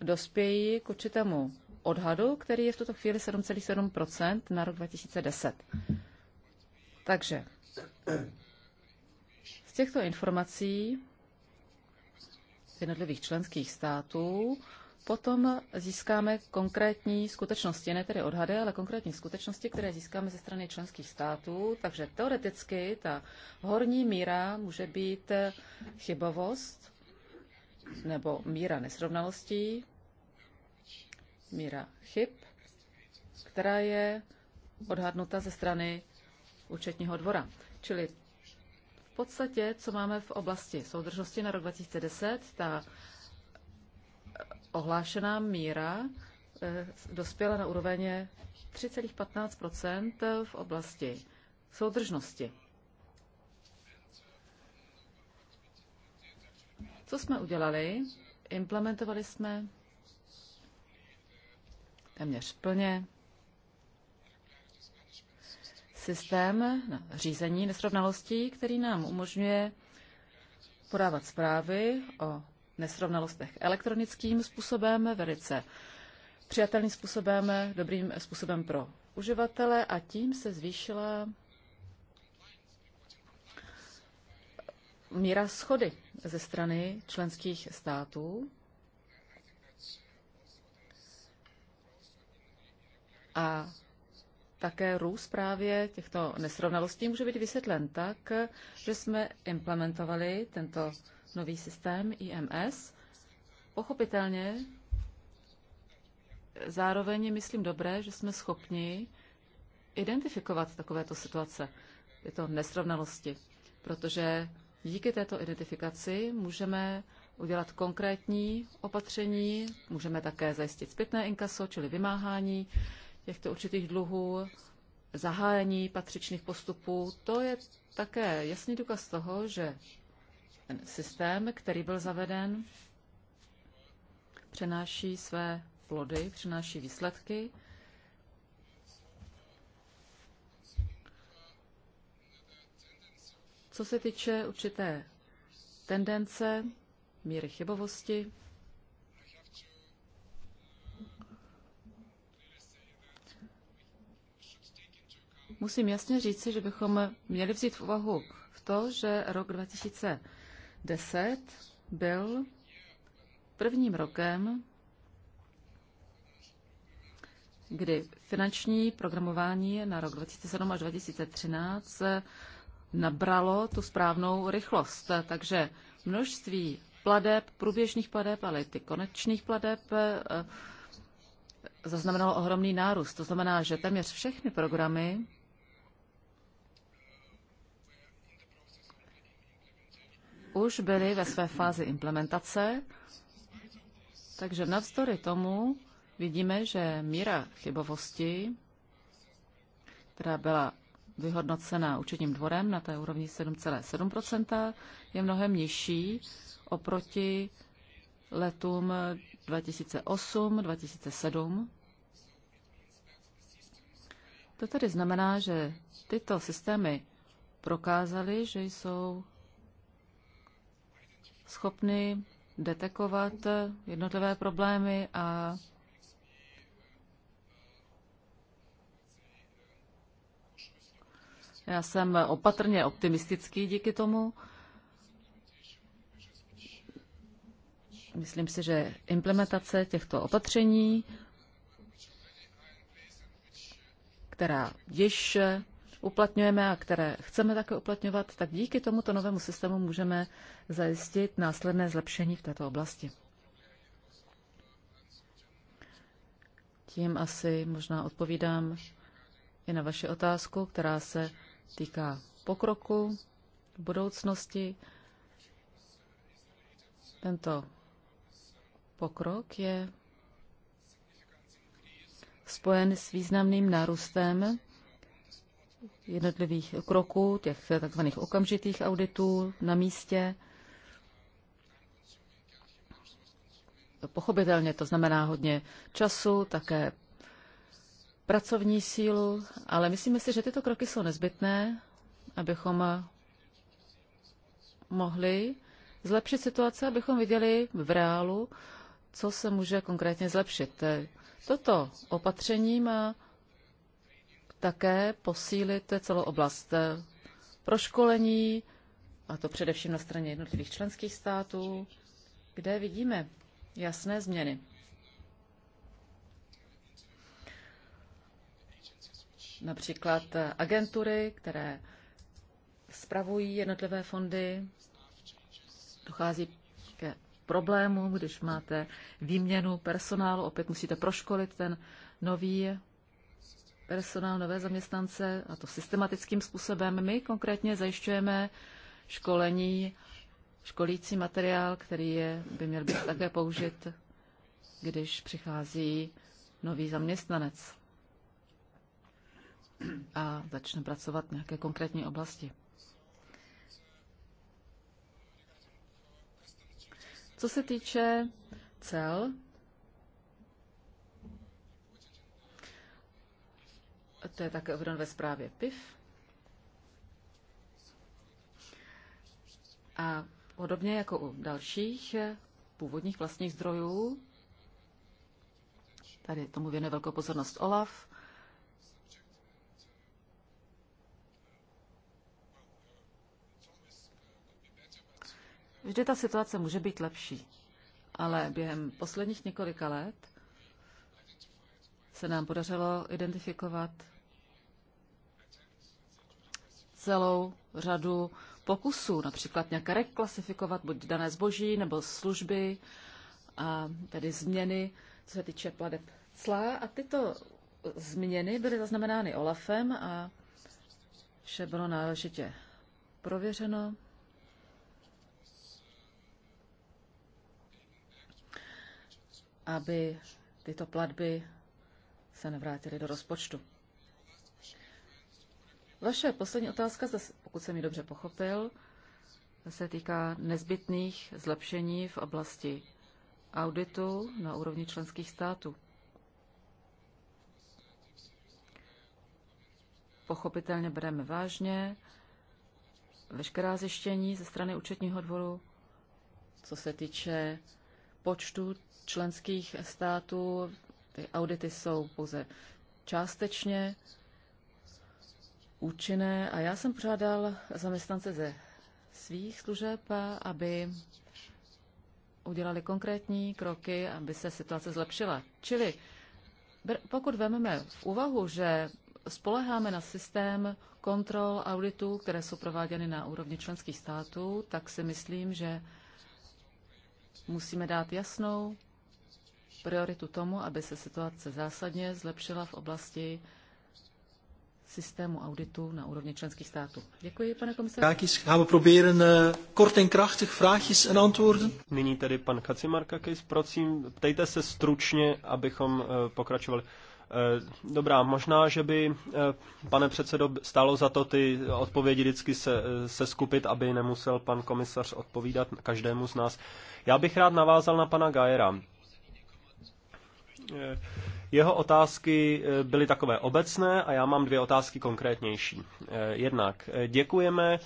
dospějí k určitému odhadu, který je v tuto chvíli 7,7 na rok 2010. Takže z těchto informací jednotlivých členských států potom získáme konkrétní skutečnosti, ne tedy odhady, ale konkrétní skutečnosti, které získáme ze strany členských států. Takže teoreticky ta horní míra může být chybovost nebo míra nesrovnalostí, míra chyb, která je odhadnuta ze strany účetního dvora. Čili v podstatě, co máme v oblasti soudržnosti na rok 2010, ta ohlášená míra eh, dospěla na úroveň 3,15 v oblasti soudržnosti. Co jsme udělali? Implementovali jsme téměř plně systém na řízení nesrovnalostí, který nám umožňuje podávat zprávy o nesrovnalostech elektronickým způsobem, velice přijatelným způsobem, dobrým způsobem pro uživatele a tím se zvýšila míra schody ze strany členských států. A také růst právě těchto nesrovnalostí může být vysvětlen tak, že jsme implementovali tento nový systém IMS. Pochopitelně zároveň je, myslím, dobré, že jsme schopni identifikovat takovéto situace, tyto nesrovnalosti, protože díky této identifikaci můžeme udělat konkrétní opatření, můžeme také zajistit zpětné inkaso, čili vymáhání těchto určitých dluhů, zahájení patřičných postupů. To je také jasný důkaz toho, že ten systém, který byl zaveden, přenáší své plody, přenáší výsledky. Co se týče určité tendence, míry chybovosti, musím jasně říci, že bychom měli vzít v úvahu v to, že rok 2000 10 byl prvním rokem, kdy finanční programování na rok 2007 až 2013 nabralo tu správnou rychlost. Takže množství pladeb, průběžných pladeb, ale i ty konečných pladeb eh, zaznamenalo ohromný nárůst. To znamená, že téměř všechny programy už byly ve své fázi implementace, takže navzdory tomu vidíme, že míra chybovosti, která byla vyhodnocena účetním dvorem na té úrovni 7,7 je mnohem nižší oproti letům 2008-2007. To tedy znamená, že tyto systémy prokázaly, že jsou schopny detekovat jednotlivé problémy a já jsem opatrně optimistický díky tomu. Myslím si, že implementace těchto opatření, která již uplatňujeme a které chceme také uplatňovat, tak díky tomuto novému systému můžeme zajistit následné zlepšení v této oblasti. Tím asi možná odpovídám i na vaši otázku, která se týká pokroku v budoucnosti. Tento pokrok je spojen s významným nárůstem jednotlivých kroků, těch takzvaných okamžitých auditů na místě. Pochopitelně to znamená hodně času, také pracovní sílu, ale myslíme si, že tyto kroky jsou nezbytné, abychom mohli zlepšit situaci, abychom viděli v reálu, co se může konkrétně zlepšit. Toto opatření má také posílit celou oblast proškolení, a to především na straně jednotlivých členských států, kde vidíme jasné změny. Například agentury, které spravují jednotlivé fondy, dochází ke problémům, když máte výměnu personálu, opět musíte proškolit ten nový personál, nové zaměstnance, a to systematickým způsobem. My konkrétně zajišťujeme školení, školící materiál, který je, by měl být také použit, když přichází nový zaměstnanec a začne pracovat v nějaké konkrétní oblasti. Co se týče cel, To je také uvedeno ve zprávě PIF. A podobně jako u dalších původních vlastních zdrojů, tady tomu věnuje velkou pozornost OLAF, Vždy ta situace může být lepší, ale během posledních několika let se nám podařilo identifikovat celou řadu pokusů, například nějak reklasifikovat buď dané zboží nebo služby, a tedy změny, co se týče pladeb cla. A tyto změny byly zaznamenány Olafem a vše bylo náležitě prověřeno. aby tyto platby se nevrátily do rozpočtu. Vaše poslední otázka, pokud jsem ji dobře pochopil, se týká nezbytných zlepšení v oblasti auditu na úrovni členských států. Pochopitelně bereme vážně veškerá zjištění ze strany účetního dvoru, co se týče počtu členských států. Ty audity jsou pouze částečně účinné a já jsem pořádal zaměstnance ze svých služeb, aby udělali konkrétní kroky, aby se situace zlepšila. Čili pokud vezmeme v úvahu, že spoleháme na systém kontrol auditů, které jsou prováděny na úrovni členských států, tak si myslím, že musíme dát jasnou prioritu tomu, aby se situace zásadně zlepšila v oblasti systému auditu na úrovni členských států. Děkuji, pane komisaři. Gaan we proberen eh, kort en krachtig vraagjes en antwoorden. Nyní tedy pan Kacimarka, kejs, prosím, ptejte se stručně, abychom eh, pokračovali. Eh, dobrá, možná, že by, pane předsedo, stálo za to ty odpovědi vždycky se, se skupit, aby nemusel pan komisař odpovídat každému z nás. Já bych rád navázal na pana Gajera. Jeho otázky eh, byly takové obecné a já mám dvě otázky konkrétnější. Eh, jednak eh, děkujeme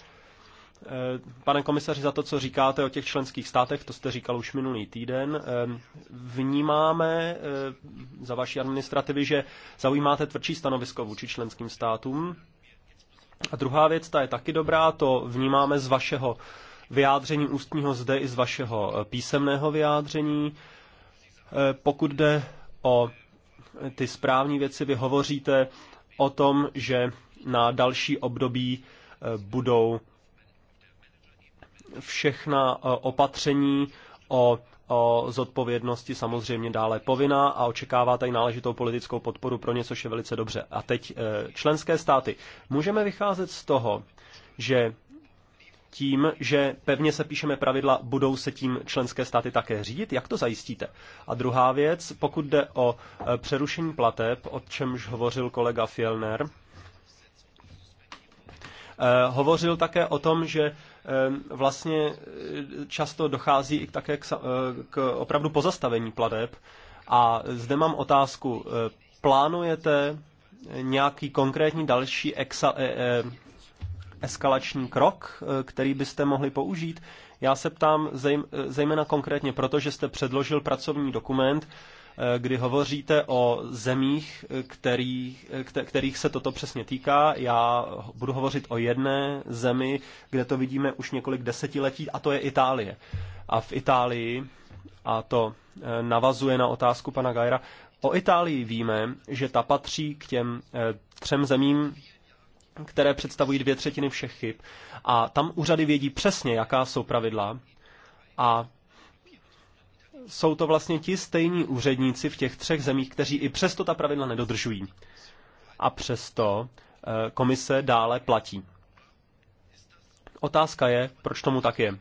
Pane komisaři, za to, co říkáte o těch členských státech, to jste říkal už minulý týden, vnímáme za vaší administrativy, že zaujímáte tvrdší stanovisko vůči členským státům. A druhá věc, ta je taky dobrá, to vnímáme z vašeho vyjádření ústního zde i z vašeho písemného vyjádření. Pokud jde o ty správní věci. Vy hovoříte o tom, že na další období e, budou všechna e, opatření o, o zodpovědnosti samozřejmě dále povinná a očekává tady náležitou politickou podporu pro ně, což je velice dobře. A teď e, členské státy. Můžeme vycházet z toho, že tím, že pevně se píšeme pravidla, budou se tím členské státy také řídit? Jak to zajistíte? A druhá věc, pokud jde o e, přerušení plateb, o čemž hovořil kolega Fielner, e, hovořil také o tom, že e, vlastně často dochází i také k, opravdu pozastavení plateb. A zde mám otázku. Plánujete nějaký konkrétní další exa, eskalační krok, eh, který byste mohli použít? Já se ptám zejména konkrétně, protože jste předložil pracovní dokument, eh, kdy hovoříte o zemích, eh, kterých, kterých se toto přesně týká. Já budu hovořit o jedné zemi, kde to vidíme už několik desetiletí, a to je Itálie. A v Itálii, a to navazuje na otázku pana Gajra, o Itálii víme, že ta patří k těm třem zemím, které představují dvě třetiny všech chyb. A tam úřady vědí přesně, jaká jsou pravidla. A jsou to vlastně ti stejní úředníci v těch třech zemích, kteří i přesto ta pravidla nedodržují. A přesto eh, komise dále platí. Otázka je, proč tomu tak je.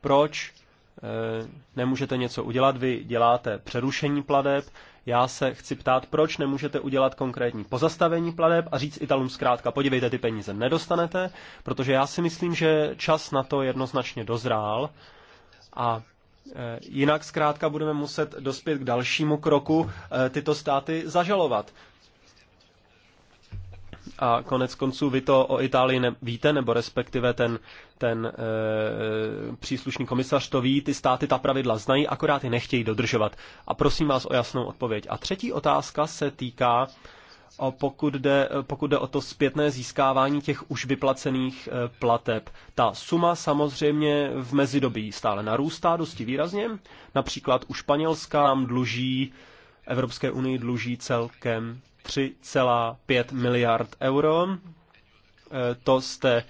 Proč eh, nemůžete něco udělat, vy děláte přerušení pladeb, já se chci ptát, proč nemůžete udělat konkrétní pozastavení pladeb a říct Italům zkrátka, podívejte, ty peníze nedostanete, protože já si myslím, že čas na to jednoznačně dozrál a e, Jinak zkrátka budeme muset dospět k dalšímu kroku e, tyto státy zažalovat. A konec konců vy to o Itálii ne, víte, nebo respektive ten, ten e, příslušný komisař to ví, ty státy ta pravidla znají, akorát je nechtějí dodržovat. A prosím vás o jasnou odpověď. A třetí otázka se týká, o pokud, jde, pokud jde o to zpětné získávání těch už vyplacených eh, plateb. Ta suma samozřejmě v mezidobí stále narůstá dosti výrazně. Například u Španělska nám dluží Evropské unii dluží celkem 3,5 miliard euro. E, to jste e,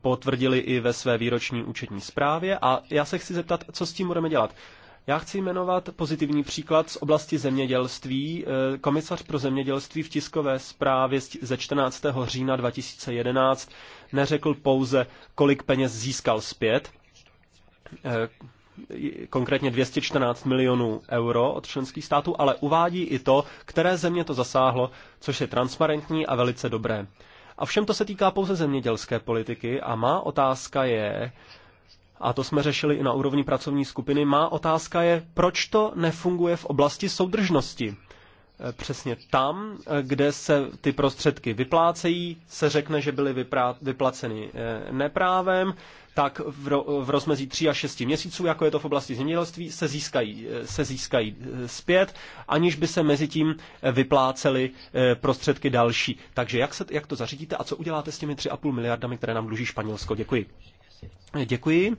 potvrdili i ve své výroční účetní zprávě a já se chci zeptat, co s tím budeme dělat. Já chci jmenovat pozitivní příklad z oblasti zemědělství. E, komisař pro zemědělství v tiskové zprávě ze 14. října 2011 neřekl pouze, kolik peněz získal zpět konkrétně 214 milionů euro od členských států, ale uvádí i to, které země to zasáhlo, což je transparentní a velice dobré. A všem to se týká pouze zemědělské politiky a má otázka je, a to jsme řešili i na úrovni pracovní skupiny, má otázka je, proč to nefunguje v oblasti soudržnosti. Eh, přesně tam, eh, kde se ty prostředky vyplácejí, se řekne, že byly vyplaceny eh, neprávem, tak v, ro- v rozmezí 3 až 6 měsíců, jako je to v oblasti zemědělství, se získají, se získají zpět, aniž by se mezi tím vyplácely prostředky další. Takže jak, se, jak to zařídíte a co uděláte s těmi 3,5 miliardami, které nám dluží Španělsko? Děkuji. Děkuji.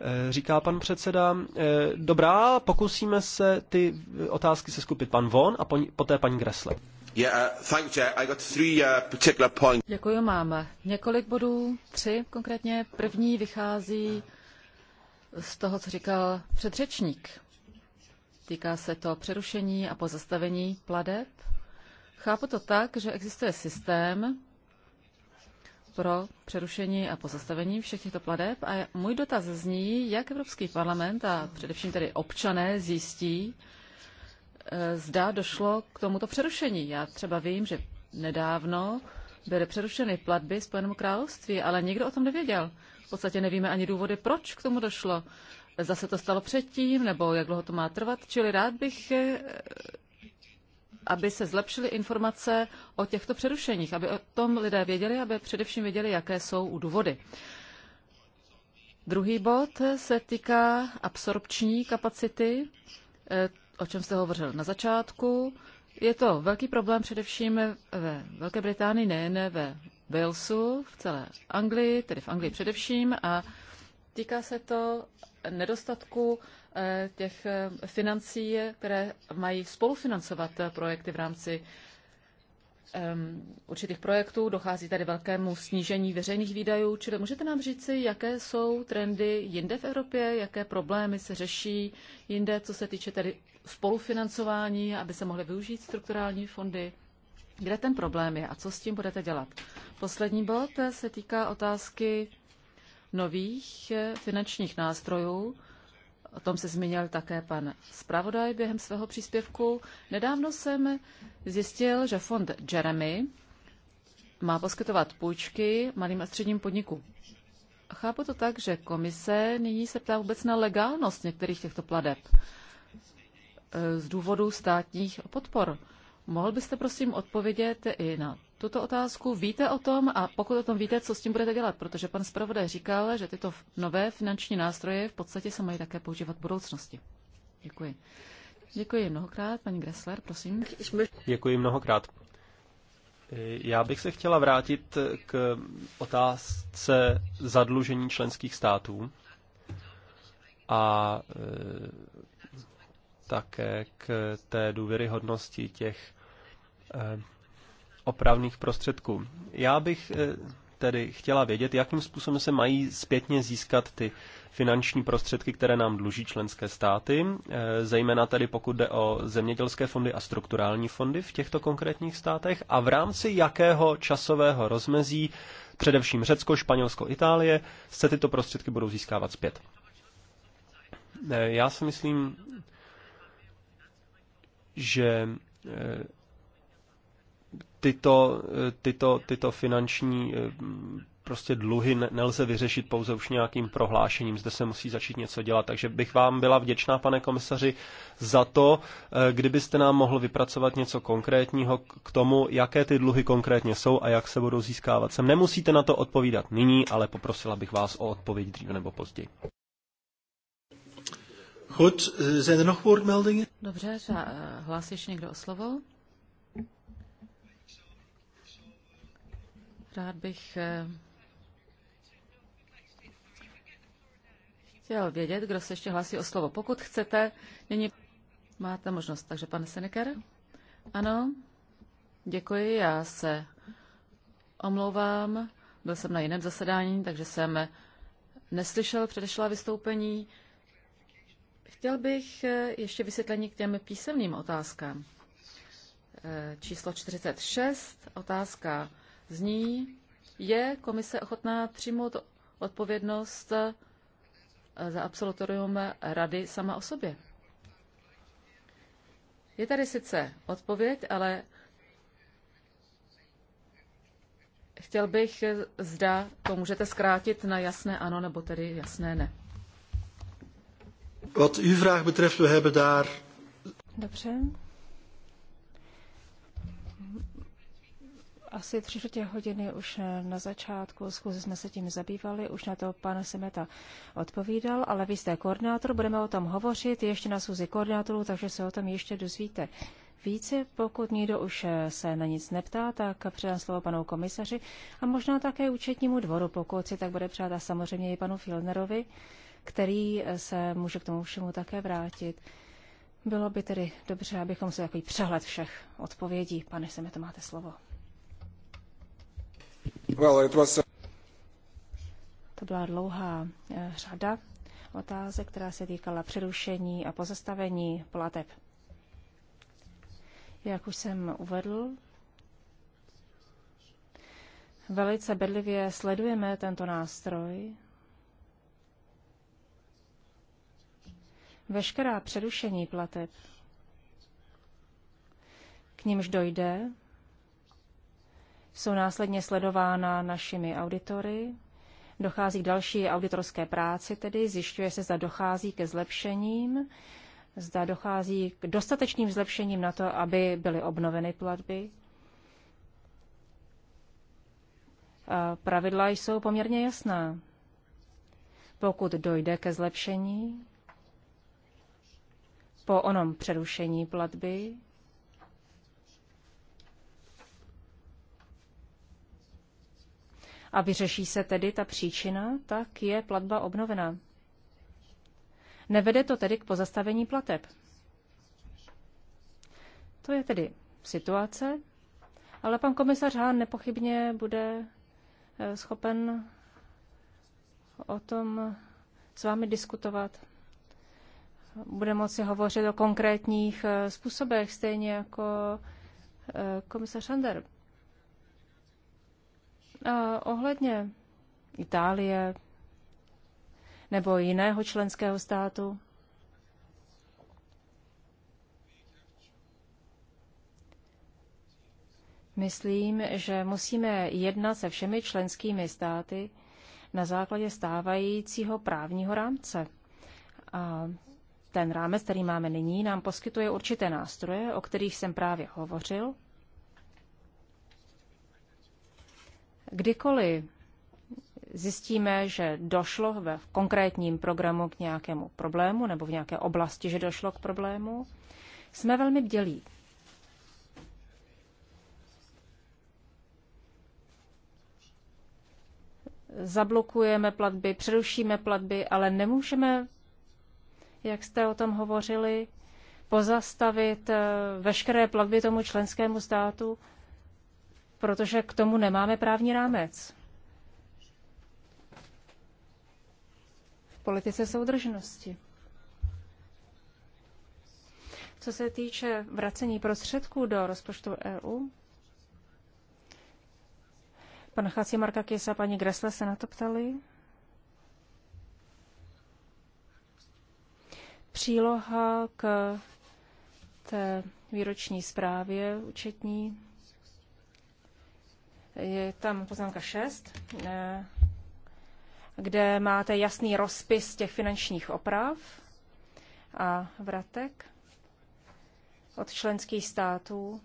Eh, říká pan předseda. Eh, dobrá, pokusíme se ty otázky se skupit pan Von a poté paní Gressle. Děkuji, mám několik bodů, tři konkrétně. První vychází z toho, co říkal předřečník. Týká se to přerušení a pozastavení pladeb. Chápu to tak, že existuje systém, pro přerušení a pozastavení všech těchto pladeb. A můj dotaz zní, jak Evropský parlament a především tedy občané zjistí, e, zda došlo k tomuto přerušení. Já třeba vím, že nedávno byly přerušeny platby Spojenému království, ale nikdo o tom nevěděl. V podstatě nevíme ani důvody, proč k tomu došlo. Zase to stalo předtím, nebo jak dlouho to má trvat. Čili rád bych e, aby se zlepšily informace o těchto přerušeních, aby o tom lidé věděli, aby především věděli, jaké jsou důvody. Druhý bod se týká absorpční kapacity, eh, o čem jste hovořil na začátku. Je to velký problém především ve Velké Británii, nejen ve Walesu, v celé Anglii, tedy v Anglii především, a týká se to nedostatku eh, těch eh, financí, které mají spolufinancovat eh, projekty v rámci ehm, určitých projektů. Dochází tady velkému snížení veřejných výdajů. Čili můžete nám říci, jaké jsou trendy jinde v Evropě, jaké problémy se řeší jinde, co se týče tedy spolufinancování, aby se mohly využít strukturální fondy? Kde ten problém je a co s tím budete dělat? Poslední bod se týká otázky nových eh, finančních nástrojů. O tom se zmínil také pan zpravodaj během svého příspěvku. Nedávno jsem zjistil, že fond Jeremy má poskytovat půjčky malým a středním podnikům. Chápu to tak, že komise nyní se ptá vůbec na legálnost některých těchto pladeb eh, z důvodu státních podpor. Mohl byste prosím odpovědět i na tuto otázku. Víte o tom a pokud o tom víte, co s tím budete dělat? Protože pan zpravodaj říkal, že tyto nové finanční nástroje v podstatě se mají také používat v budoucnosti. Děkuji. Děkuji mnohokrát, paní Gressler, prosím. Děkuji mnohokrát. Já bych se chtěla vrátit k otázce zadlužení členských států a e, také k té důvěryhodnosti těch e, opravných prostředků. Já bych eh, tedy chtěla vědět, jakým způsobem se mají zpětně získat ty finanční prostředky, které nám dluží členské státy, eh, zejména tedy pokud jde o zemědělské fondy a strukturální fondy v těchto konkrétních státech a v rámci jakého časového rozmezí především Řecko, Španělsko, Itálie se tyto prostředky budou získávat zpět. Eh, já si myslím, že tyto, tyto, tyto finanční eh, prostě dluhy nelze vyřešit pouze už nějakým prohlášením, zde se musí začít něco dělat. Takže bych vám byla vděčná, pane komisaři, za to, eh, kdybyste nám mohl vypracovat něco konkrétního k tomu, jaké ty dluhy konkrétně jsou a jak se budou získávat. Sem nemusíte na to odpovídat nyní, ale poprosila bych vás o odpověď dříve nebo později. Eh, er Dobře, hlásíš někdo o slovo? Rád bych eh, chtěl vědět, kdo se ještě hlásí o slovo. Pokud chcete, nyní máte možnost. Takže pane Seneker? Ano, děkuji, já se omlouvám. Byl jsem na jiném zasedání, takže jsem neslyšel předešlá vystoupení. Chtěl bych eh, ještě vysvětlení k těm písemným otázkám. Eh, číslo 46, otázka zní, je komise ochotná přijmout odpovědnost eh, za absolutorium rady sama o sobě. Je tady sice odpověď, ale chtěl bych, eh, zda to můžete zkrátit na jasné ano, nebo tedy jasné ne. Wat uw vraag betreft, we hebben daar... Dobře. Asi tři čtvrtě hodiny už na začátku schůze jsme se tím zabývali, už na to pan Semeta odpovídal, ale vy jste koordinátor, budeme o tom hovořit ještě na schůzi koordinátorů, takže se o tom ještě dozvíte více. Pokud někdo už se na nic neptá, tak předám slovo panu komisaři a možná také účetnímu dvoru, pokud si tak bude přát a samozřejmě i panu Filnerovi, který se může k tomu všemu také vrátit. Bylo by tedy dobře, abychom se takový přehled všech odpovědí. Pane Seme, to máte slovo. To byla dlouhá eh, řada otázek, která se týkala přerušení a pozastavení plateb. Jak už jsem uvedl, velice bedlivě sledujeme tento nástroj. Veškerá přerušení plateb, k nímž dojde, jsou následně sledována našimi auditory. Dochází k další auditorské práci, tedy zjišťuje se, zda dochází ke zlepšením, zda dochází k dostatečným zlepšením na to, aby byly obnoveny platby. A pravidla jsou poměrně jasná. Pokud dojde ke zlepšení po onom přerušení platby, a vyřeší se tedy ta příčina, tak je platba obnovena. Nevede to tedy k pozastavení plateb. To je tedy situace, ale pan komisař Hán nepochybně bude eh, schopen o tom s vámi diskutovat. Bude moci hovořit o konkrétních eh, způsobech, stejně jako eh, komisař Ander. A eh, ohledně Itálie nebo jiného členského státu, Myslím, že musíme jednat se všemi členskými státy na základě stávajícího právního rámce. A ten rámec, který máme nyní, nám poskytuje určité nástroje, o kterých jsem právě hovořil, Kdykoliv zjistíme, že došlo ve konkrétním programu k nějakému problému nebo v nějaké oblasti, že došlo k problému, jsme velmi bdělí. Zablokujeme platby, přerušíme platby, ale nemůžeme, jak jste o tom hovořili, pozastavit eh, veškeré platby tomu členskému státu, protože k tomu nemáme právní rámec. V politice soudržnosti. Co se týče vracení prostředků do rozpočtu EU, pan Chaci Marka Kisa a paní Gresle se na to ptali. Příloha k té výroční zprávě účetní je tam poznámka 6, eh, kde máte jasný rozpis těch finančních oprav a vratek od členských států.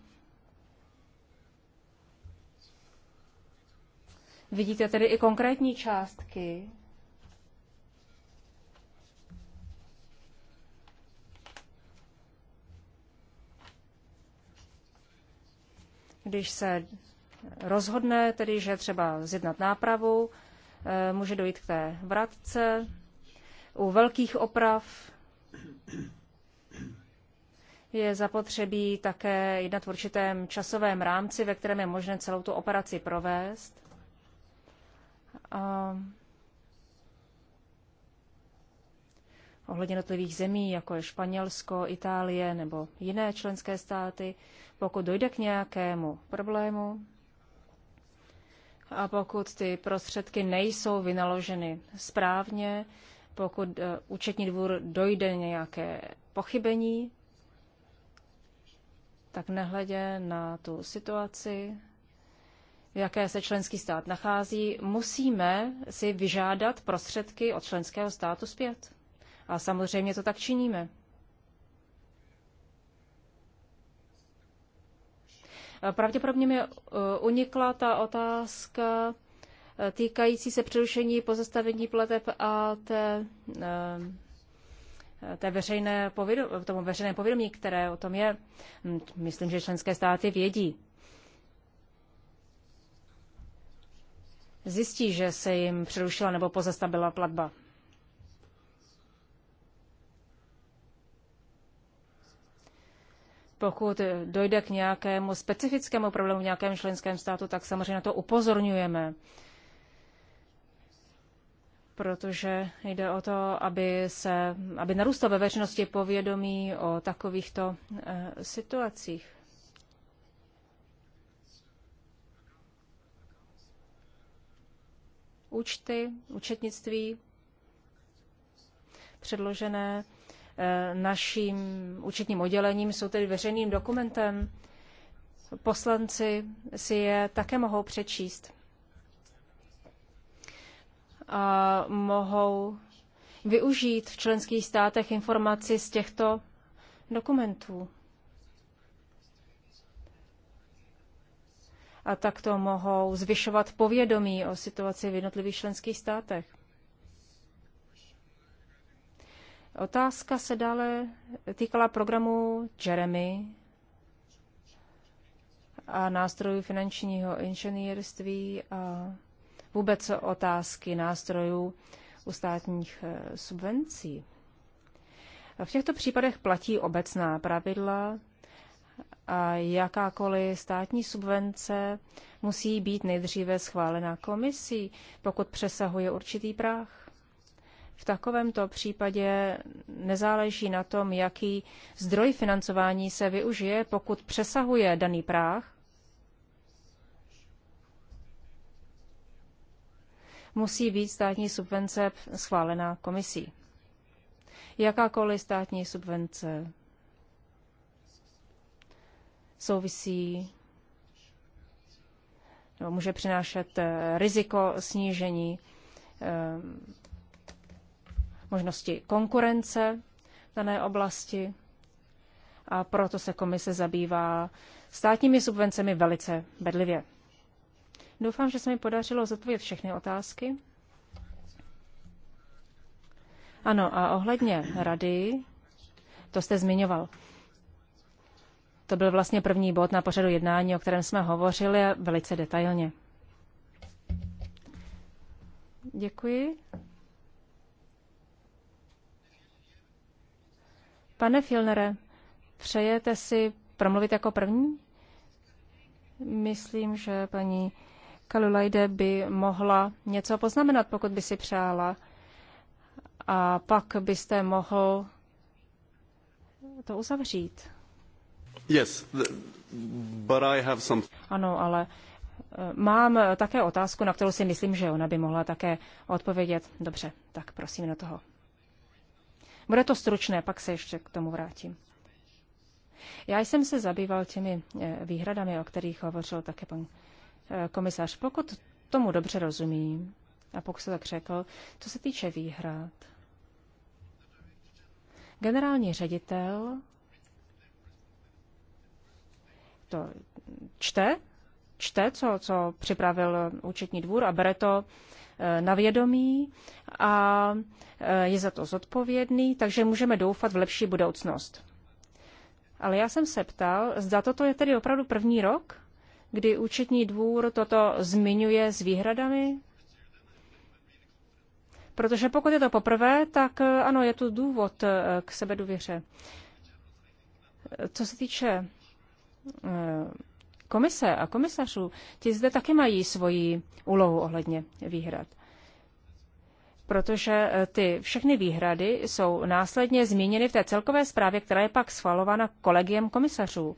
Vidíte tedy i konkrétní částky. Když se rozhodne tedy, že třeba zjednat nápravu, eh, může dojít k té vratce. U velkých oprav je zapotřebí také jednat v určitém časovém rámci, ve kterém je možné celou tu operaci provést. A ohledně jednotlivých zemí, jako je Španělsko, Itálie nebo jiné členské státy, pokud dojde k nějakému problému, a pokud ty prostředky nejsou vynaloženy správně, pokud eh, účetní dvůr dojde nějaké pochybení, tak nehledě na tu situaci, v jaké se členský stát nachází, musíme si vyžádat prostředky od členského státu zpět. A samozřejmě to tak činíme. Pravděpodobně mi eh, unikla ta otázka eh, týkající se přerušení pozastavení plateb a té, eh, té veřejné povědomí, tomu veřejné povědomí, které o tom je. Hm, myslím, že členské státy vědí. Zjistí, že se jim přerušila nebo pozastavila platba. pokud dojde k nějakému specifickému problému v nějakém členském státu, tak samozřejmě na to upozorňujeme. Protože jde o to, aby, se, aby narůstalo ve veřejnosti povědomí o takovýchto eh, situacích. Účty, účetnictví předložené Eh, naším účetním oddělením, jsou tedy veřejným dokumentem. Poslanci si je také mohou přečíst. A mohou využít v členských státech informaci z těchto dokumentů. A takto mohou zvyšovat povědomí o situaci v jednotlivých členských státech. Otázka se dále týkala programu Jeremy a nástrojů finančního inženýrství a vůbec otázky nástrojů u státních eh, subvencí. V těchto případech platí obecná pravidla a jakákoliv státní subvence musí být nejdříve schválena komisí, pokud přesahuje určitý práh. V takovémto případě nezáleží na tom, jaký zdroj financování se využije, pokud přesahuje daný práh. Musí být státní subvence schválená komisí. Jakákoliv státní subvence souvisí nebo může přinášet eh, riziko snížení eh, možnosti konkurence v dané oblasti a proto se komise zabývá státními subvencemi velice bedlivě. Doufám, že se mi podařilo zodpovědět všechny otázky. Ano, a ohledně rady, to jste zmiňoval. To byl vlastně první bod na pořadu jednání, o kterém jsme hovořili velice detailně. Děkuji. Pane Filnere, přejete si promluvit jako první? Myslím, že paní Kalulajde by mohla něco poznamenat, pokud by si přála. A pak byste mohl to uzavřít. Yes, but I have some... Ano, ale eh, mám také otázku, na kterou si myslím, že ona by mohla také odpovědět. Dobře, tak prosím do toho. Bude to stručné, pak se ještě k tomu vrátím. Já jsem se zabýval těmi eh, výhradami, o kterých hovořil také pan eh, komisař. Pokud tomu dobře rozumím, a pokud se tak řekl, co se týče výhrad, generální ředitel to čte, čte, co, co připravil účetní dvůr a bere to Eh, na vědomí a eh, je za to zodpovědný, takže můžeme doufat v lepší budoucnost. Ale já jsem se ptal, zda toto je tedy opravdu první rok, kdy účetní dvůr toto zmiňuje s výhradami? Protože pokud je to poprvé, tak eh, ano, je tu důvod k sebeduvěře. Co se týče komise a komisařů, ti zde taky mají svoji úlohu ohledně výhrad. Protože eh, ty všechny výhrady jsou následně zmíněny v té celkové zprávě, která je pak schvalována kolegiem komisařů.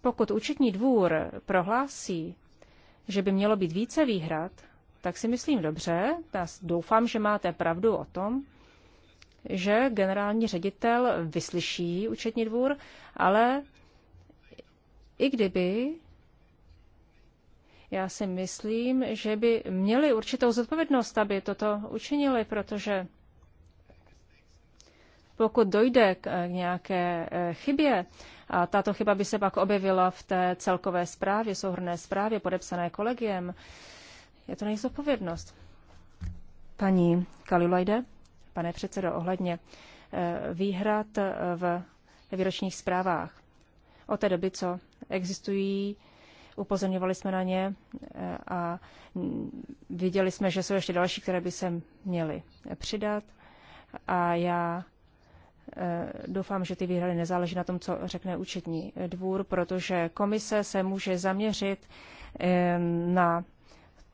Pokud účetní dvůr prohlásí, že by mělo být více výhrad, tak si myslím dobře, já doufám, že máte pravdu o tom, že generální ředitel vyslyší účetní dvůr, ale i kdyby, já si myslím, že by měli určitou zodpovědnost, aby toto učinili, protože pokud dojde k eh, nějaké eh, chybě, a tato chyba by se pak objevila v té celkové zprávě, souhrné zprávě podepsané kolegiem, je to jejich zodpovědnost. Paní Kalilajde, pane předsedo, ohledně eh, výhrad v výročních zprávách. O té doby, co existují, upozorňovali jsme na ně e, a viděli jsme, že jsou ještě další, které by se měly přidat. A já e, doufám, že ty výhrady nezáleží na tom, co řekne účetní dvůr, protože komise se může zaměřit e, na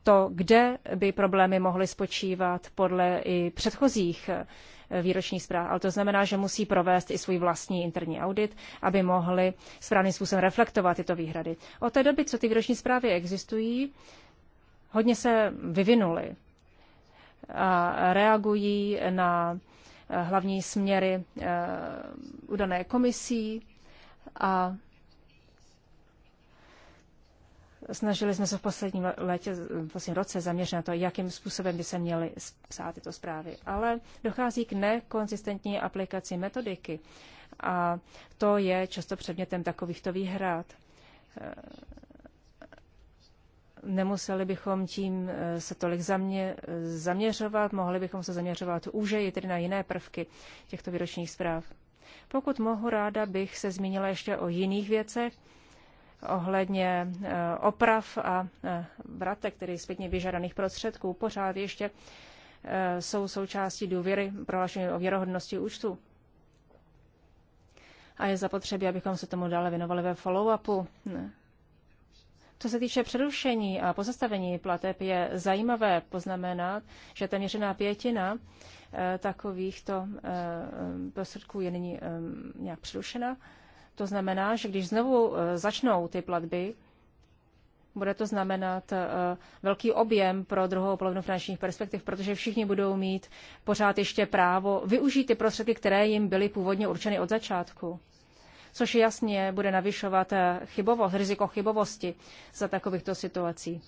to, kde by problémy mohly spočívat podle i předchozích výročních zpráv. Ale to znamená, že musí provést i svůj vlastní interní audit, aby mohli správným způsobem reflektovat tyto výhrady. Od té doby, co ty výroční zprávy existují, hodně se vyvinuly a reagují na eh, hlavní směry eh, udané komisí a Snažili jsme se v posledním letě, v posledním roce zaměřit na to, jakým způsobem by se měly psát tyto zprávy. Ale dochází k nekonzistentní aplikaci metodiky a to je často předmětem takovýchto výhrad. Eh, nemuseli bychom tím eh, se tolik zamě, zaměřovat, mohli bychom se zaměřovat úžeji, tedy na jiné prvky těchto výročních zpráv. Pokud mohu, ráda bych se zmínila ještě o jiných věcech, ohledně eh, oprav a eh, vratek, tedy zpětně vyžadaných prostředků, pořád ještě eh, jsou součástí důvěry prohlášení o věrohodnosti účtu. A je zapotřebí, abychom se tomu dále věnovali ve follow-upu. Co se týče přerušení a pozastavení plateb, je zajímavé poznamenat, že téměř jedna pětina takovýchto prostředků je nyní nějak přerušena. To znamená, že když znovu eh, začnou ty platby, bude to znamenat eh, velký objem pro druhou polovinu finančních perspektiv, protože všichni budou mít pořád ještě právo využít ty prostředky, které jim byly původně určeny od začátku což jasně bude navyšovat eh, chybovost, riziko chybovosti za takovýchto situací.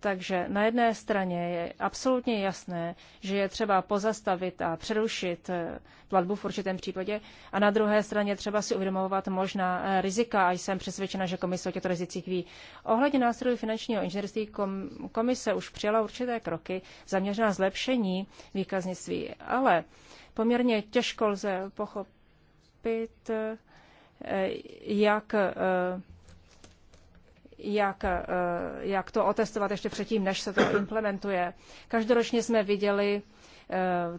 Takže na jedné straně je absolutně jasné, že je třeba pozastavit a přerušit eh, platbu v určitém případě a na druhé straně třeba si uvědomovat možná eh, rizika a jsem přesvědčena, že komise o těchto rizicích ví. Ohledně nástrojů finančního inženýrství komise už přijala určité kroky zaměřená na zlepšení výkaznictví, ale poměrně těžko lze pochopit, eh, jak jak, eh, jak to otestovat ještě předtím, než se to implementuje. Každoročně jsme viděli eh,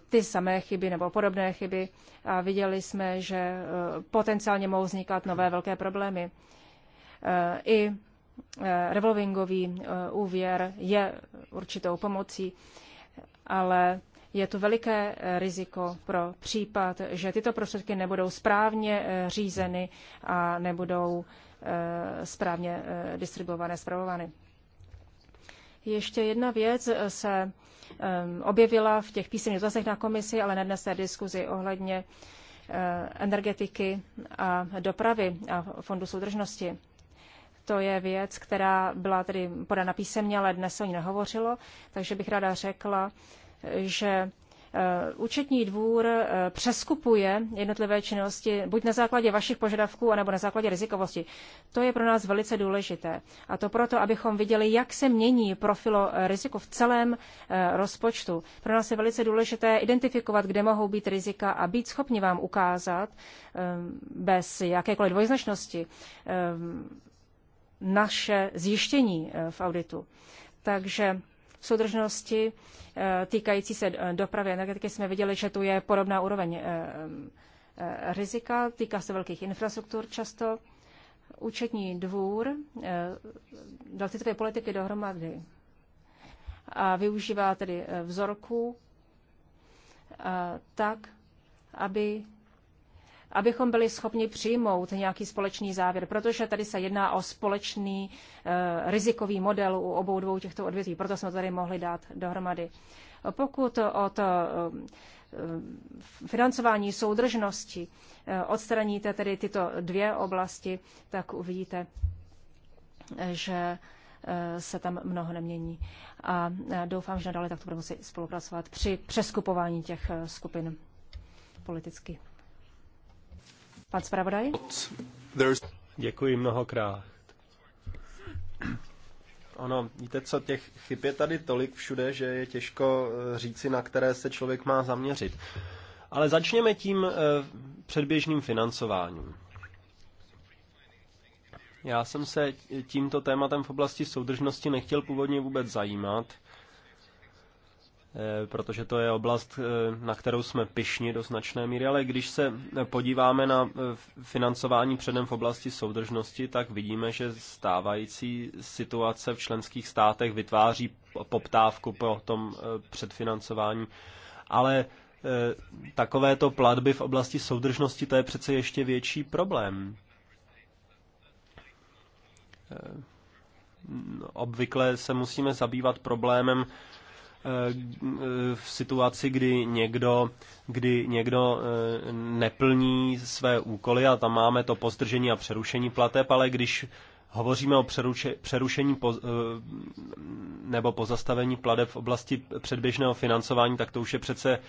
ty samé chyby nebo podobné chyby a viděli jsme, že eh, potenciálně mohou vznikat nové velké problémy. I revolvingový úvěr je určitou pomocí, ale je tu veliké riziko pro případ, že tyto prostředky nebudou správně řízeny a nebudou Eh, správně eh, distribuované, zpravovány. Ještě jedna věc se eh, objevila v těch písemných zasech na komisi, ale nednes té diskuzi ohledně energetiky a dopravy a fondu soudržnosti. To je věc, která byla tedy podána písemně, ale dnes se o ní nehovořilo, takže bych ráda řekla, že Eh, účetní dvůr eh, přeskupuje jednotlivé činnosti buď na základě vašich požadavků, anebo na základě rizikovosti. To je pro nás velice důležité. A to proto, abychom viděli, jak se mění profilo eh, riziko v celém rozpočtu. Pro nás je velice důležité identifikovat, kde mohou být rizika a být schopni vám ukázat bez jakékoliv dvojznačnosti naše zjištění v auditu. Takže soudržnosti eh, týkající se eh, dopravy energetiky jsme viděli, že tu je podobná úroveň eh, rizika, týká se velkých infrastruktur často. Účetní dvůr dal tyto politiky dohromady a využívá tedy vzorků tak, aby abychom byli schopni přijmout nějaký společný závěr, protože tady se jedná o společný eh, rizikový model u obou dvou těchto odvětví, proto jsme to tady mohli dát dohromady. Pokud o to eh, financování soudržnosti eh, odstraníte tedy tyto dvě oblasti, tak uvidíte, že eh, se tam mnoho nemění. A doufám, že nadále takto budeme muset spolupracovat při přeskupování těch eh, skupin politicky. Pan zpravodaj? Děkuji mnohokrát. Ono, víte co, těch chyb je tady tolik všude, že je těžko eh, říci, na které se člověk má zaměřit. Ale začněme tím eh, předběžným financováním. Já jsem se tímto tématem v oblasti soudržnosti nechtěl původně vůbec zajímat, Eh, protože to je oblast, eh, na kterou jsme pišni do značné míry, ale když se eh, podíváme na financování předem v oblasti soudržnosti, tak vidíme, že stávající situace v členských státech vytváří poptávku po tom předfinancování, ale takovéto platby v oblasti soudržnosti, to je přece ještě větší problém obvykle se musíme zabývat problémem Eh, v situaci, kdy někdo, kdy někdo eh, neplní své úkoly a tam máme to postržení a přerušení plateb, ale když hovoříme o přeruše, přerušení poz, eh, nebo pozastavení plateb v oblasti předběžného financování, tak to už je přece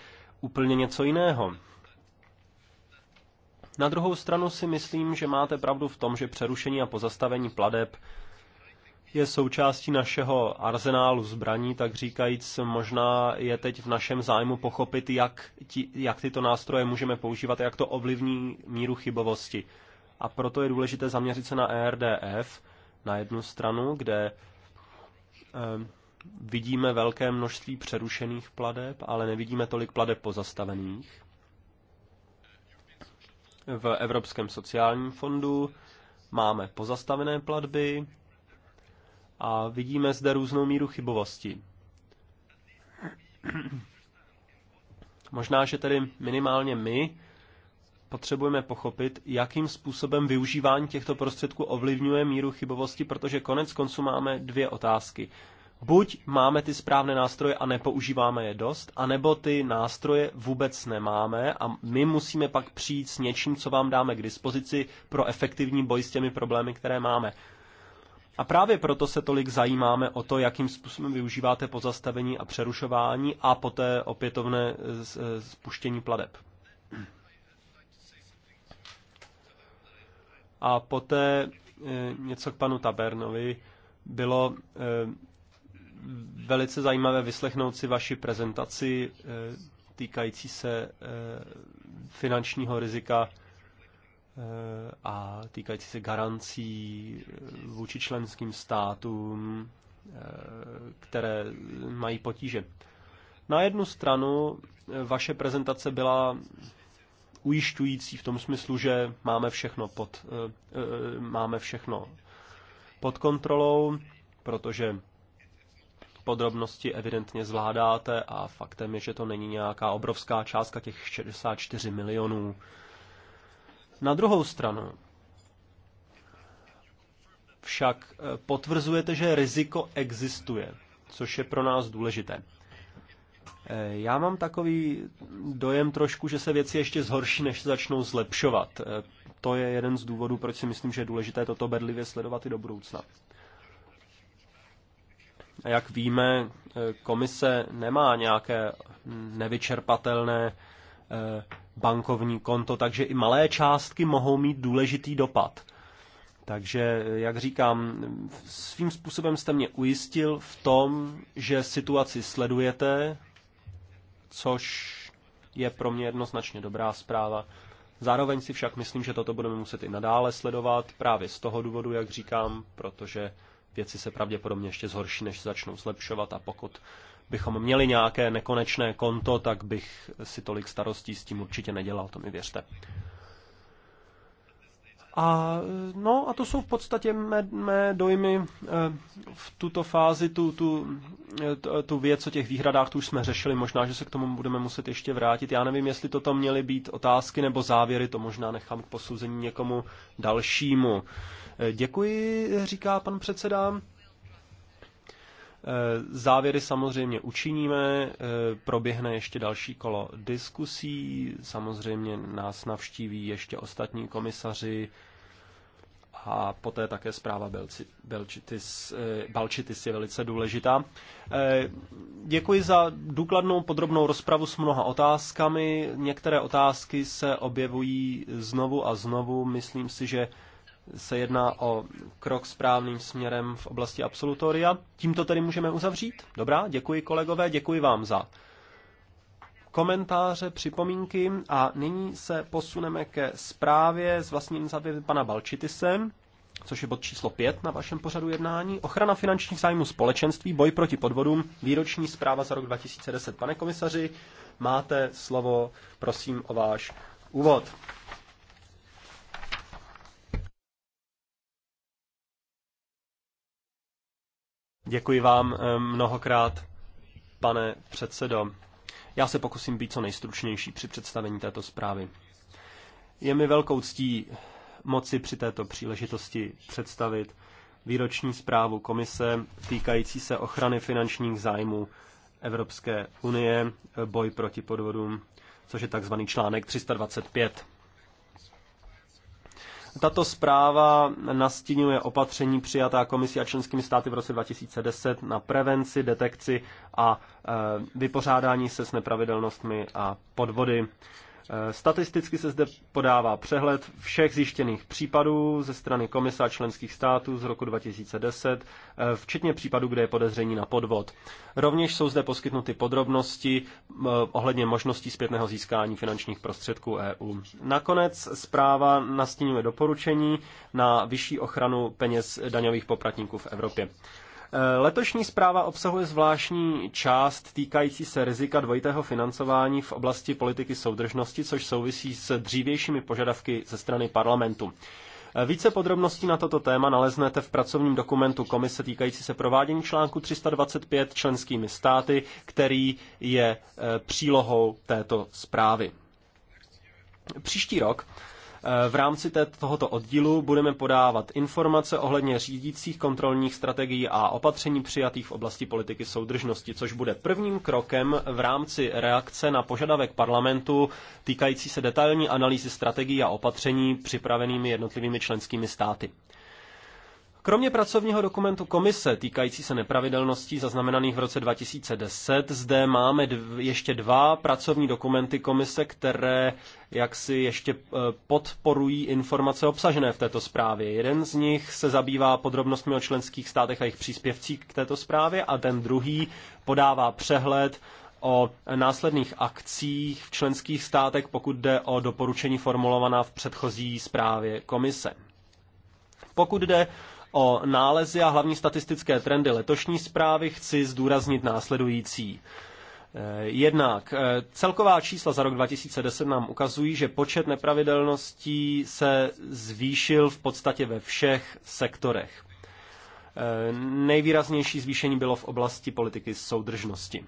úplně něco jiného. Na druhou stranu si myslím, že máte pravdu v tom, že přerušení a pozastavení pladeb je součástí našeho arzenálu zbraní, tak říkajíc, možná je teď v našem zájmu pochopit, jak, ti, jak tyto nástroje můžeme používat jak to ovlivní míru chybovosti. A proto je důležité zaměřit se na ERDF na jednu stranu, kde eh, vidíme velké množství přerušených pladeb, ale nevidíme tolik pladeb pozastavených. V Evropském sociálním fondu máme pozastavené platby, a vidíme zde různou míru chybovosti. Možná, že tedy minimálně my potřebujeme pochopit, jakým způsobem využívání těchto prostředků ovlivňuje míru chybovosti, protože konec konců máme dvě otázky. Buď máme ty správné nástroje a nepoužíváme je dost, anebo ty nástroje vůbec nemáme a my musíme pak přijít s něčím, co vám dáme k dispozici pro efektivní boj s těmi problémy, které máme. A právě proto se tolik zajímáme o to, jakým způsobem využíváte pozastavení a přerušování a poté opětovné eh, eh, spuštění pladeb. A poté eh, něco k panu Tabernovi. Bylo velice zajímavé vyslechnout si vaši prezentaci týkající se finančního rizika Eh, a týkající se garancí eh, vůči členským státům, eh, které mají potíže. Na jednu stranu vaše prezentace byla ujišťující v tom smyslu, že máme všechno pod, máme všechno pod kontrolou, protože podrobnosti evidentně zvládáte a faktem je, že to není nějaká obrovská částka těch 64 milionů na druhou stranu však eh, potvrzujete, že riziko existuje, což je pro nás důležité. Eh, já mám takový dojem trošku, že se věci ještě zhorší, než se začnou zlepšovat. Eh, to je jeden z důvodů, proč si myslím, že je důležité toto bedlivě sledovat i do budoucna. A jak víme, komise nemá nějaké nevyčerpatelné bankovní konto, takže i malé částky mohou mít důležitý dopad. Takže, jak říkám, svým způsobem jste mě ujistil v tom, že situaci sledujete, což je pro mě jednoznačně dobrá zpráva. Zároveň si však myslím, že toto budeme muset i nadále sledovat, právě z toho důvodu, jak říkám, protože věci se pravděpodobně ještě zhorší, než se začnou zlepšovat a pokud bychom měli nějaké nekonečné konto, tak bych si tolik starostí s tím určitě nedělal, to mi věřte. A, no, a to jsou v podstatě mé, mé dojmy eh, v tuto fázi, tu, tu, eh, tu věc o těch výhradách, tu už jsme řešili, možná, že se k tomu budeme muset ještě vrátit. Já nevím, jestli toto měly být otázky nebo závěry, to možná nechám k posouzení někomu dalšímu. Eh, děkuji, říká pan předseda. Eh, závěry samozřejmě učiníme, eh, proběhne ještě další kolo diskusí, samozřejmě nás navštíví ještě ostatní komisaři a poté také zpráva Belčitis, eh, Balčitis je velice důležitá. Děkuji za důkladnou podrobnou rozpravu s mnoha otázkami. Některé otázky se objevují znovu a znovu. Myslím si, že se jedná o krok správným směrem v oblasti absolutoria. Tímto tedy můžeme uzavřít. Dobrá, děkuji kolegové, děkuji vám za komentáře, připomínky a nyní se posuneme ke zprávě z vlastní iniciativy pana Balčitise, což je bod číslo 5 na vašem pořadu jednání. Ochrana finančních zájmů společenství, boj proti podvodům, výroční zpráva za rok 2010. Pane komisaři, máte slovo, prosím o váš úvod. Děkuji vám eh, mnohokrát, pane předsedo. Já se pokusím být co nejstručnější při představení této zprávy. Je mi velkou ctí moci při této příležitosti představit výroční zprávu komise týkající se ochrany finančních zájmů Evropské unie, boj proti podvodům, což je takzvaný článek 325. Tato zpráva nastínuje opatření přijatá komisí a členskými státy v roce 2010 na prevenci, detekci a e, vypořádání se s nepravidelnostmi a podvody. Eh, statisticky se zde podává přehled všech zjištěných případů ze strany Komisa členských států z roku 2010, eh, včetně případů, kde je podezření na podvod. Rovněž jsou zde poskytnuty podrobnosti eh, ohledně možností zpětného získání finančních prostředků EU. Nakonec zpráva nastínuje doporučení na vyšší ochranu peněz daňových poplatníků v Evropě. Letošní zpráva obsahuje zvláštní část týkající se rizika dvojitého financování v oblasti politiky soudržnosti, což souvisí s dřívějšími požadavky ze strany parlamentu. Více podrobností na toto téma naleznete v pracovním dokumentu komise týkající se provádění článku 325 členskými státy, který je eh, přílohou této zprávy. Příští rok v rámci tohoto oddílu budeme podávat informace ohledně řídících kontrolních strategií a opatření přijatých v oblasti politiky soudržnosti, což bude prvním krokem v rámci reakce na požadavek parlamentu týkající se detailní analýzy strategií a opatření připravenými jednotlivými členskými státy. Kromě pracovního dokumentu komise týkající se nepravidelností zaznamenaných v roce 2010, zde máme dv, ještě dva pracovní dokumenty komise, které jaksi ještě e, podporují informace obsažené v této zprávě. Jeden z nich se zabývá podrobnostmi o členských státech a jejich příspěvcích k této zprávě a ten druhý podává přehled o následných akcích v členských státech, pokud jde o doporučení formulovaná v předchozí zprávě komise. Pokud jde O nálezy a hlavní statistické trendy letošní zprávy chci zdůraznit následující. Eh, jednak eh, celková čísla za rok 2010 nám ukazují, že počet nepravidelností se zvýšil v podstatě ve všech sektorech. Eh, nejvýraznější zvýšení bylo v oblasti politiky soudržnosti.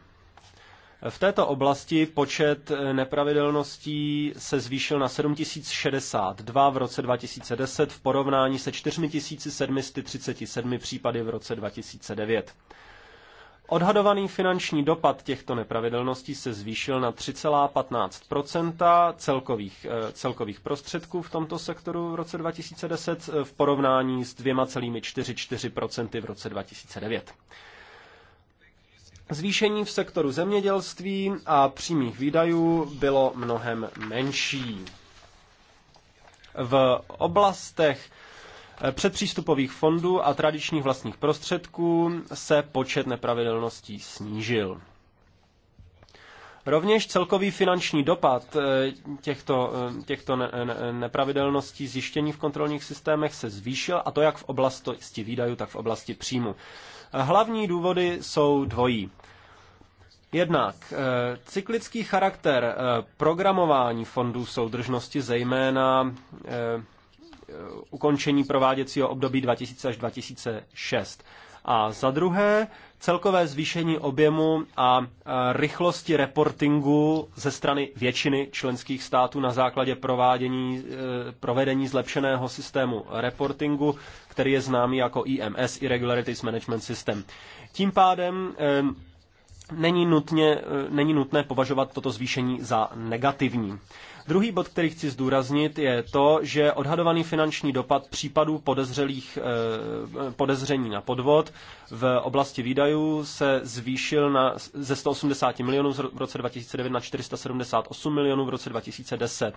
V této oblasti počet eh, nepravidelností se zvýšil na 7062 v roce 2010 v porovnání se 4737 případy v roce 2009. Odhadovaný finanční dopad těchto nepravidelností se zvýšil na 3,15 celkových, eh, celkových prostředků v tomto sektoru v roce 2010 eh, v porovnání s 2,44 v roce 2009. Zvýšení v sektoru zemědělství a přímých výdajů bylo mnohem menší. V oblastech eh, předpřístupových fondů a tradičních vlastních prostředků se počet nepravidelností snížil. Rovněž celkový finanční dopad eh, těchto, eh, těchto ne, ne, nepravidelností zjištění v kontrolních systémech se zvýšil, a to jak v oblasti výdajů, tak v oblasti příjmu. Eh, hlavní důvody jsou dvojí. Jednak cyklický charakter programování fondů soudržnosti, zejména ukončení prováděcího období 2000 až 2006. A za druhé, Celkové zvýšení objemu a rychlosti reportingu ze strany většiny členských států na základě provádění, e, provedení zlepšeného systému reportingu, který je známý jako IMS, Irregularities Management System. Tím pádem e, není, nutně, e, není nutné považovat toto zvýšení za negativní. Druhý bod, který chci zdůraznit, je to, že odhadovaný finanční dopad případů podezřelých, eh, podezření na podvod v oblasti výdajů se zvýšil na, ze 180 milionů v roce 2009 na 478 milionů v roce 2010.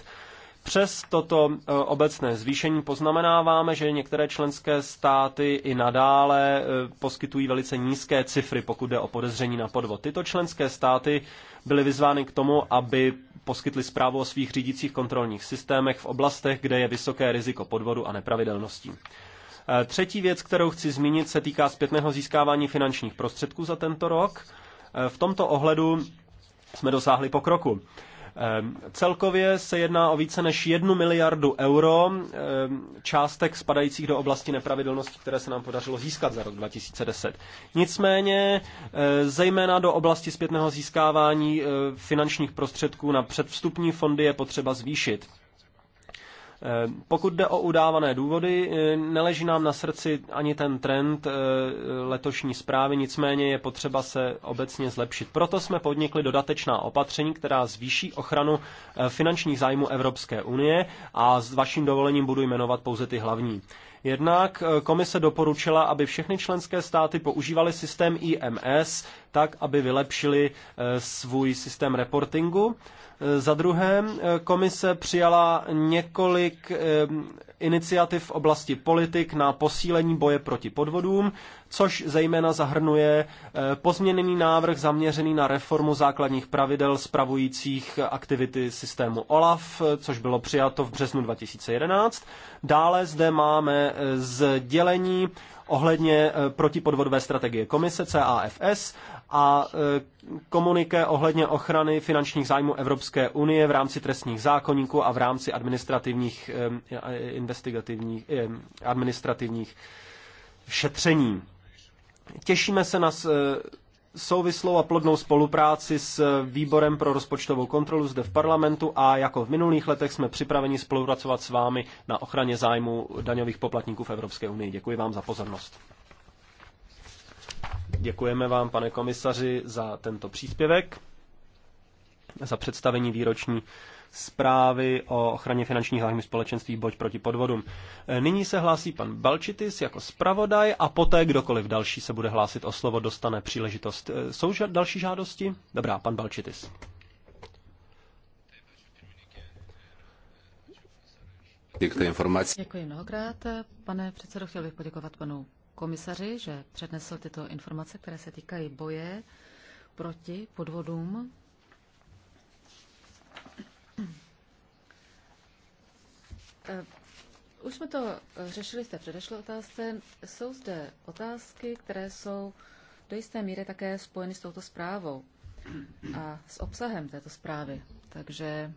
Přes toto e, obecné zvýšení poznamenáváme, že některé členské státy i nadále e, poskytují velice nízké cifry, pokud jde o podezření na podvod. Tyto členské státy byly vyzvány k tomu, aby poskytly zprávu o svých řídících kontrolních systémech v oblastech, kde je vysoké riziko podvodu a nepravidelností. E, třetí věc, kterou chci zmínit, se týká zpětného získávání finančních prostředků za tento rok. V tomto ohledu jsme dosáhli pokroku. Ehm, celkově se jedná o více než jednu miliardu euro ehm, částek spadajících do oblasti nepravidelností, které se nám podařilo získat za rok 2010. Nicméně eh, zejména do oblasti zpětného získávání eh, finančních prostředků na předvstupní fondy je potřeba zvýšit. Eh, pokud jde o udávané důvody, eh, neleží nám na srdci ani ten trend eh, letošní zprávy, nicméně je potřeba se obecně zlepšit. Proto jsme podnikli dodatečná opatření, která zvýší ochranu finančních zájmů Evropské unie a s vaším dovolením budu jmenovat pouze ty hlavní. Jednak komise doporučila, aby všechny členské státy používaly systém IMS tak, aby vylepšili svůj systém reportingu. Za druhé, komise přijala několik iniciativ v oblasti politik na posílení boje proti podvodům, což zejména zahrnuje eh, pozměněný návrh zaměřený na reformu základních pravidel spravujících aktivity systému OLAF, což bylo přijato v březnu 2011. Dále zde máme eh, sdělení ohledně eh, protipodvodové strategie komise CAFS a e, komuniké ohledně ochrany finančních zájmů Evropské unie v rámci trestních zákonníků a v rámci administrativních, e, e, investigativních, administrativních šetření. Těšíme se na souvislou a plodnou spolupráci s Výborem pro rozpočtovou kontrolu zde v parlamentu a jako v minulých letech jsme připraveni spolupracovat s vámi na ochraně zájmu daňových poplatníků v Evropské unii. Děkuji vám za pozornost. Děkujeme vám, pane komisaři, za tento příspěvek, za představení výroční zprávy o ochraně finančních zájmů společenství boď proti podvodům. Nyní se hlásí pan Balčitis jako zpravodaj a poté kdokoliv další se bude hlásit o slovo, dostane příležitost. Jsou ža- další žádosti? Dobrá, pan Balčitis. Děkuji mnohokrát. Pane předsedo, chtěl bych poděkovat panu komisaři, že přednesl tyto informace, které se týkají boje proti podvodům. Eh, už jsme to eh, řešili v té předešlé otázce. Jsou zde otázky, které jsou do jisté míry také spojeny s touto zprávou a s obsahem této zprávy. Takže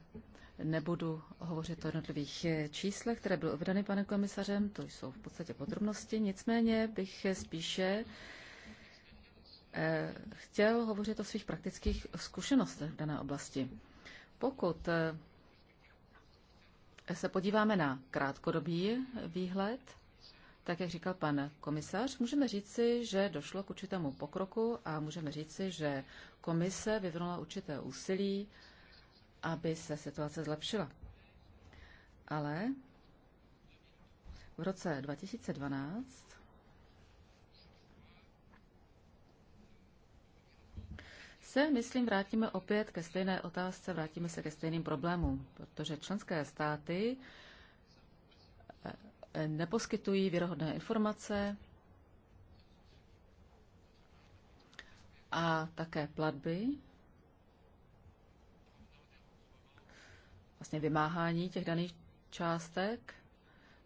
Nebudu hovořit o jednotlivých eh, číslech, které byly uvedeny panem komisařem, to jsou v podstatě podrobnosti, nicméně bych spíše eh, chtěl hovořit o svých praktických zkušenostech v dané oblasti. Pokud eh, se podíváme na krátkodobý výhled, tak jak říkal pan komisař, můžeme říci, že došlo k určitému pokroku a můžeme říci, že komise vyvinula určité úsilí aby se situace zlepšila. Ale v roce 2012 se, myslím, vrátíme opět ke stejné otázce, vrátíme se ke stejným problémům, protože členské státy eh, neposkytují věrohodné informace a také platby vlastně vymáhání těch daných částek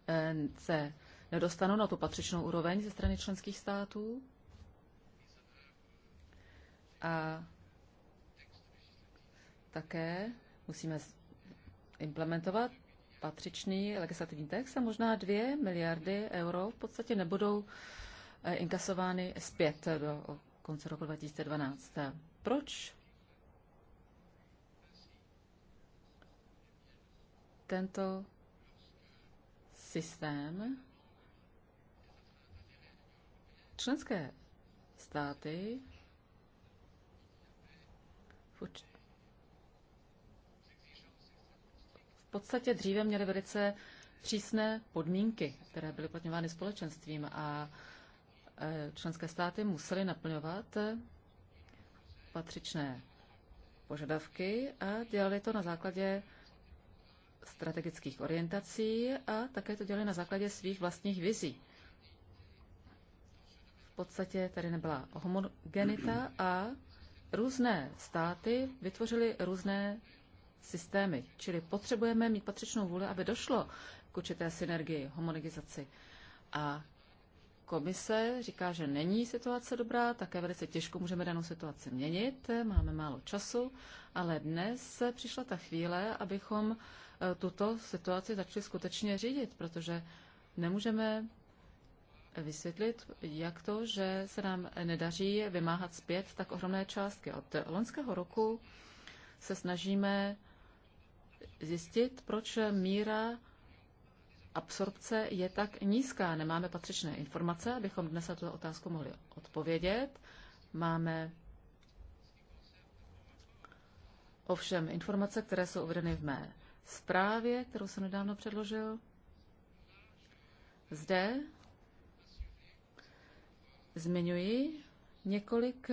eh, se nedostanou na tu patřičnou úroveň ze strany členských států. A také musíme implementovat patřičný legislativní text a možná dvě miliardy euro v podstatě nebudou eh, inkasovány zpět do konce roku 2012. Proč tento systém členské státy v podstatě dříve měly velice přísné podmínky, které byly uplatňovány společenstvím a e, členské státy musely naplňovat patřičné požadavky a dělali to na základě strategických orientací a také to dělali na základě svých vlastních vizí. V podstatě tady nebyla homogenita a různé státy vytvořily různé systémy. Čili potřebujeme mít patřičnou vůli, aby došlo k určité synergii, homologizaci. A komise říká, že není situace dobrá, také velice těžko můžeme danou situaci měnit, máme málo času, ale dnes přišla ta chvíle, abychom Eh, tuto situaci začali skutečně řídit, protože nemůžeme vysvětlit, jak to, že se nám nedaří vymáhat zpět tak ohromné částky. Od loňského roku se snažíme zjistit, proč míra absorpce je tak nízká. Nemáme patřičné informace, abychom dnes na tuto otázku mohli odpovědět. Máme ovšem informace, které jsou uvedeny v mé zprávě, kterou jsem nedávno předložil. Zde zmiňuji několik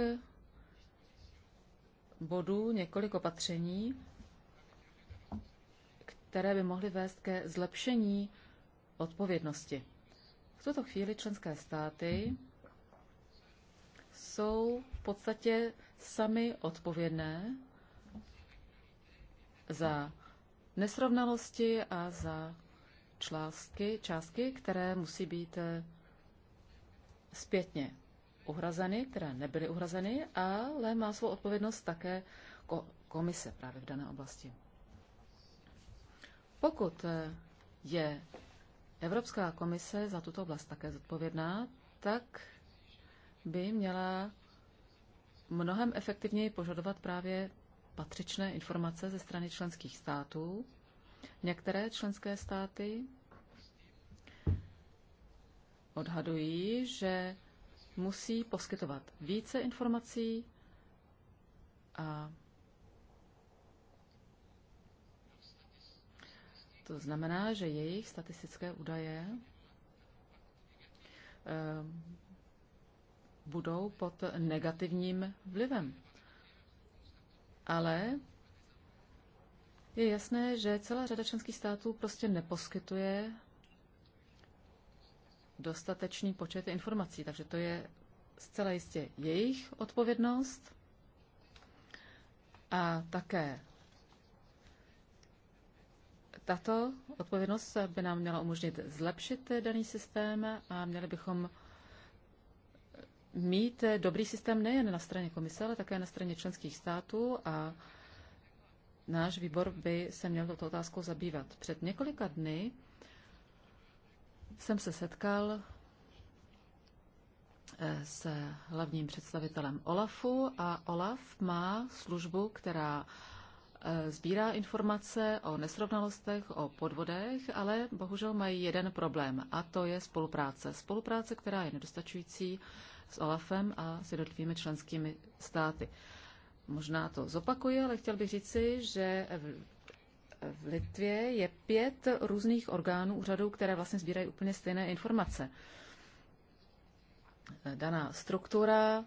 bodů, několik opatření, které by mohly vést ke zlepšení odpovědnosti. V tuto chvíli členské státy jsou v podstatě sami odpovědné za nesrovnalosti a za částky, částky, které musí být eh, zpětně uhrazeny, které nebyly uhrazeny, ale má svou odpovědnost také komise právě v dané oblasti. Pokud eh, je Evropská komise za tuto oblast také zodpovědná, tak by měla mnohem efektivněji požadovat právě patřičné informace ze strany členských států. Některé členské státy odhadují, že musí poskytovat více informací a to znamená, že jejich statistické údaje eh, budou pod negativním vlivem ale je jasné, že celá řada členských států prostě neposkytuje dostatečný počet informací, takže to je zcela jistě jejich odpovědnost a také tato odpovědnost by nám měla umožnit zlepšit daný systém a měli bychom mít dobrý systém nejen na straně komise, ale také na straně členských států a náš výbor by se měl toto otázkou zabývat. Před několika dny jsem se setkal eh, s hlavním představitelem OLAFu a OLAF má službu, která eh, sbírá informace o nesrovnalostech, o podvodech, ale bohužel mají jeden problém a to je spolupráce. Spolupráce, která je nedostačující s OLAFem a s jednotlivými členskými státy. Možná to zopakuji, ale chtěl bych říci, že v Litvě je pět různých orgánů, úřadů, které vlastně sbírají úplně stejné informace. Daná struktura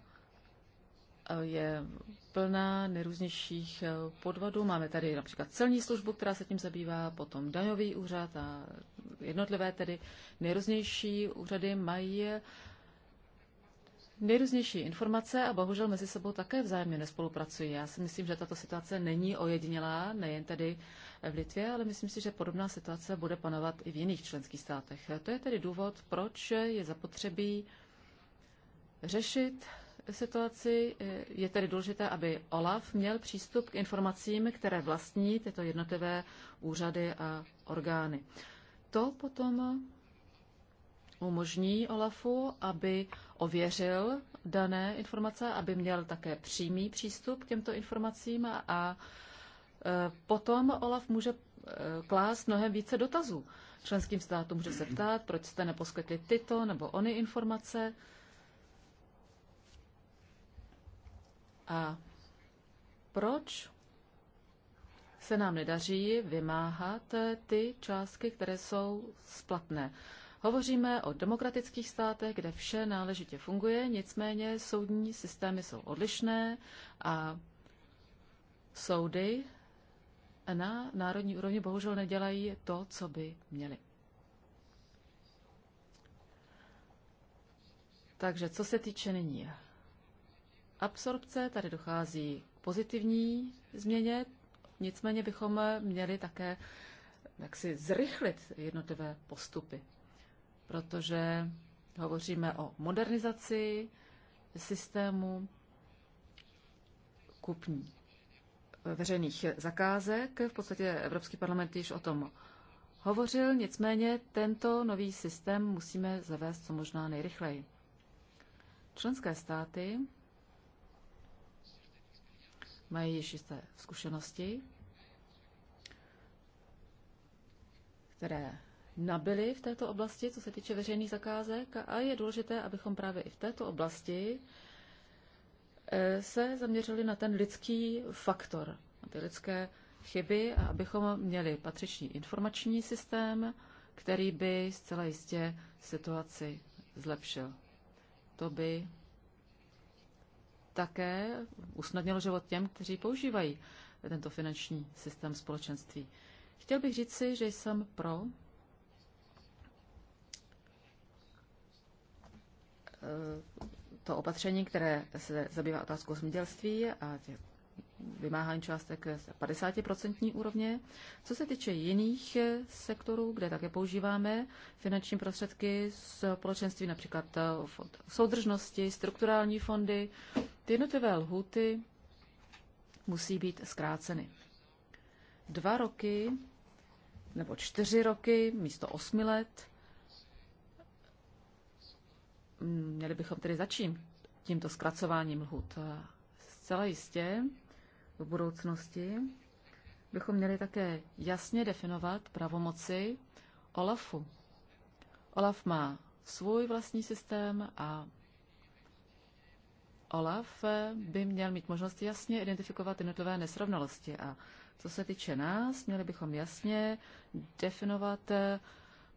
eh, je plná nejrůznějších eh, podvodů. Máme tady například celní službu, která se tím zabývá, potom daňový úřad a jednotlivé tedy nejrůznější úřady mají nejrůznější informace a bohužel mezi sebou také vzájemně nespolupracují. Já si myslím, že tato situace není ojedinělá, nejen tedy v Litvě, ale myslím si, že podobná situace bude panovat i v jiných členských státech. To je tedy důvod, proč je zapotřebí řešit situaci. Je tedy důležité, aby OLAF měl přístup k informacím, které vlastní tyto jednotlivé úřady a orgány. To potom umožní OLAFu, aby ověřil dané informace, aby měl také přímý přístup k těmto informacím a, a e, potom OLAF může e, klást mnohem více dotazů. Členským státům může se ptát, proč jste neposkytli tyto nebo ony informace. A proč se nám nedaří vymáhat ty částky, které jsou splatné. Hovoříme o demokratických státech, kde vše náležitě funguje, nicméně soudní systémy jsou odlišné a soudy na národní úrovni bohužel nedělají to, co by měly. Takže co se týče nyní absorpce, tady dochází k pozitivní změně, nicméně bychom měli také jak si zrychlit jednotlivé postupy protože hovoříme o modernizaci systému kupní eh, veřejných zakázek. V podstatě Evropský parlament již o tom hovořil, nicméně tento nový systém musíme zavést co možná nejrychleji. Členské státy mají již jisté zkušenosti, které nabili v této oblasti, co se týče veřejných zakázek a je důležité, abychom právě i v této oblasti eh, se zaměřili na ten lidský faktor, na ty lidské chyby a abychom měli patřičný informační systém, který by zcela jistě situaci zlepšil. To by také usnadnilo život těm, kteří používají tento finanční systém společenství. Chtěl bych říci, že jsem pro to opatření, které se zabývá otázkou zemědělství a těch vymáhání částek z 50% úrovně. Co se týče jiných sektorů, kde také používáme finanční prostředky z společenství, například eh, fond soudržnosti, strukturální fondy, ty jednotlivé lhuty musí být zkráceny. Dva roky nebo čtyři roky místo osmi let Měli bychom tedy začít tímto zkracováním lhut. Zcela jistě v budoucnosti bychom měli také jasně definovat pravomoci OLAFu. OLAF má svůj vlastní systém a OLAF by měl mít možnost jasně identifikovat jednotlivé nesrovnalosti. A co se týče nás, měli bychom jasně definovat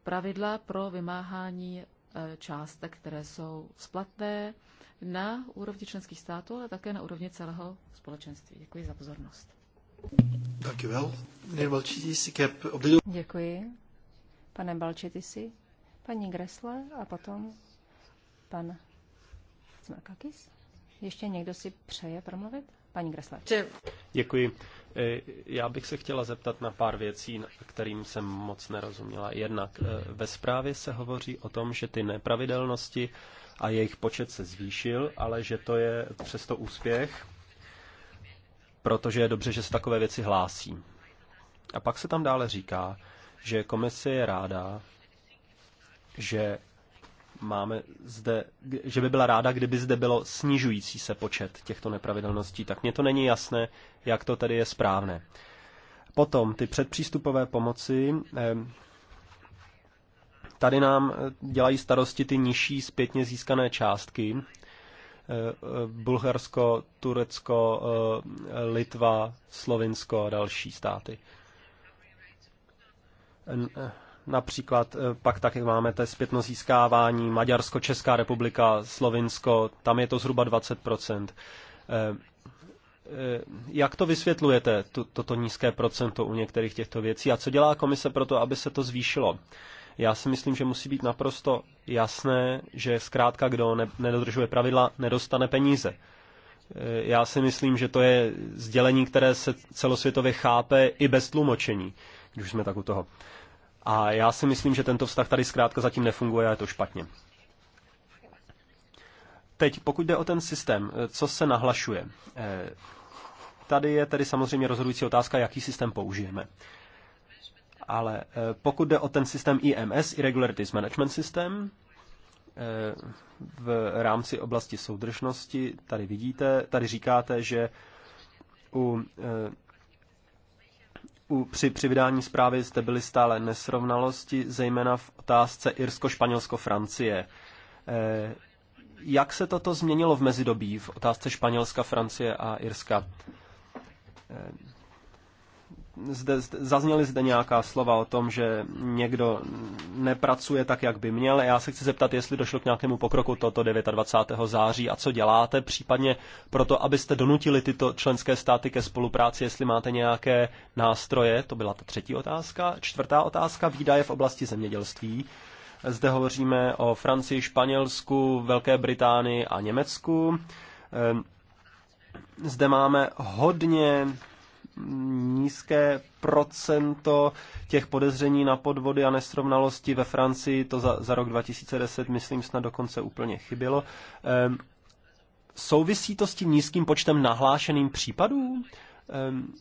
pravidla pro vymáhání Eh, částek, které jsou splatné na úrovni členských států, ale také na úrovni celého společenství. Děkuji za pozornost. Děkuji. Pane Balčitisi, paní Gresle a potom pan Smarkakis. Ještě někdo si přeje promluvit? Paní Gresle. Děkuji. Eh, já bych se chtěla zeptat na pár věcí, kterým jsem moc nerozuměla. Jednak eh, ve zprávě se hovoří o tom, že ty nepravidelnosti a jejich počet se zvýšil, ale že to je přesto úspěch, protože je dobře, že se takové věci hlásí. A pak se tam dále říká, že komise je ráda, že máme zde, že by byla ráda, kdyby zde bylo snižující se počet těchto nepravidelností, tak mně to není jasné, jak to tedy je správné. Potom ty předpřístupové pomoci, eh, tady nám eh, dělají starosti ty nižší zpětně získané částky, eh, Bulharsko, Turecko, Litva, Slovinsko a další státy Například eh, pak jak máme to zpětno získávání Maďarsko, Česká republika, Slovinsko, tam je to zhruba 20%. Eh, eh, jak to vysvětlujete, toto nízké procento u některých těchto věcí a co dělá komise pro to, aby se to zvýšilo? Já si myslím, že musí být naprosto jasné, že zkrátka kdo ne, nedodržuje pravidla, nedostane peníze. Já si myslím, že to je sdělení, které se celosvětově chápe i bez tlumočení, když jsme tak u toho. A já si myslím, že tento vztah tady zkrátka zatím nefunguje a je to špatně. Teď, pokud jde o ten systém, eh, co se nahlašuje? Eh, tady je tedy samozřejmě rozhodující otázka, jaký systém použijeme. Ale eh, pokud jde o ten systém IMS, Irregularities Management System, v rámci oblasti soudržnosti, tady vidíte, tady říkáte, že u u, při, při vydání zprávy zde byly stále nesrovnalosti, zejména v otázce Irsko-Španělsko-Francie. E, jak se toto změnilo v mezidobí v otázce Španělska, Francie a Irska? E, zde, zazněly zde nějaká slova o tom, že někdo nepracuje tak, jak by měl. Já se chci zeptat, jestli došlo k nějakému pokroku toto 29. září a co děláte, případně proto, abyste donutili tyto členské státy ke spolupráci, jestli máte nějaké nástroje. To byla ta třetí otázka. Čtvrtá otázka, výdaje v oblasti zemědělství. Zde hovoříme o Francii, Španělsku, Velké Británii a Německu. Ehm, zde máme hodně nízké procento těch podezření na podvody a nesrovnalosti ve Francii, to za, za rok 2010, myslím, snad dokonce úplně chybělo. Ehm, souvisí to s tím nízkým počtem nahlášeným případů? Ehm,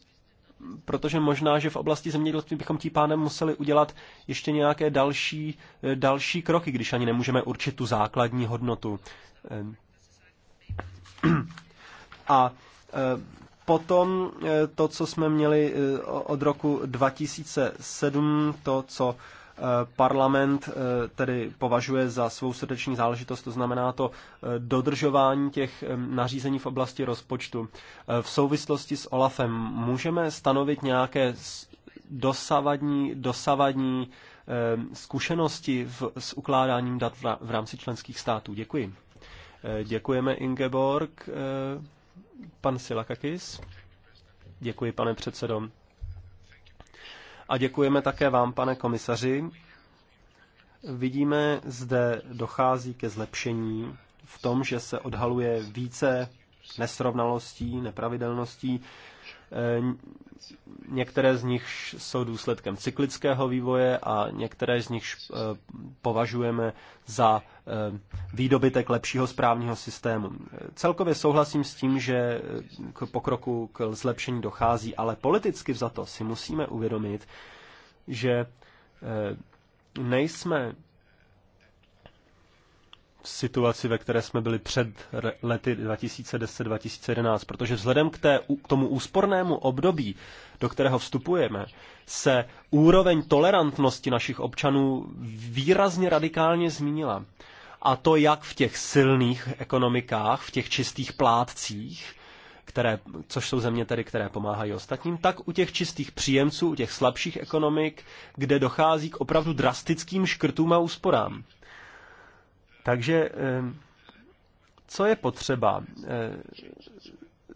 protože možná, že v oblasti zemědělství bychom tím pánem museli udělat ještě nějaké další, eh, další kroky, když ani nemůžeme určit tu základní hodnotu. Ehm. (clears throat) A eh, Potom eh, to, co jsme měli eh, od roku 2007, to, co eh, parlament tedy považuje za svou srdeční záležitost, to znamená to dodržování těch nařízení v oblasti rozpočtu. V souvislosti s OLAFem můžeme stanovit nějaké dosavadní, dosavadní zkušenosti v, s ukládáním dat v, v rámci členských států. Děkuji. Děkujeme Ingeborg. Pan Silakakis. Děkuji, pane předsedo. A děkujeme také vám, pane komisaři. Vidíme, zde dochází ke zlepšení v tom, že se odhaluje více nesrovnalostí, nepravidelností, Eh, některé z nich jsou důsledkem cyklického vývoje a některé z nich eh, považujeme za eh, výdobytek lepšího správního systému. Celkově souhlasím s tím, že k pokroku k zlepšení dochází, ale politicky to si musíme uvědomit, že nejsme situaci, ve které jsme byli před lety 2010-2011, protože vzhledem k, té, k tomu úspornému období, do kterého vstupujeme, se úroveň tolerantnosti našich občanů výrazně radikálně zmínila. A to jak v těch silných ekonomikách, v těch čistých plátcích, které, což jsou země tedy, které pomáhají ostatním, tak u těch čistých příjemců, u těch slabších ekonomik, kde dochází k opravdu drastickým škrtům a úsporám. Takže eh, co je potřeba? Eh,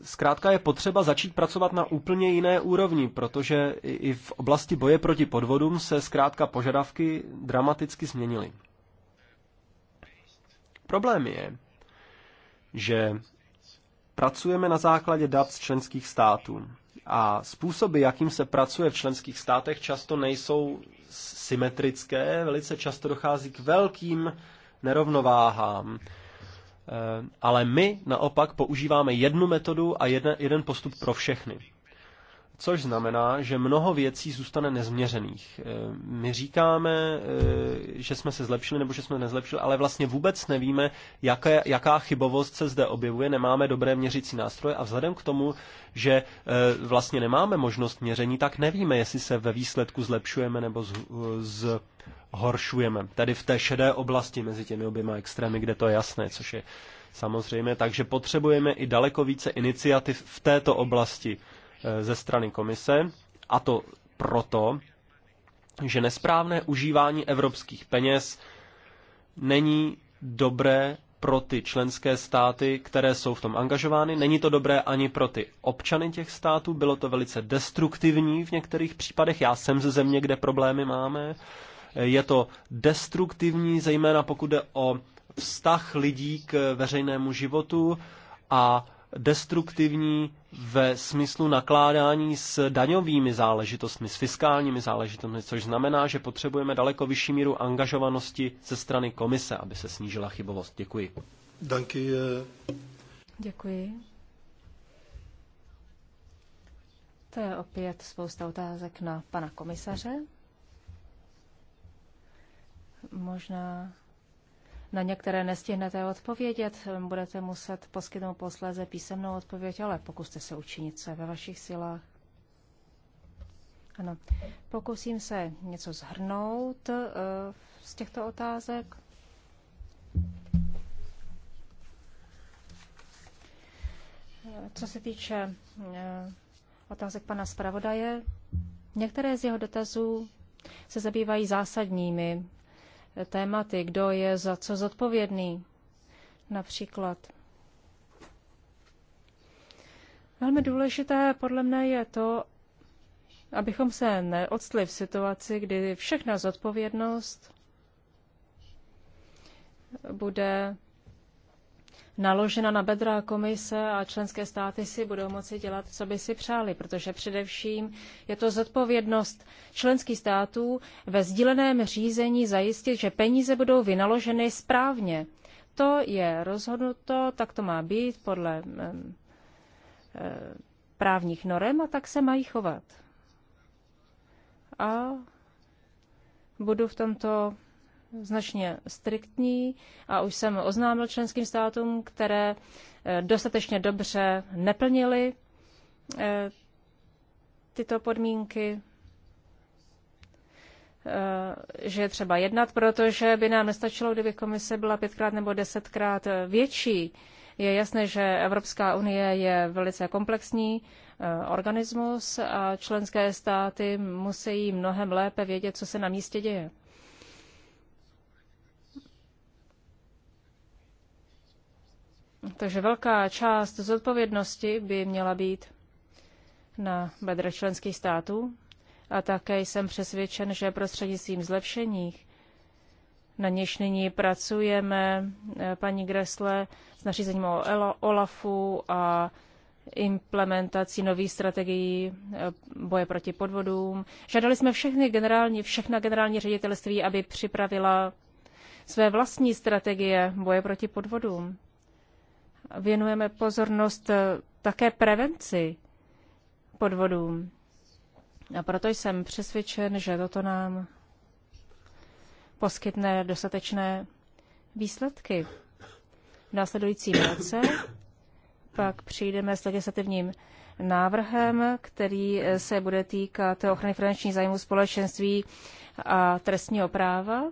zkrátka je potřeba začít pracovat na úplně jiné úrovni, protože i v oblasti boje proti podvodům se zkrátka požadavky dramaticky změnily. Problém je, že pracujeme na základě dat z členských států a způsoby, jakým se pracuje v členských státech, často nejsou symetrické, velice často dochází k velkým nerovnováhám. Eh, ale my naopak používáme jednu metodu a jeden, jeden postup pro všechny. Což znamená, že mnoho věcí zůstane nezměřených. Eh, my říkáme, eh, že jsme se zlepšili nebo že jsme nezlepšili, ale vlastně vůbec nevíme, jaké, jaká chybovost se zde objevuje, nemáme dobré měřící nástroje a vzhledem k tomu, že vlastně nemáme možnost měření, tak nevíme, jestli se ve výsledku zlepšujeme nebo z, z, zhoršujeme. Tady v té šedé oblasti mezi těmi oběma extrémy, kde to je jasné, což je samozřejmě. Takže potřebujeme i daleko více iniciativ v této oblasti eh, ze strany komise, a to proto, že nesprávné užívání evropských peněz není dobré pro ty členské státy, které jsou v tom angažovány. Není to dobré ani pro ty občany těch států. Bylo to velice destruktivní v některých případech. Já jsem ze země, kde problémy máme. Je to destruktivní, zejména pokud jde o vztah lidí k veřejnému životu a destruktivní ve smyslu nakládání s daňovými záležitostmi, s fiskálními záležitostmi, což znamená, že potřebujeme daleko vyšší míru angažovanosti ze strany komise, aby se snížila chybovost. Děkuji. Danky. Eh. Děkuji. To je opět spousta otázek na pana komisaře. Možná na některé nestihnete odpovědět, budete muset poskytnout posléze písemnou odpověď, ale pokuste se učinit se ve vašich silách. Ano, pokusím se něco zhrnout eh, z těchto otázek. Co se týče eh, otázek pana zpravodaje, některé z jeho dotazů se zabývají zásadními tématy, kdo je za co zodpovědný. Například. Velmi důležité podle mne je to, abychom se neodstli v situaci, kdy všechna zodpovědnost bude naložena na bedra komise a členské státy si budou moci dělat, co by si přáli, protože především je to zodpovědnost členských států ve sdíleném řízení zajistit, že peníze budou vynaloženy správně. To je rozhodnuto, tak to má být podle právních norem a tak se mají chovat. A budu v tomto značně striktní a už jsem oznámil členským státům, které eh, dostatečně dobře neplnily eh, tyto podmínky, eh, že je třeba jednat, protože by nám nestačilo, kdyby komise byla pětkrát nebo desetkrát větší. Je jasné, že Evropská unie je velice komplexní organismus a členské státy musí mnohem lépe vědět, co se na místě děje. Takže velká část zodpovědnosti by měla být na bedrech členských států a také jsem přesvědčen, že prostřednictvím zlepšení, na něž nyní pracujeme, eh, paní Gresle, s nařízením o OLAFu a implementací nových strategií eh, boje proti podvodům. Žádali jsme všechny generální, všechna generální ředitelství, aby připravila své vlastní strategie boje proti podvodům věnujeme pozornost eh, také prevenci podvodům. A proto jsem přesvědčen, že toto nám poskytne dostatečné výsledky. V následujícím roce pak přijdeme s legislativním návrhem, který eh, se bude týkat ochrany finančních zájmů společenství a trestního práva.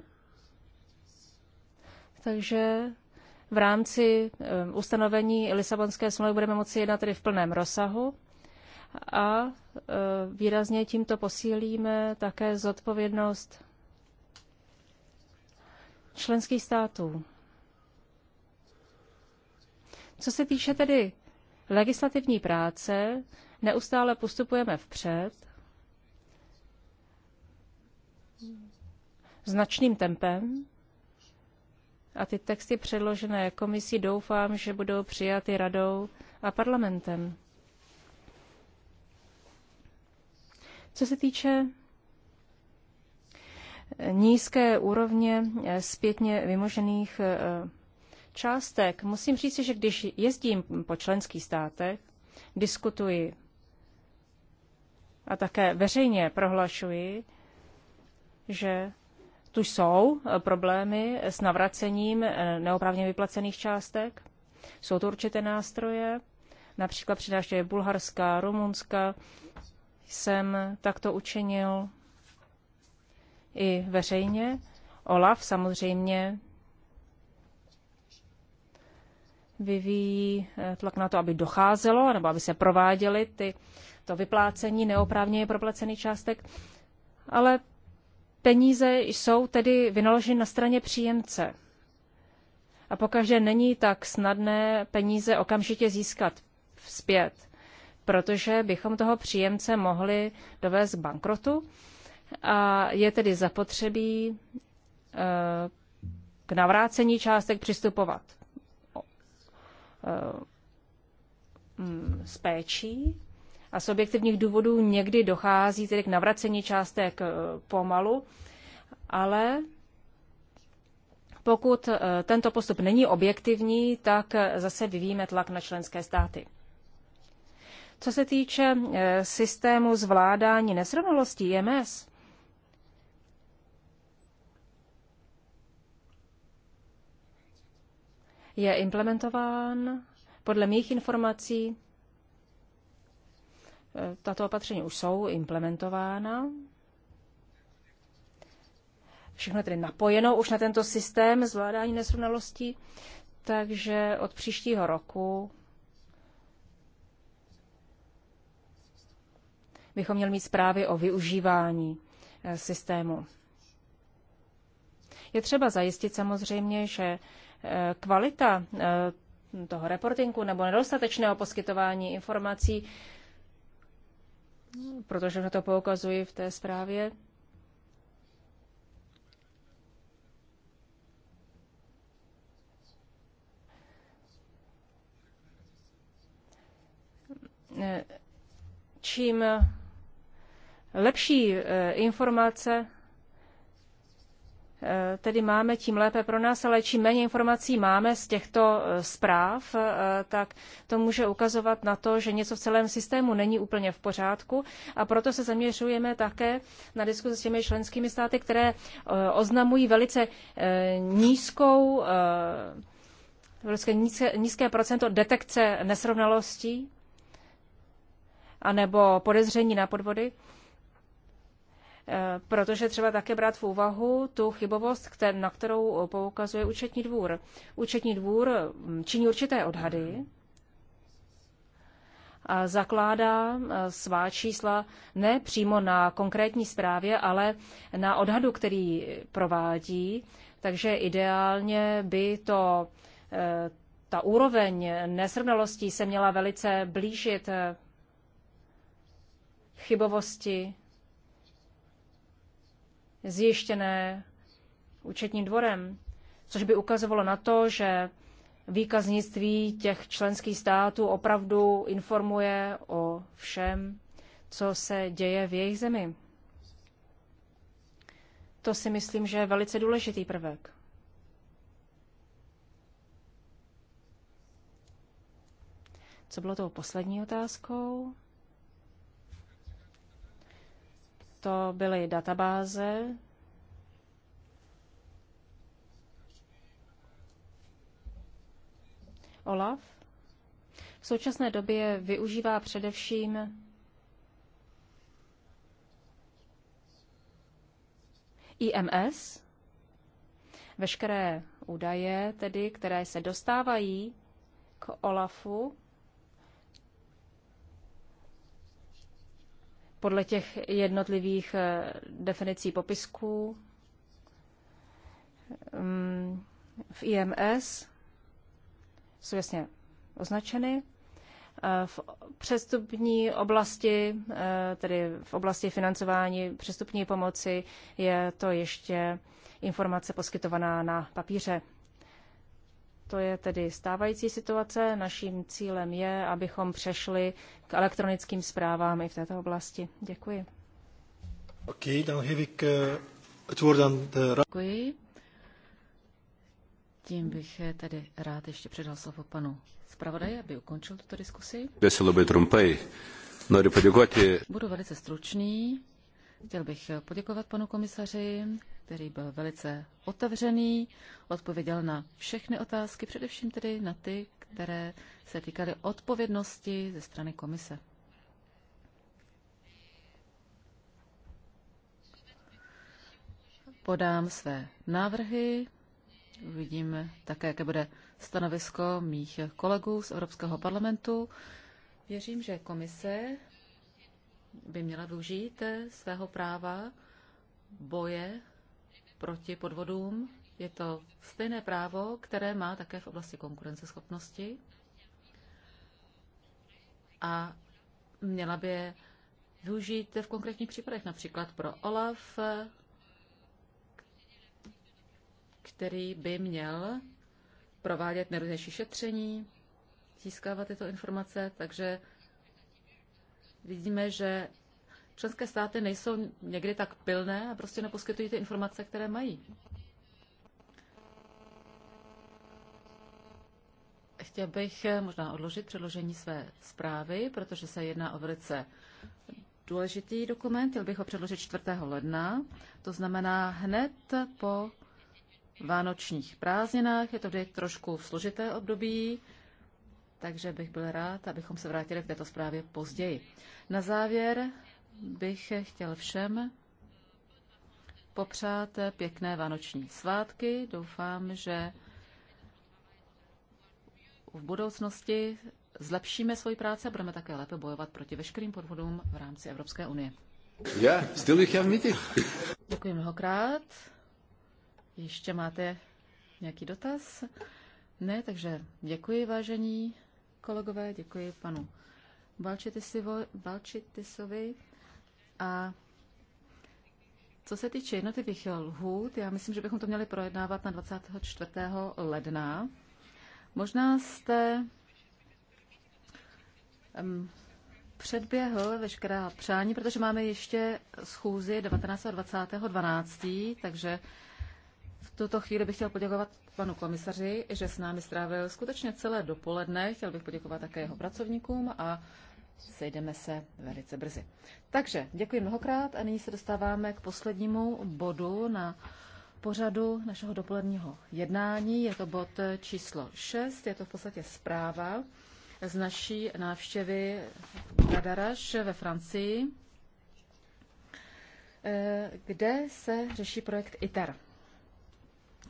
Takže v rámci eh, ustanovení Lisabonské smlouvy budeme moci jednat tedy v plném rozsahu a eh, výrazně tímto posílíme také zodpovědnost členských států. Co se týče tedy legislativní práce, neustále postupujeme vpřed značným tempem a ty texty předložené komisí doufám, že budou přijaty radou a parlamentem. Co se týče nízké úrovně eh, zpětně vymožených eh, částek, musím říct, že když jezdím po členských státech, diskutuji a také veřejně prohlašuji, že tu jsou eh, problémy s navracením eh, neoprávně vyplacených částek. Jsou to určité nástroje, například při návštěvě Bulharska, Rumunska jsem takto učinil i veřejně. Olaf samozřejmě vyvíjí eh, tlak na to, aby docházelo nebo aby se prováděly ty, to vyplácení neoprávněně proplacených částek. Ale peníze jsou tedy vynaloženy na straně příjemce. A pokaže není tak snadné peníze okamžitě získat zpět, protože bychom toho příjemce mohli dovést k bankrotu a je tedy zapotřebí eh, k navrácení částek přistupovat eh, s péčí a z objektivních důvodů někdy dochází tedy k navracení částek eh, pomalu, ale pokud eh, tento postup není objektivní, tak eh, zase vyvíjíme tlak na členské státy. Co se týče systému zvládání nesrovnalostí IMS, je implementován podle mých informací tato opatření už jsou implementována. Všechno je tedy napojeno už na tento systém zvládání nesrovnalostí, takže od příštího roku bychom měli mít zprávy o využívání eh, systému. Je třeba zajistit samozřejmě, že eh, kvalita eh, toho reportingu nebo nedostatečného poskytování informací protože na to poukazuji v té zprávě. Čím lepší eh, informace Eh, tedy máme, tím lépe pro nás, ale čím méně informací máme z těchto eh, zpráv, eh, tak to může ukazovat na to, že něco v celém systému není úplně v pořádku a proto se zaměřujeme také na diskuzi s těmi členskými státy, které oznamují velice nízkou velice nízké, nízké procento detekce nesrovnalostí anebo podezření na podvody protože třeba také brát v úvahu tu chybovost, na kterou poukazuje účetní dvůr. Účetní dvůr mm, činí určité odhady, a zakládá e, svá čísla ne přímo na konkrétní zprávě, ale na odhadu, který provádí. Takže ideálně by to e, ta úroveň nesrovnalostí se měla velice blížit e, chybovosti zjištěné účetním dvorem, což by ukazovalo na to, že výkaznictví těch členských států opravdu informuje o všem, co se děje v jejich zemi. To si myslím, že je velice důležitý prvek. Co bylo tou poslední otázkou? to byly databáze, OLAF v současné době využívá především IMS, veškeré údaje, tedy, které se dostávají k OLAFu, podle těch jednotlivých eh, definicí popisků mm, v IMS jsou jasně označeny. Eh, v přestupní oblasti, eh, tedy v oblasti financování přestupní pomoci, je to ještě informace poskytovaná na papíře. To je tedy stávající situace. Naším cílem je, abychom přešli k elektronickým zprávám i v této oblasti. Děkuji. Eh, Děkuji. Tím bych eh, tedy rád ještě předal slovo panu zpravodaji, aby ukončil tuto diskusi. Budu velice stručný. Chtěl bych eh, poděkovat panu komisaři který byl velice otevřený, odpověděl na všechny otázky, především tedy na ty, které se týkaly odpovědnosti ze strany komise. Podám své návrhy, uvidím také, jaké bude stanovisko mých kolegů z Evropského parlamentu. Věřím, že komise by měla využít svého práva boje proti podvodům. Je to stejné právo, které má také v oblasti konkurenceschopnosti a měla by je využít v konkrétních případech, například pro OLAF, který by měl provádět nejrůznější šetření, získávat tyto informace, takže vidíme, že členské státy nejsou někdy tak pilné a prostě neposkytují ty informace, které mají. Chtěl bych eh, možná odložit předložení své zprávy, protože se jedná o velice důležitý dokument. Chtěl bych ho předložit 4. ledna, to znamená hned po vánočních prázdninách. Je to vždy trošku složité období, takže bych byl rád, abychom se vrátili k této zprávě později. Na závěr bych chtěl všem popřát pěkné vánoční svátky. Doufám, že v budoucnosti zlepšíme svoji práci a budeme také lépe bojovat proti veškerým podvodům v rámci Evropské unie. Já still you Děkuji mnohokrát. Ještě máte nějaký dotaz? Ne, takže děkuji, vážení kolegové, děkuji panu Balčitisovi. A co se týče jednotlivých lhůt, já myslím, že bychom to měli projednávat na 24. ledna. Možná jste um, předběhl veškerá přání, protože máme ještě schůzi 19. a 20. 12. Takže v tuto chvíli bych chtěl poděkovat panu komisaři, že s námi strávil skutečně celé dopoledne. Chtěl bych poděkovat také jeho pracovníkům a sejdeme se velice brzy. Takže děkuji mnohokrát a nyní se dostáváme k poslednímu bodu na pořadu našeho dopoledního jednání. Je to bod číslo 6, je to v podstatě zpráva z naší návštěvy Gadaraš ve Francii, eh, kde se řeší projekt ITER.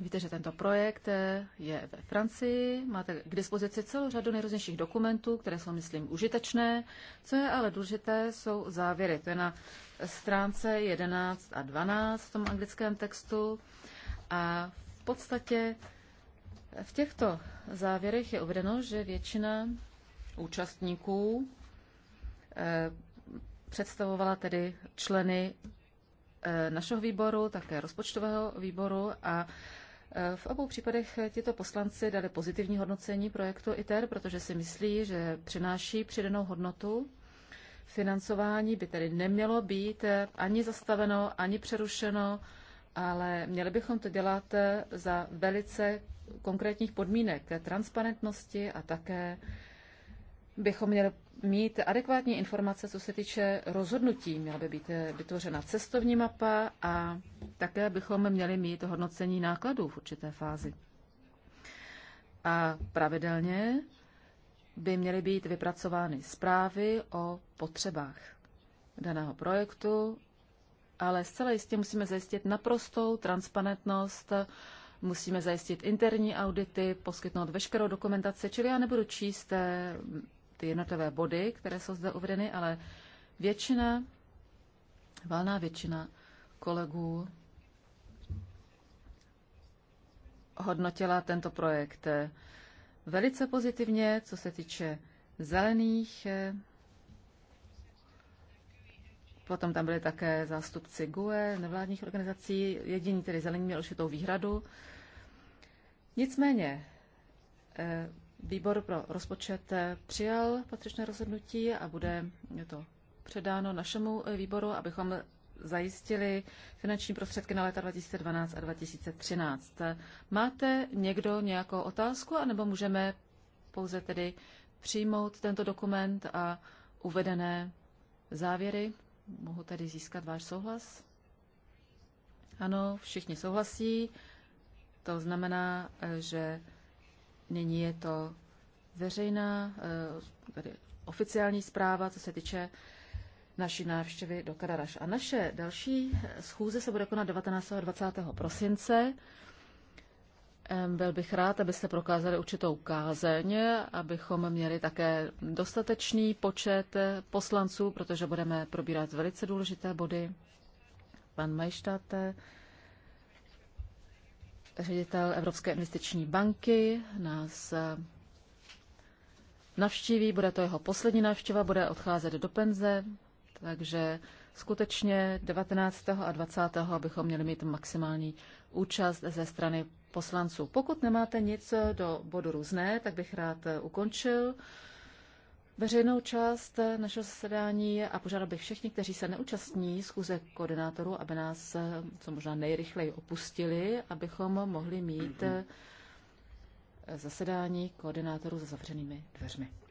Víte, že tento projekt eh, je ve Francii, máte k dispozici celou řadu nejrůznějších dokumentů, které jsou, myslím, užitečné. Co je ale důležité, jsou závěry. To je na stránce 11 a 12 v tom anglickém textu. A v podstatě v těchto závěrech je uvedeno, že většina účastníků eh, představovala tedy členy eh, našeho výboru, také rozpočtového výboru a v obou případech tito poslanci dali pozitivní hodnocení projektu ITER, protože si myslí, že přináší přidanou hodnotu. Financování by tedy nemělo být ani zastaveno, ani přerušeno, ale měli bychom to dělat za velice konkrétních podmínek transparentnosti a také bychom měli mít adekvátní informace, co se týče rozhodnutí. Měla by být vytvořena cestovní mapa a také bychom měli mít hodnocení nákladů v určité fázi. A pravidelně by měly být vypracovány zprávy o potřebách daného projektu, ale zcela jistě musíme zajistit naprostou transparentnost, musíme zajistit interní audity, poskytnout veškerou dokumentaci, čili já nebudu číst eh, ty jednotlivé body, které jsou zde uvedeny, ale většina, valná většina kolegů hodnotila tento projekt velice pozitivně, co se týče zelených. Potom tam byly také zástupci GUE, nevládních organizací. jediní, tedy zelení měl určitou výhradu. Nicméně eh, Výbor pro rozpočet eh, přijal patřičné rozhodnutí a bude to předáno našemu eh, výboru, abychom zajistili finanční prostředky na léta 2012 a 2013. Máte někdo nějakou otázku, anebo můžeme pouze tedy přijmout tento dokument a uvedené závěry? Mohu tedy získat váš souhlas? Ano, všichni souhlasí. To znamená, eh, že Nyní je to veřejná, eh, tedy oficiální zpráva, co se týče naší návštěvy do Kararaš. A naše další schůze se bude konat 19. a 20. prosince. Byl bych rád, abyste prokázali určitou kázeň, abychom měli také dostatečný počet poslanců, protože budeme probírat velice důležité body. Pan Majštáte, ředitel Evropské investiční banky nás eh, navštíví, bude to jeho poslední návštěva, bude odcházet do penze, takže skutečně 19. a 20. bychom měli mít maximální účast ze strany poslanců. Pokud nemáte nic do bodu různé, tak bych rád eh, ukončil veřejnou část našeho zasedání a požádal bych všechny, kteří se neúčastní schůze koordinátorů, aby nás eh, co možná nejrychleji opustili, abychom mohli mít eh, zasedání koordinátorů za zavřenými dveřmi.